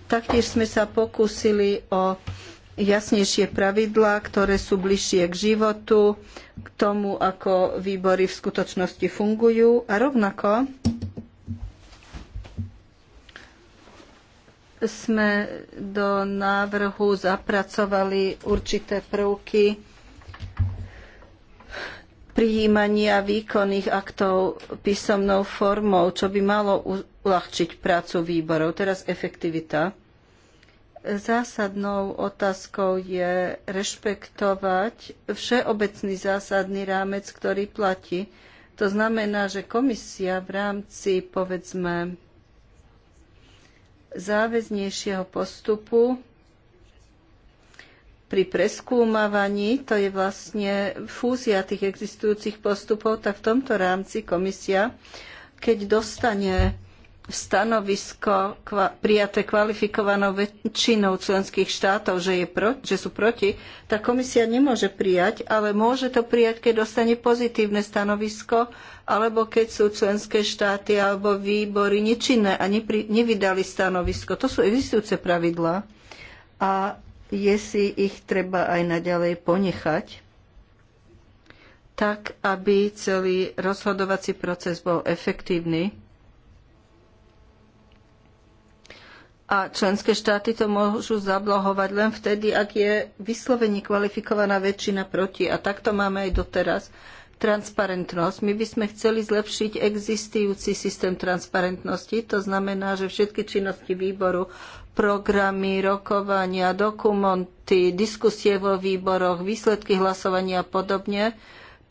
Taktiež sme sa pokúsili o jasnejšie pravidlá, ktoré sú bližšie k životu, k tomu, ako výbory v skutočnosti fungujú. A rovnako sme do návrhu zapracovali určité prvky, prijímania výkonných aktov písomnou formou, čo by malo uľahčiť prácu výborov. Teraz efektivita. Zásadnou otázkou je rešpektovať všeobecný zásadný rámec, ktorý platí. To znamená, že komisia v rámci, povedzme, záväznejšieho postupu pri preskúmavaní, to je vlastne fúzia tých existujúcich postupov, tak v tomto rámci komisia, keď dostane stanovisko prijaté kvalifikovanou väčšinou členských štátov, že, pro, že sú proti, tá komisia nemôže prijať, ale môže to prijať, keď dostane pozitívne stanovisko, alebo keď sú členské štáty alebo výbory nečinné a nepri, nevydali stanovisko. To sú existujúce pravidlá. A je si ich treba aj naďalej ponechať, tak aby celý rozhodovací proces bol efektívny. A členské štáty to môžu zablohovať len vtedy, ak je vyslovene kvalifikovaná väčšina proti. A takto máme aj doteraz transparentnosť. My by sme chceli zlepšiť existujúci systém transparentnosti. To znamená, že všetky činnosti výboru programy, rokovania, dokumenty, diskusie vo výboroch, výsledky hlasovania a podobne.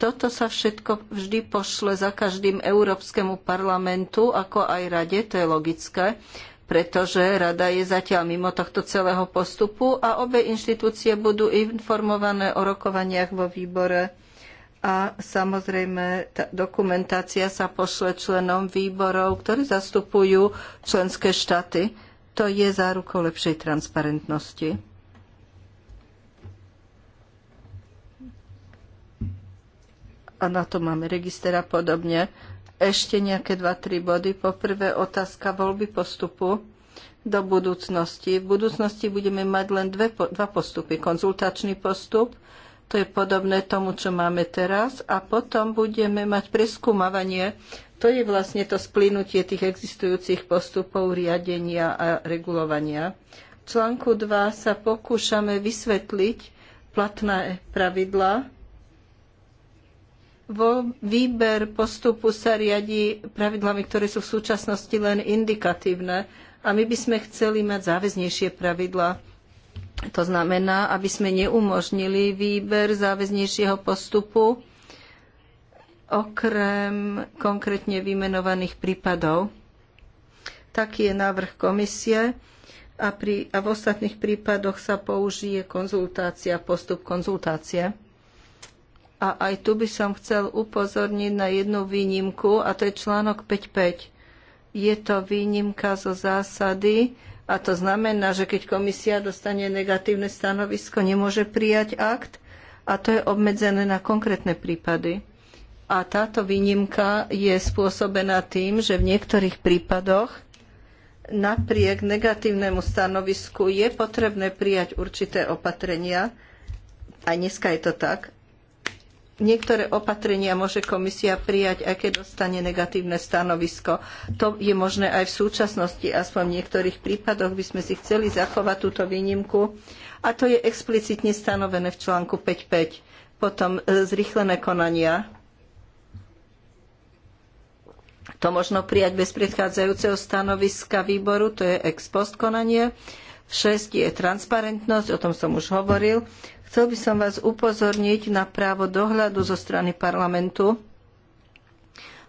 Toto sa všetko vždy pošle za každým Európskemu parlamentu, ako aj rade, to je logické, pretože rada je zatiaľ mimo tohto celého postupu a obe inštitúcie budú informované o rokovaniach vo výbore. A samozrejme, tá dokumentácia sa pošle členom výborov, ktorí zastupujú členské štáty. To je zárukou lepšej transparentnosti. A na to máme register a podobne. Ešte nejaké dva, tri body. Poprvé otázka voľby postupu do budúcnosti. V budúcnosti budeme mať len dve, dva postupy. Konzultačný postup, to je podobné tomu, čo máme teraz, a potom budeme mať preskúmavanie to je vlastne to splynutie tých existujúcich postupov riadenia a regulovania. V článku 2 sa pokúšame vysvetliť platné pravidlá. Vo výber postupu sa riadi pravidlami, ktoré sú v súčasnosti len indikatívne a my by sme chceli mať záväznejšie pravidlá. To znamená, aby sme neumožnili výber záväznejšieho postupu, okrem konkrétne vymenovaných prípadov. Taký je návrh komisie a, pri, a v ostatných prípadoch sa použije konzultácia, postup konzultácie. A aj tu by som chcel upozorniť na jednu výnimku, a to je článok 5.5. Je to výnimka zo zásady, a to znamená, že keď komisia dostane negatívne stanovisko, nemôže prijať akt, a to je obmedzené na konkrétne prípady. A táto výnimka je spôsobená tým, že v niektorých prípadoch napriek negatívnemu stanovisku je potrebné prijať určité opatrenia. aj dneska je to tak. Niektoré opatrenia môže komisia prijať, aj keď dostane negatívne stanovisko. To je možné aj v súčasnosti, aspoň v niektorých prípadoch by sme si chceli zachovať túto výnimku. A to je explicitne stanovené v článku 5.5. Potom e, zrýchlené konania to možno prijať bez predchádzajúceho stanoviska výboru, to je ex post konanie. V šesti je transparentnosť, o tom som už hovoril. Chcel by som vás upozorniť na právo dohľadu zo strany parlamentu.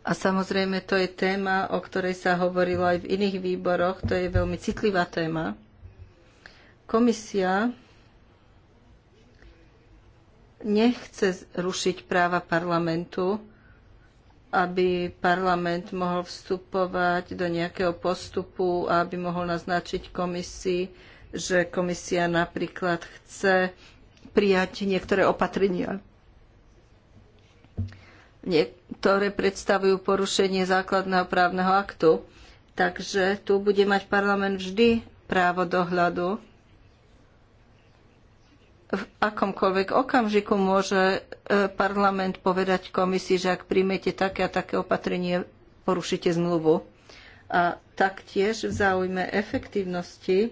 A samozrejme, to je téma, o ktorej sa hovorilo aj v iných výboroch. To je veľmi citlivá téma. Komisia nechce rušiť práva parlamentu, aby parlament mohol vstupovať do nejakého postupu a aby mohol naznačiť komisii, že komisia napríklad chce prijať niektoré opatrenia. Niektoré predstavujú porušenie základného právneho aktu, takže tu bude mať parlament vždy právo dohľadu v akomkoľvek okamžiku môže parlament povedať komisii, že ak príjmete také a také opatrenie, porušíte zmluvu. A taktiež v záujme efektívnosti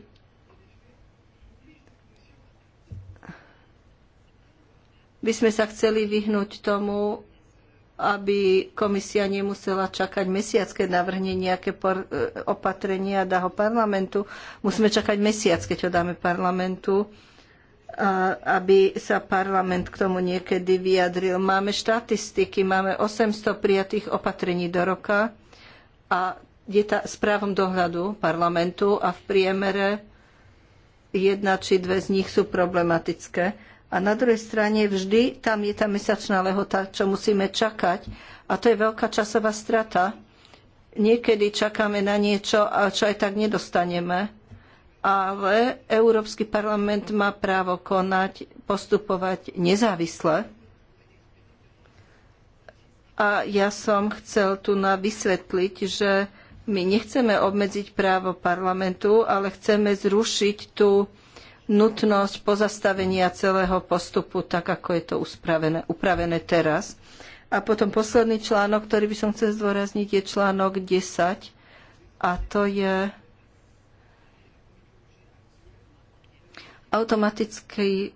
by sme sa chceli vyhnúť tomu, aby komisia nemusela čakať mesiac, keď navrhne nejaké e, opatrenie a dá ho parlamentu. Musíme čakať mesiac, keď ho dáme parlamentu aby sa parlament k tomu niekedy vyjadril. Máme štatistiky, máme 800 prijatých opatrení do roka a je tá s právom dohľadu parlamentu a v priemere jedna či dve z nich sú problematické. A na druhej strane vždy tam je tá mesačná lehota, čo musíme čakať. A to je veľká časová strata. Niekedy čakáme na niečo, čo aj tak nedostaneme ale Európsky parlament má právo konať, postupovať nezávisle. A ja som chcel tu na vysvetliť, že my nechceme obmedziť právo parlamentu, ale chceme zrušiť tú nutnosť pozastavenia celého postupu, tak ako je to uspravené, upravené teraz. A potom posledný článok, ktorý by som chcel zdôrazniť, je článok 10. A to je automatická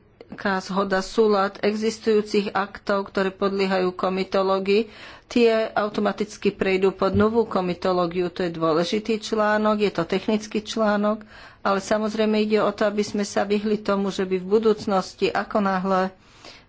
zhoda súlad existujúcich aktov, ktoré podliehajú komitológii, tie automaticky prejdú pod novú komitológiu. To je dôležitý článok, je to technický článok, ale samozrejme ide o to, aby sme sa vyhli tomu, že by v budúcnosti, ako náhle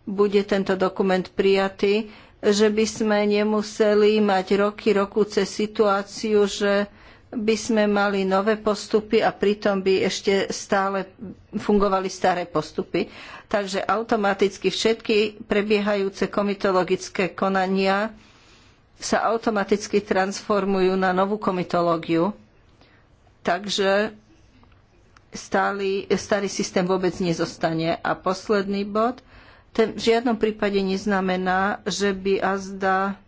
bude tento dokument prijatý, že by sme nemuseli mať roky, roku cez situáciu, že by sme mali nové postupy a pritom by ešte stále fungovali staré postupy. Takže automaticky všetky prebiehajúce komitologické konania sa automaticky transformujú na novú komitológiu. Takže stály, starý systém vôbec nezostane. A posledný bod, ten v žiadnom prípade neznamená, že by azda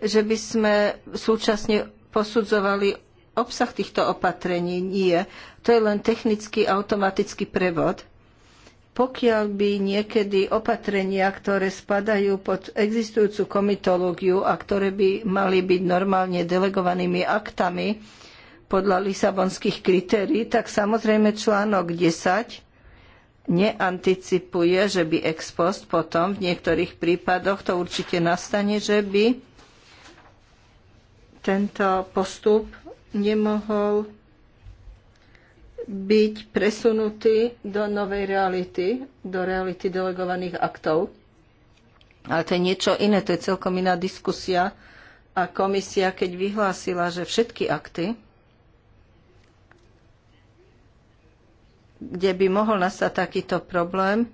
že by sme súčasne posudzovali obsah týchto opatrení. Nie. To je len technický automatický prevod. Pokiaľ by niekedy opatrenia, ktoré spadajú pod existujúcu komitológiu a ktoré by mali byť normálne delegovanými aktami podľa lisabonských kritérií, tak samozrejme článok 10 neanticipuje, že by ex post potom v niektorých prípadoch to určite nastane, že by tento postup nemohol byť presunutý do novej reality, do reality delegovaných aktov. Ale to je niečo iné, to je celkom iná diskusia. A komisia, keď vyhlásila, že všetky akty, kde by mohol nastať takýto problém,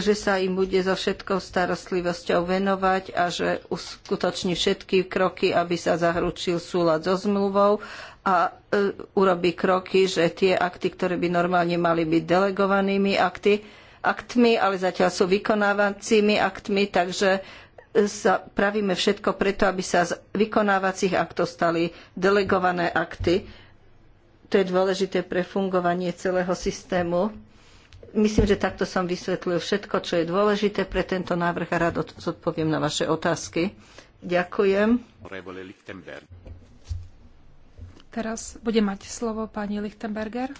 že sa im bude so všetkou starostlivosťou venovať a že uskutoční všetky kroky, aby sa zahručil súlad so zmluvou a e, urobí kroky, že tie akty, ktoré by normálne mali byť delegovanými akty, aktmi, ale zatiaľ sú vykonávacími aktmi, takže e, sa pravíme všetko preto, aby sa z vykonávacích aktov stali delegované akty. To je dôležité pre fungovanie celého systému Myslím, že takto som vysvetlil všetko, čo je dôležité pre tento návrh a rád zodpoviem na vaše otázky. Ďakujem. Teraz bude mať slovo pani Lichtenberger.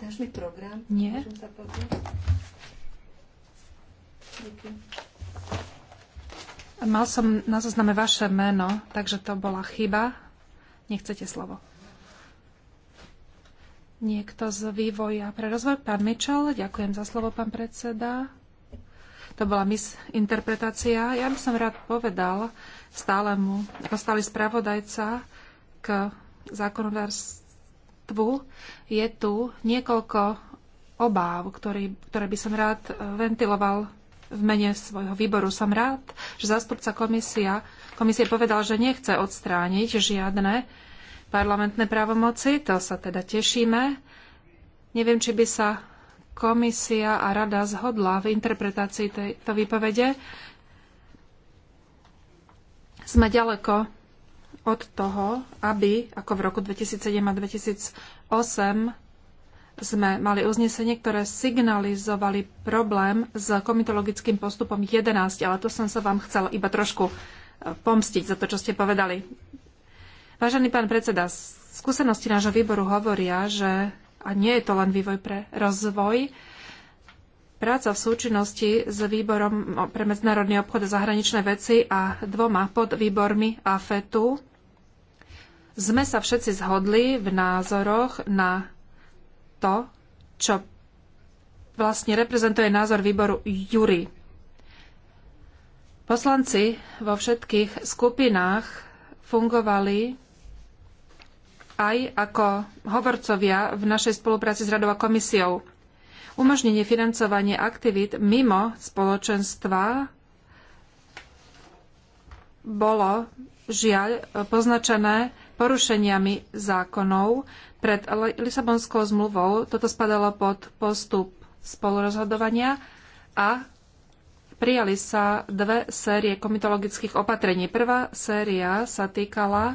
Dáš mi program? Nie. Mal som na zozname vaše meno, takže to bola chyba. Nechcete slovo. Niekto z vývoja pre rozvoj, pán Mitchell, ďakujem za slovo, pán predseda. To bola misinterpretácia. Ja by som rád povedal stálemu, ako stály spravodajca k zákonodárstvu, je tu niekoľko obáv, ktorý, ktoré by som rád eh, ventiloval v mene svojho výboru. Som rád, že zástupca komisia, komisie povedal, že nechce odstrániť žiadne parlamentné právomoci, to sa teda tešíme. Neviem, či by sa komisia a rada zhodla v interpretácii tejto výpovede. Sme ďaleko od toho, aby, ako v roku 2007 a 2008, sme mali uznesenie, ktoré signalizovali problém s komitologickým postupom 11, ale to som sa vám chcela iba trošku eh, pomstiť za to, čo ste povedali. Vážený pán predseda, skúsenosti nášho výboru hovoria, že a nie je to len vývoj pre rozvoj, práca v súčinnosti s výborom pre medzinárodný obchod a zahraničné veci a dvoma podvýbormi AFETu sme sa všetci zhodli v názoroch na to, čo vlastne reprezentuje názor výboru Jury. Poslanci vo všetkých skupinách fungovali aj ako hovorcovia v našej spolupráci s Radou a komisiou. Umožnenie financovania aktivít mimo spoločenstva bolo žiaľ poznačené porušeniami zákonov. Pred Lisabonskou zmluvou toto spadalo pod postup spolurozhodovania a prijali sa dve série komitologických opatrení. Prvá séria sa týkala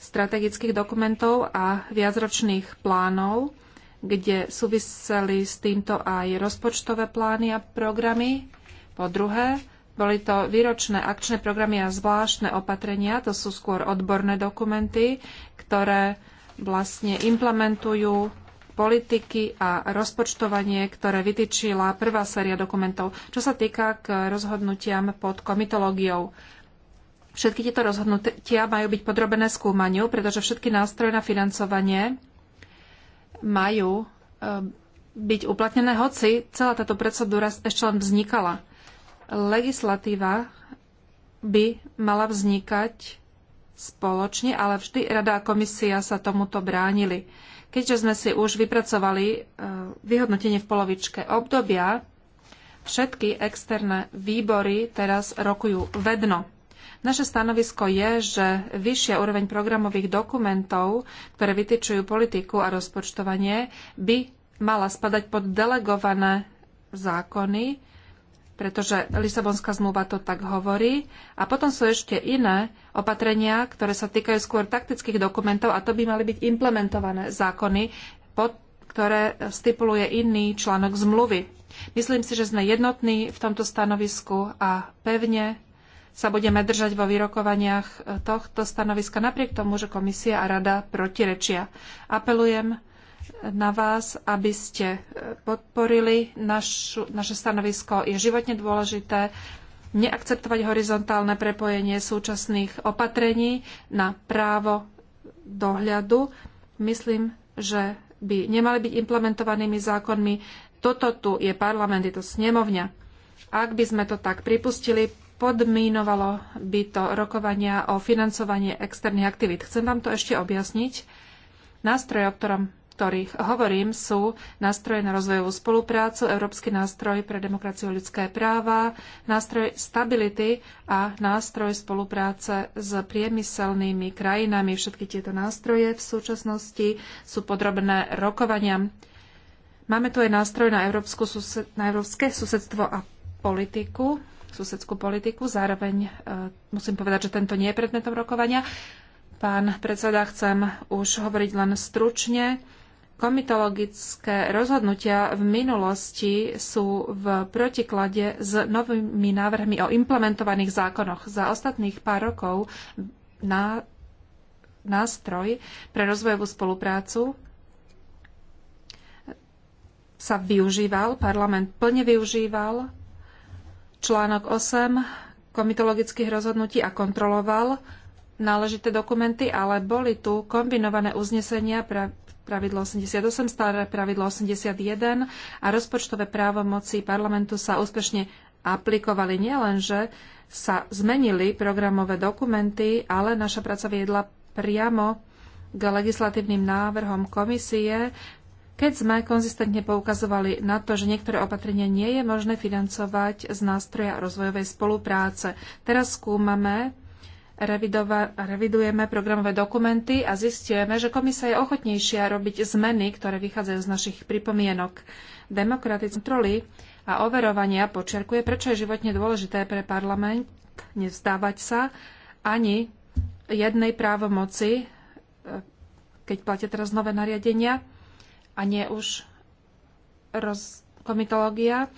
strategických dokumentov a viacročných plánov, kde súviseli s týmto aj rozpočtové plány a programy. Po druhé, boli to výročné akčné programy a zvláštne opatrenia, to sú skôr odborné dokumenty, ktoré vlastne implementujú politiky a rozpočtovanie, ktoré vytýčila prvá séria dokumentov, čo sa týka k rozhodnutiam pod komitológiou. Všetky tieto rozhodnutia majú byť podrobené skúmaniu, pretože všetky nástroje na financovanie majú eh, byť uplatnené, hoci celá táto procedúra ešte len vznikala. Legislatíva by mala vznikať spoločne, ale vždy Rada a komisia sa tomuto bránili. Keďže sme si už vypracovali e, vyhodnotenie v polovičke obdobia, všetky externé výbory teraz rokujú vedno. Naše stanovisko je, že vyššia úroveň programových dokumentov, ktoré vytýčujú politiku a rozpočtovanie, by mala spadať pod delegované zákony, pretože Lisabonská zmluva to tak hovorí. A potom sú ešte iné opatrenia, ktoré sa týkajú skôr taktických dokumentov a to by mali byť implementované zákony, pod, ktoré stipuluje iný článok zmluvy. Myslím si, že sme jednotní v tomto stanovisku a pevne sa budeme držať vo vyrokovaniach tohto stanoviska napriek tomu, že komisia a rada protirečia. Apelujem na vás, aby ste e, podporili našu, naše stanovisko. Je životne dôležité neakceptovať horizontálne prepojenie súčasných opatrení na právo dohľadu. Myslím, že by nemali byť implementovanými zákonmi. Toto tu je parlament, je to snemovňa. Ak by sme to tak pripustili, podmínovalo by to rokovania o financovanie externých aktivít. Chcem vám to ešte objasniť. Nástroj, o ktorom ktorých hovorím, sú nástroje na rozvojovú spoluprácu, Európsky nástroj pre demokraciu a ľudské práva, nástroj stability a nástroj spolupráce s priemyselnými krajinami. Všetky tieto nástroje v súčasnosti sú podrobné rokovaniam. Máme tu aj nástroj na, sused, na európske susedstvo a politiku, susedskú politiku. Zároveň e, musím povedať, že tento nie je predmetom rokovania. Pán predseda, chcem už hovoriť len stručne komitologické rozhodnutia v minulosti sú v protiklade s novými návrhmi o implementovaných zákonoch. Za ostatných pár rokov na nástroj pre rozvojovú spoluprácu sa využíval, parlament plne využíval článok 8 komitologických rozhodnutí a kontroloval náležité dokumenty, ale boli tu kombinované uznesenia pre pravidlo 88, staré pravidlo 81 a rozpočtové právomoci parlamentu sa úspešne aplikovali nielenže sa zmenili programové dokumenty, ale naša práca viedla priamo k legislatívnym návrhom komisie, keď sme konzistentne poukazovali na to, že niektoré opatrenia nie je možné financovať z nástroja rozvojovej spolupráce. Teraz skúmame revidujeme programové dokumenty a zistujeme, že komisia je ochotnejšia robiť zmeny, ktoré vychádzajú z našich pripomienok. Demokratické kontroly a overovania počiarkuje, prečo je životne dôležité pre parlament nevzdávať sa ani jednej právomoci, e, keď platia teraz nové nariadenia a nie už roz, komitológia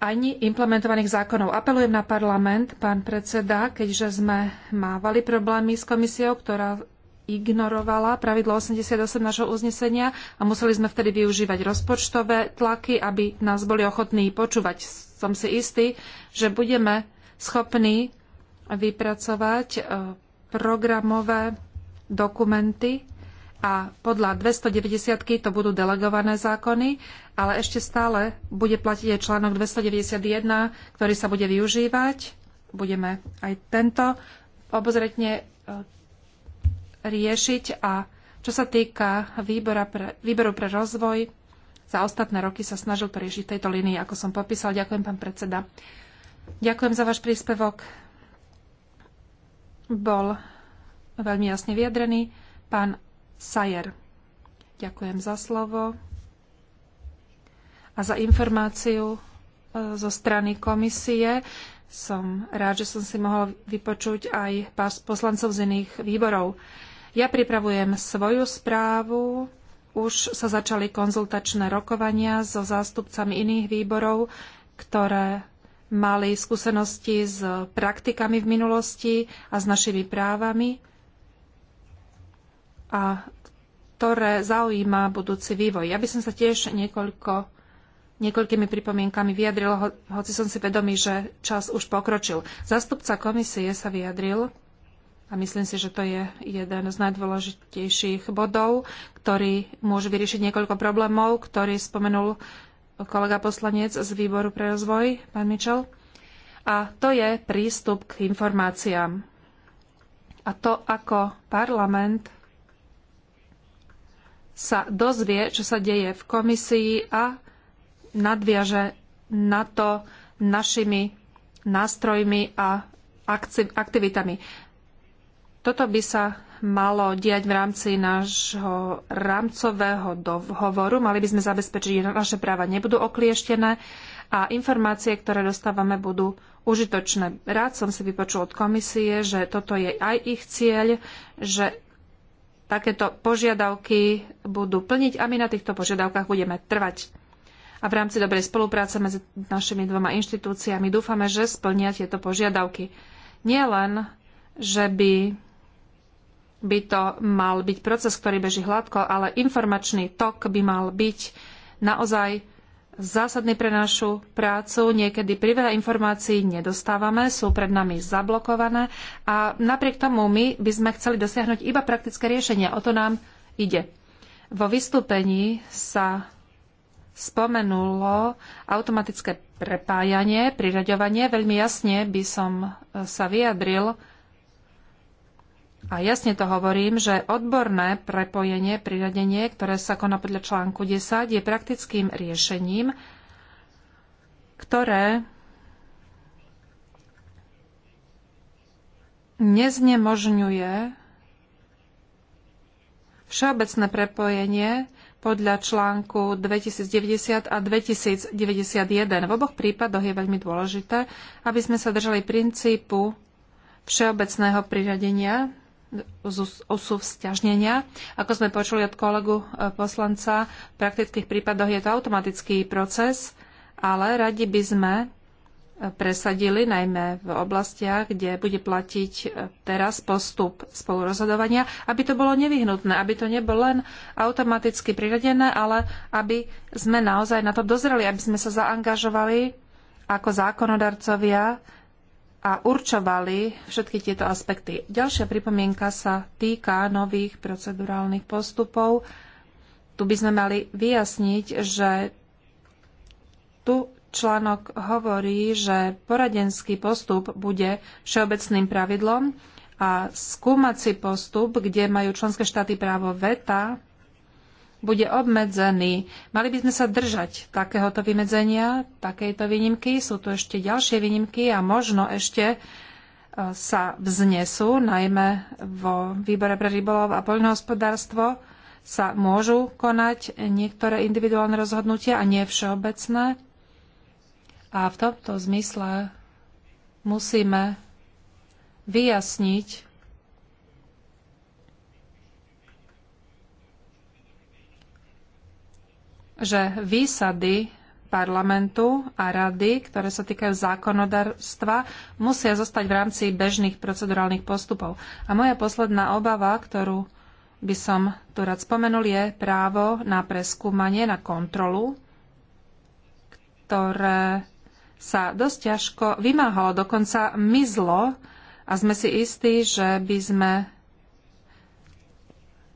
ani implementovaných zákonov. Apelujem na parlament, pán predseda, keďže sme mávali problémy s komisiou, ktorá ignorovala pravidlo 88 našho uznesenia a museli sme vtedy využívať rozpočtové tlaky, aby nás boli ochotní počúvať. Som si istý, že budeme schopní vypracovať eh, programové dokumenty a podľa 290 to budú delegované zákony, ale ešte stále bude platiť aj článok 291, ktorý sa bude využívať. Budeme aj tento obozretne e, riešiť a čo sa týka výbora pre, výberu pre rozvoj, za ostatné roky sa snažil to riešiť tejto línii, ako som popísal. Ďakujem, pán predseda. Ďakujem za váš príspevok. Bol veľmi jasne vyjadrený. Pán Sajer. Ďakujem za slovo a za informáciu e, zo strany komisie. Som rád, že som si mohol vypočuť aj pár poslancov z iných výborov. Ja pripravujem svoju správu. Už sa začali konzultačné rokovania so zástupcami iných výborov, ktoré mali skúsenosti s praktikami v minulosti a s našimi právami a ktoré zaujíma budúci vývoj. Ja by som sa tiež niekoľko, niekoľkými pripomienkami vyjadril, hoci som si vedomý, že čas už pokročil. Zastupca komisie sa vyjadril a myslím si, že to je jeden z najdôležitejších bodov, ktorý môže vyriešiť niekoľko problémov, ktorý spomenul kolega poslanec z výboru pre rozvoj, pán Mičel. A to je prístup k informáciám. A to, ako parlament sa dozvie, čo sa deje v komisii a nadviaže na to našimi nástrojmi a aktivitami. Toto by sa malo diať v rámci nášho rámcového dohovoru. Mali by sme zabezpečiť, že naše práva nebudú oklieštené a informácie, ktoré dostávame, budú užitočné. Rád som si vypočul od komisie, že toto je aj ich cieľ, že takéto požiadavky budú plniť a my na týchto požiadavkách budeme trvať. A v rámci dobrej spolupráce medzi našimi dvoma inštitúciami dúfame, že splnia tieto požiadavky. Nie len, že by, by to mal byť proces, ktorý beží hladko, ale informačný tok by mal byť naozaj zásadný pre našu prácu. Niekedy priveľa informácií nedostávame, sú pred nami zablokované a napriek tomu my by sme chceli dosiahnuť iba praktické riešenie. O to nám ide. Vo vystúpení sa spomenulo automatické prepájanie, priraďovanie. Veľmi jasne by som sa vyjadril a jasne to hovorím, že odborné prepojenie, priradenie, ktoré sa koná podľa článku 10, je praktickým riešením, ktoré neznemožňuje všeobecné prepojenie podľa článku 2090 a 2091. V oboch prípadoch je veľmi dôležité, aby sme sa držali princípu všeobecného priradenia o súvzťažnenia. Ako sme počuli od kolegu e, poslanca, v praktických prípadoch je to automatický proces, ale radi by sme e, presadili, najmä v oblastiach, kde bude platiť e, teraz postup spolurozhodovania, aby to bolo nevyhnutné, aby to nebolo len automaticky priradené, ale aby sme naozaj na to dozreli, aby sme sa zaangažovali ako zákonodarcovia a určovali všetky tieto aspekty. Ďalšia pripomienka sa týka nových procedurálnych postupov. Tu by sme mali vyjasniť, že tu článok hovorí, že poradenský postup bude všeobecným pravidlom a skúmací postup, kde majú členské štáty právo veta, bude obmedzený. Mali by sme sa držať takéhoto vymedzenia, takejto výnimky. Sú tu ešte ďalšie výnimky a možno ešte e, sa vznesú, najmä vo výbore pre rybolov a poľnohospodárstvo sa môžu konať niektoré individuálne rozhodnutia a nie všeobecné. A v tomto zmysle musíme vyjasniť že výsady parlamentu a rady, ktoré sa týkajú zákonodarstva, musia zostať v rámci bežných procedurálnych postupov. A moja posledná obava, ktorú by som tu rád spomenul, je právo na preskúmanie, na kontrolu, ktoré sa dosť ťažko vymáhalo, dokonca mizlo a sme si istí, že by sme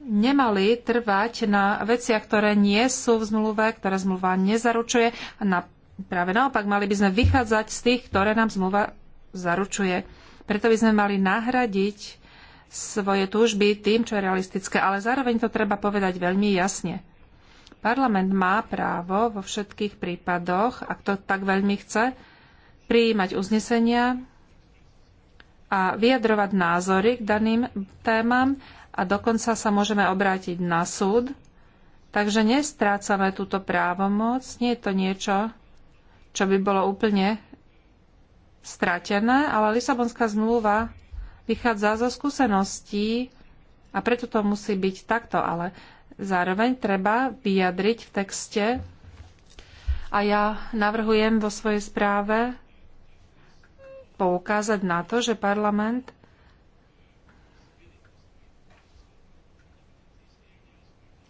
nemali trvať na veciach, ktoré nie sú v zmluve, ktoré zmluva nezaručuje. A na, práve naopak, mali by sme vychádzať z tých, ktoré nám zmluva zaručuje. Preto by sme mali nahradiť svoje túžby tým, čo je realistické, ale zároveň to treba povedať veľmi jasne. Parlament má právo vo všetkých prípadoch, ak to tak veľmi chce, prijímať uznesenia a vyjadrovať názory k daným témam a dokonca sa môžeme obrátiť na súd. Takže nestrácame túto právomoc, nie je to niečo, čo by bolo úplne stratené, ale Lisabonská zmluva vychádza zo skúseností a preto to musí byť takto, ale zároveň treba vyjadriť v texte a ja navrhujem vo svojej správe poukázať na to, že parlament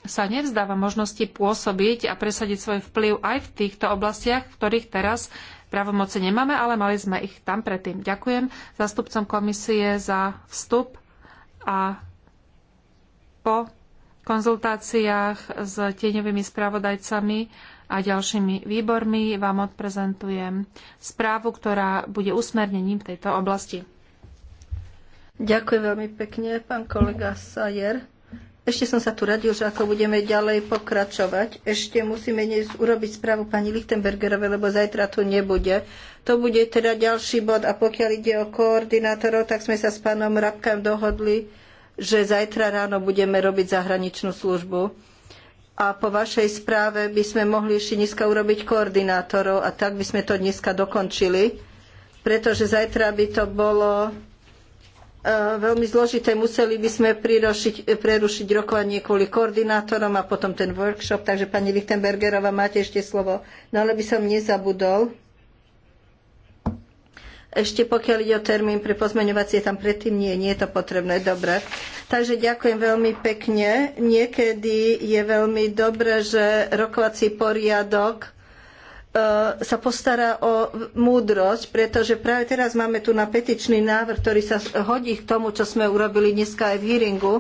sa nevzdáva možnosti pôsobiť a presadiť svoj vplyv aj v týchto oblastiach, v ktorých teraz pravomoci nemáme, ale mali sme ich tam predtým. Ďakujem zastupcom komisie za vstup a po konzultáciách s tieňovými spravodajcami a ďalšími výbormi vám odprezentujem správu, ktorá bude usmernením tejto oblasti. Ďakujem veľmi pekne, pán kolega Sajer. Ešte som sa tu radil, že ako budeme ďalej pokračovať, ešte musíme dnes urobiť správu pani Lichtenbergerovej, lebo zajtra tu nebude. To bude teda ďalší bod a pokiaľ ide o koordinátorov, tak sme sa s pánom Rabkám dohodli, že zajtra ráno budeme robiť zahraničnú službu. A po vašej správe by sme mohli ešte dneska urobiť koordinátorov a tak by sme to dneska dokončili, pretože zajtra by to bolo E, veľmi zložité. Museli by sme prerušiť rokovanie kvôli koordinátorom a potom ten workshop. Takže pani Lichtenbergerová, máte ešte slovo. No ale by som nezabudol. Ešte pokiaľ ide o termín pre pozmeňovacie, tam predtým nie, nie je to potrebné. Dobre. Takže ďakujem veľmi pekne. Niekedy je veľmi dobré, že rokovací poriadok E, sa postará o múdrosť, pretože práve teraz máme tu na petičný návrh, ktorý sa hodí k tomu, čo sme urobili dneska aj v hearingu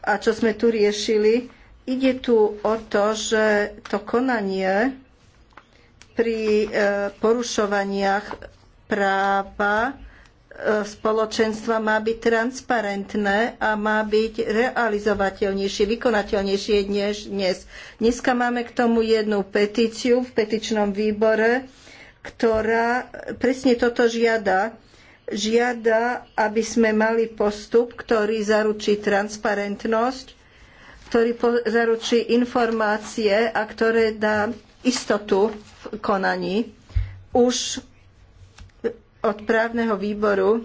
a čo sme tu riešili. Ide tu o to, že to konanie pri e, porušovaniach práva E, spoločenstva má byť transparentné a má byť realizovateľnejšie, vykonateľnejšie než dnes. Dneska máme k tomu jednu petíciu v petičnom výbore, ktorá presne toto žiada. Žiada, aby sme mali postup, ktorý zaručí transparentnosť, ktorý zaručí informácie a ktoré dá istotu v konaní. Už od právneho výboru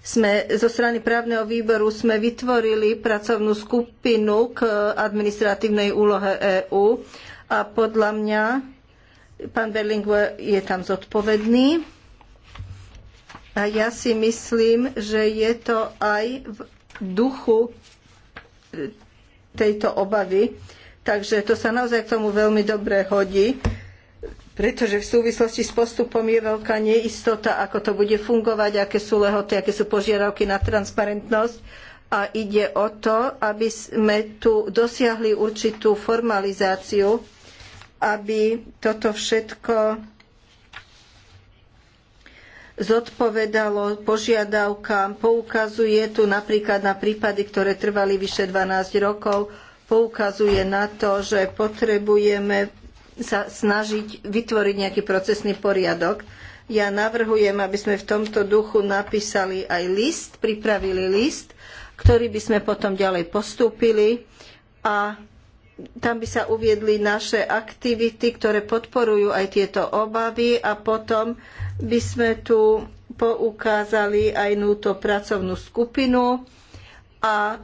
sme zo strany právneho výboru sme vytvorili pracovnú skupinu k administratívnej úlohe EÚ a podľa mňa pán Berling je tam zodpovedný. A ja si myslím, že je to aj v duchu tejto obavy. Takže to sa naozaj k tomu veľmi dobre hodí pretože v súvislosti s postupom je veľká neistota, ako to bude fungovať, aké sú lehoty, aké sú požiadavky na transparentnosť. A ide o to, aby sme tu dosiahli určitú formalizáciu, aby toto všetko zodpovedalo požiadavkám. Poukazuje tu napríklad na prípady, ktoré trvali vyše 12 rokov, poukazuje na to, že potrebujeme sa snažiť vytvoriť nejaký procesný poriadok. Ja navrhujem, aby sme v tomto duchu napísali aj list, pripravili list, ktorý by sme potom ďalej postúpili a tam by sa uviedli naše aktivity, ktoré podporujú aj tieto obavy a potom by sme tu poukázali aj núto pracovnú skupinu a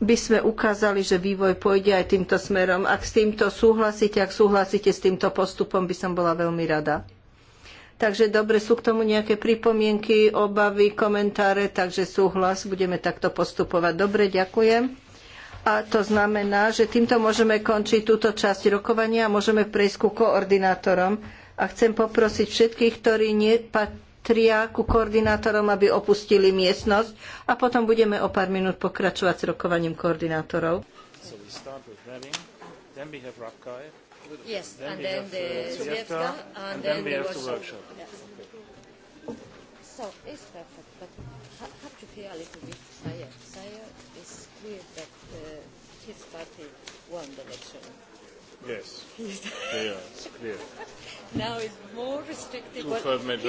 by sme ukázali, že vývoj pôjde aj týmto smerom. Ak s týmto súhlasíte, ak súhlasíte s týmto postupom, by som bola veľmi rada. Takže dobre, sú k tomu nejaké pripomienky, obavy, komentáre, takže súhlas, budeme takto postupovať. Dobre, ďakujem. A to znamená, že týmto môžeme končiť túto časť rokovania a môžeme prejsť ku koordinátorom. A chcem poprosiť všetkých, ktorí patria ku koordinátorom, aby opustili miestnosť a potom budeme o pár minút pokračovať s rokovaním koordinátorov. So we start with Redding, then we have Rapkai, yes, then and we then have the uh, Zviefka, and, and then we have the workshop. Yes. Okay. So it's perfect, but I have to hear a little bit Sayer. Sayer is clear that uh, his party won the election. Yes. yes, clear. Now it's more restrictive. Two-third majority.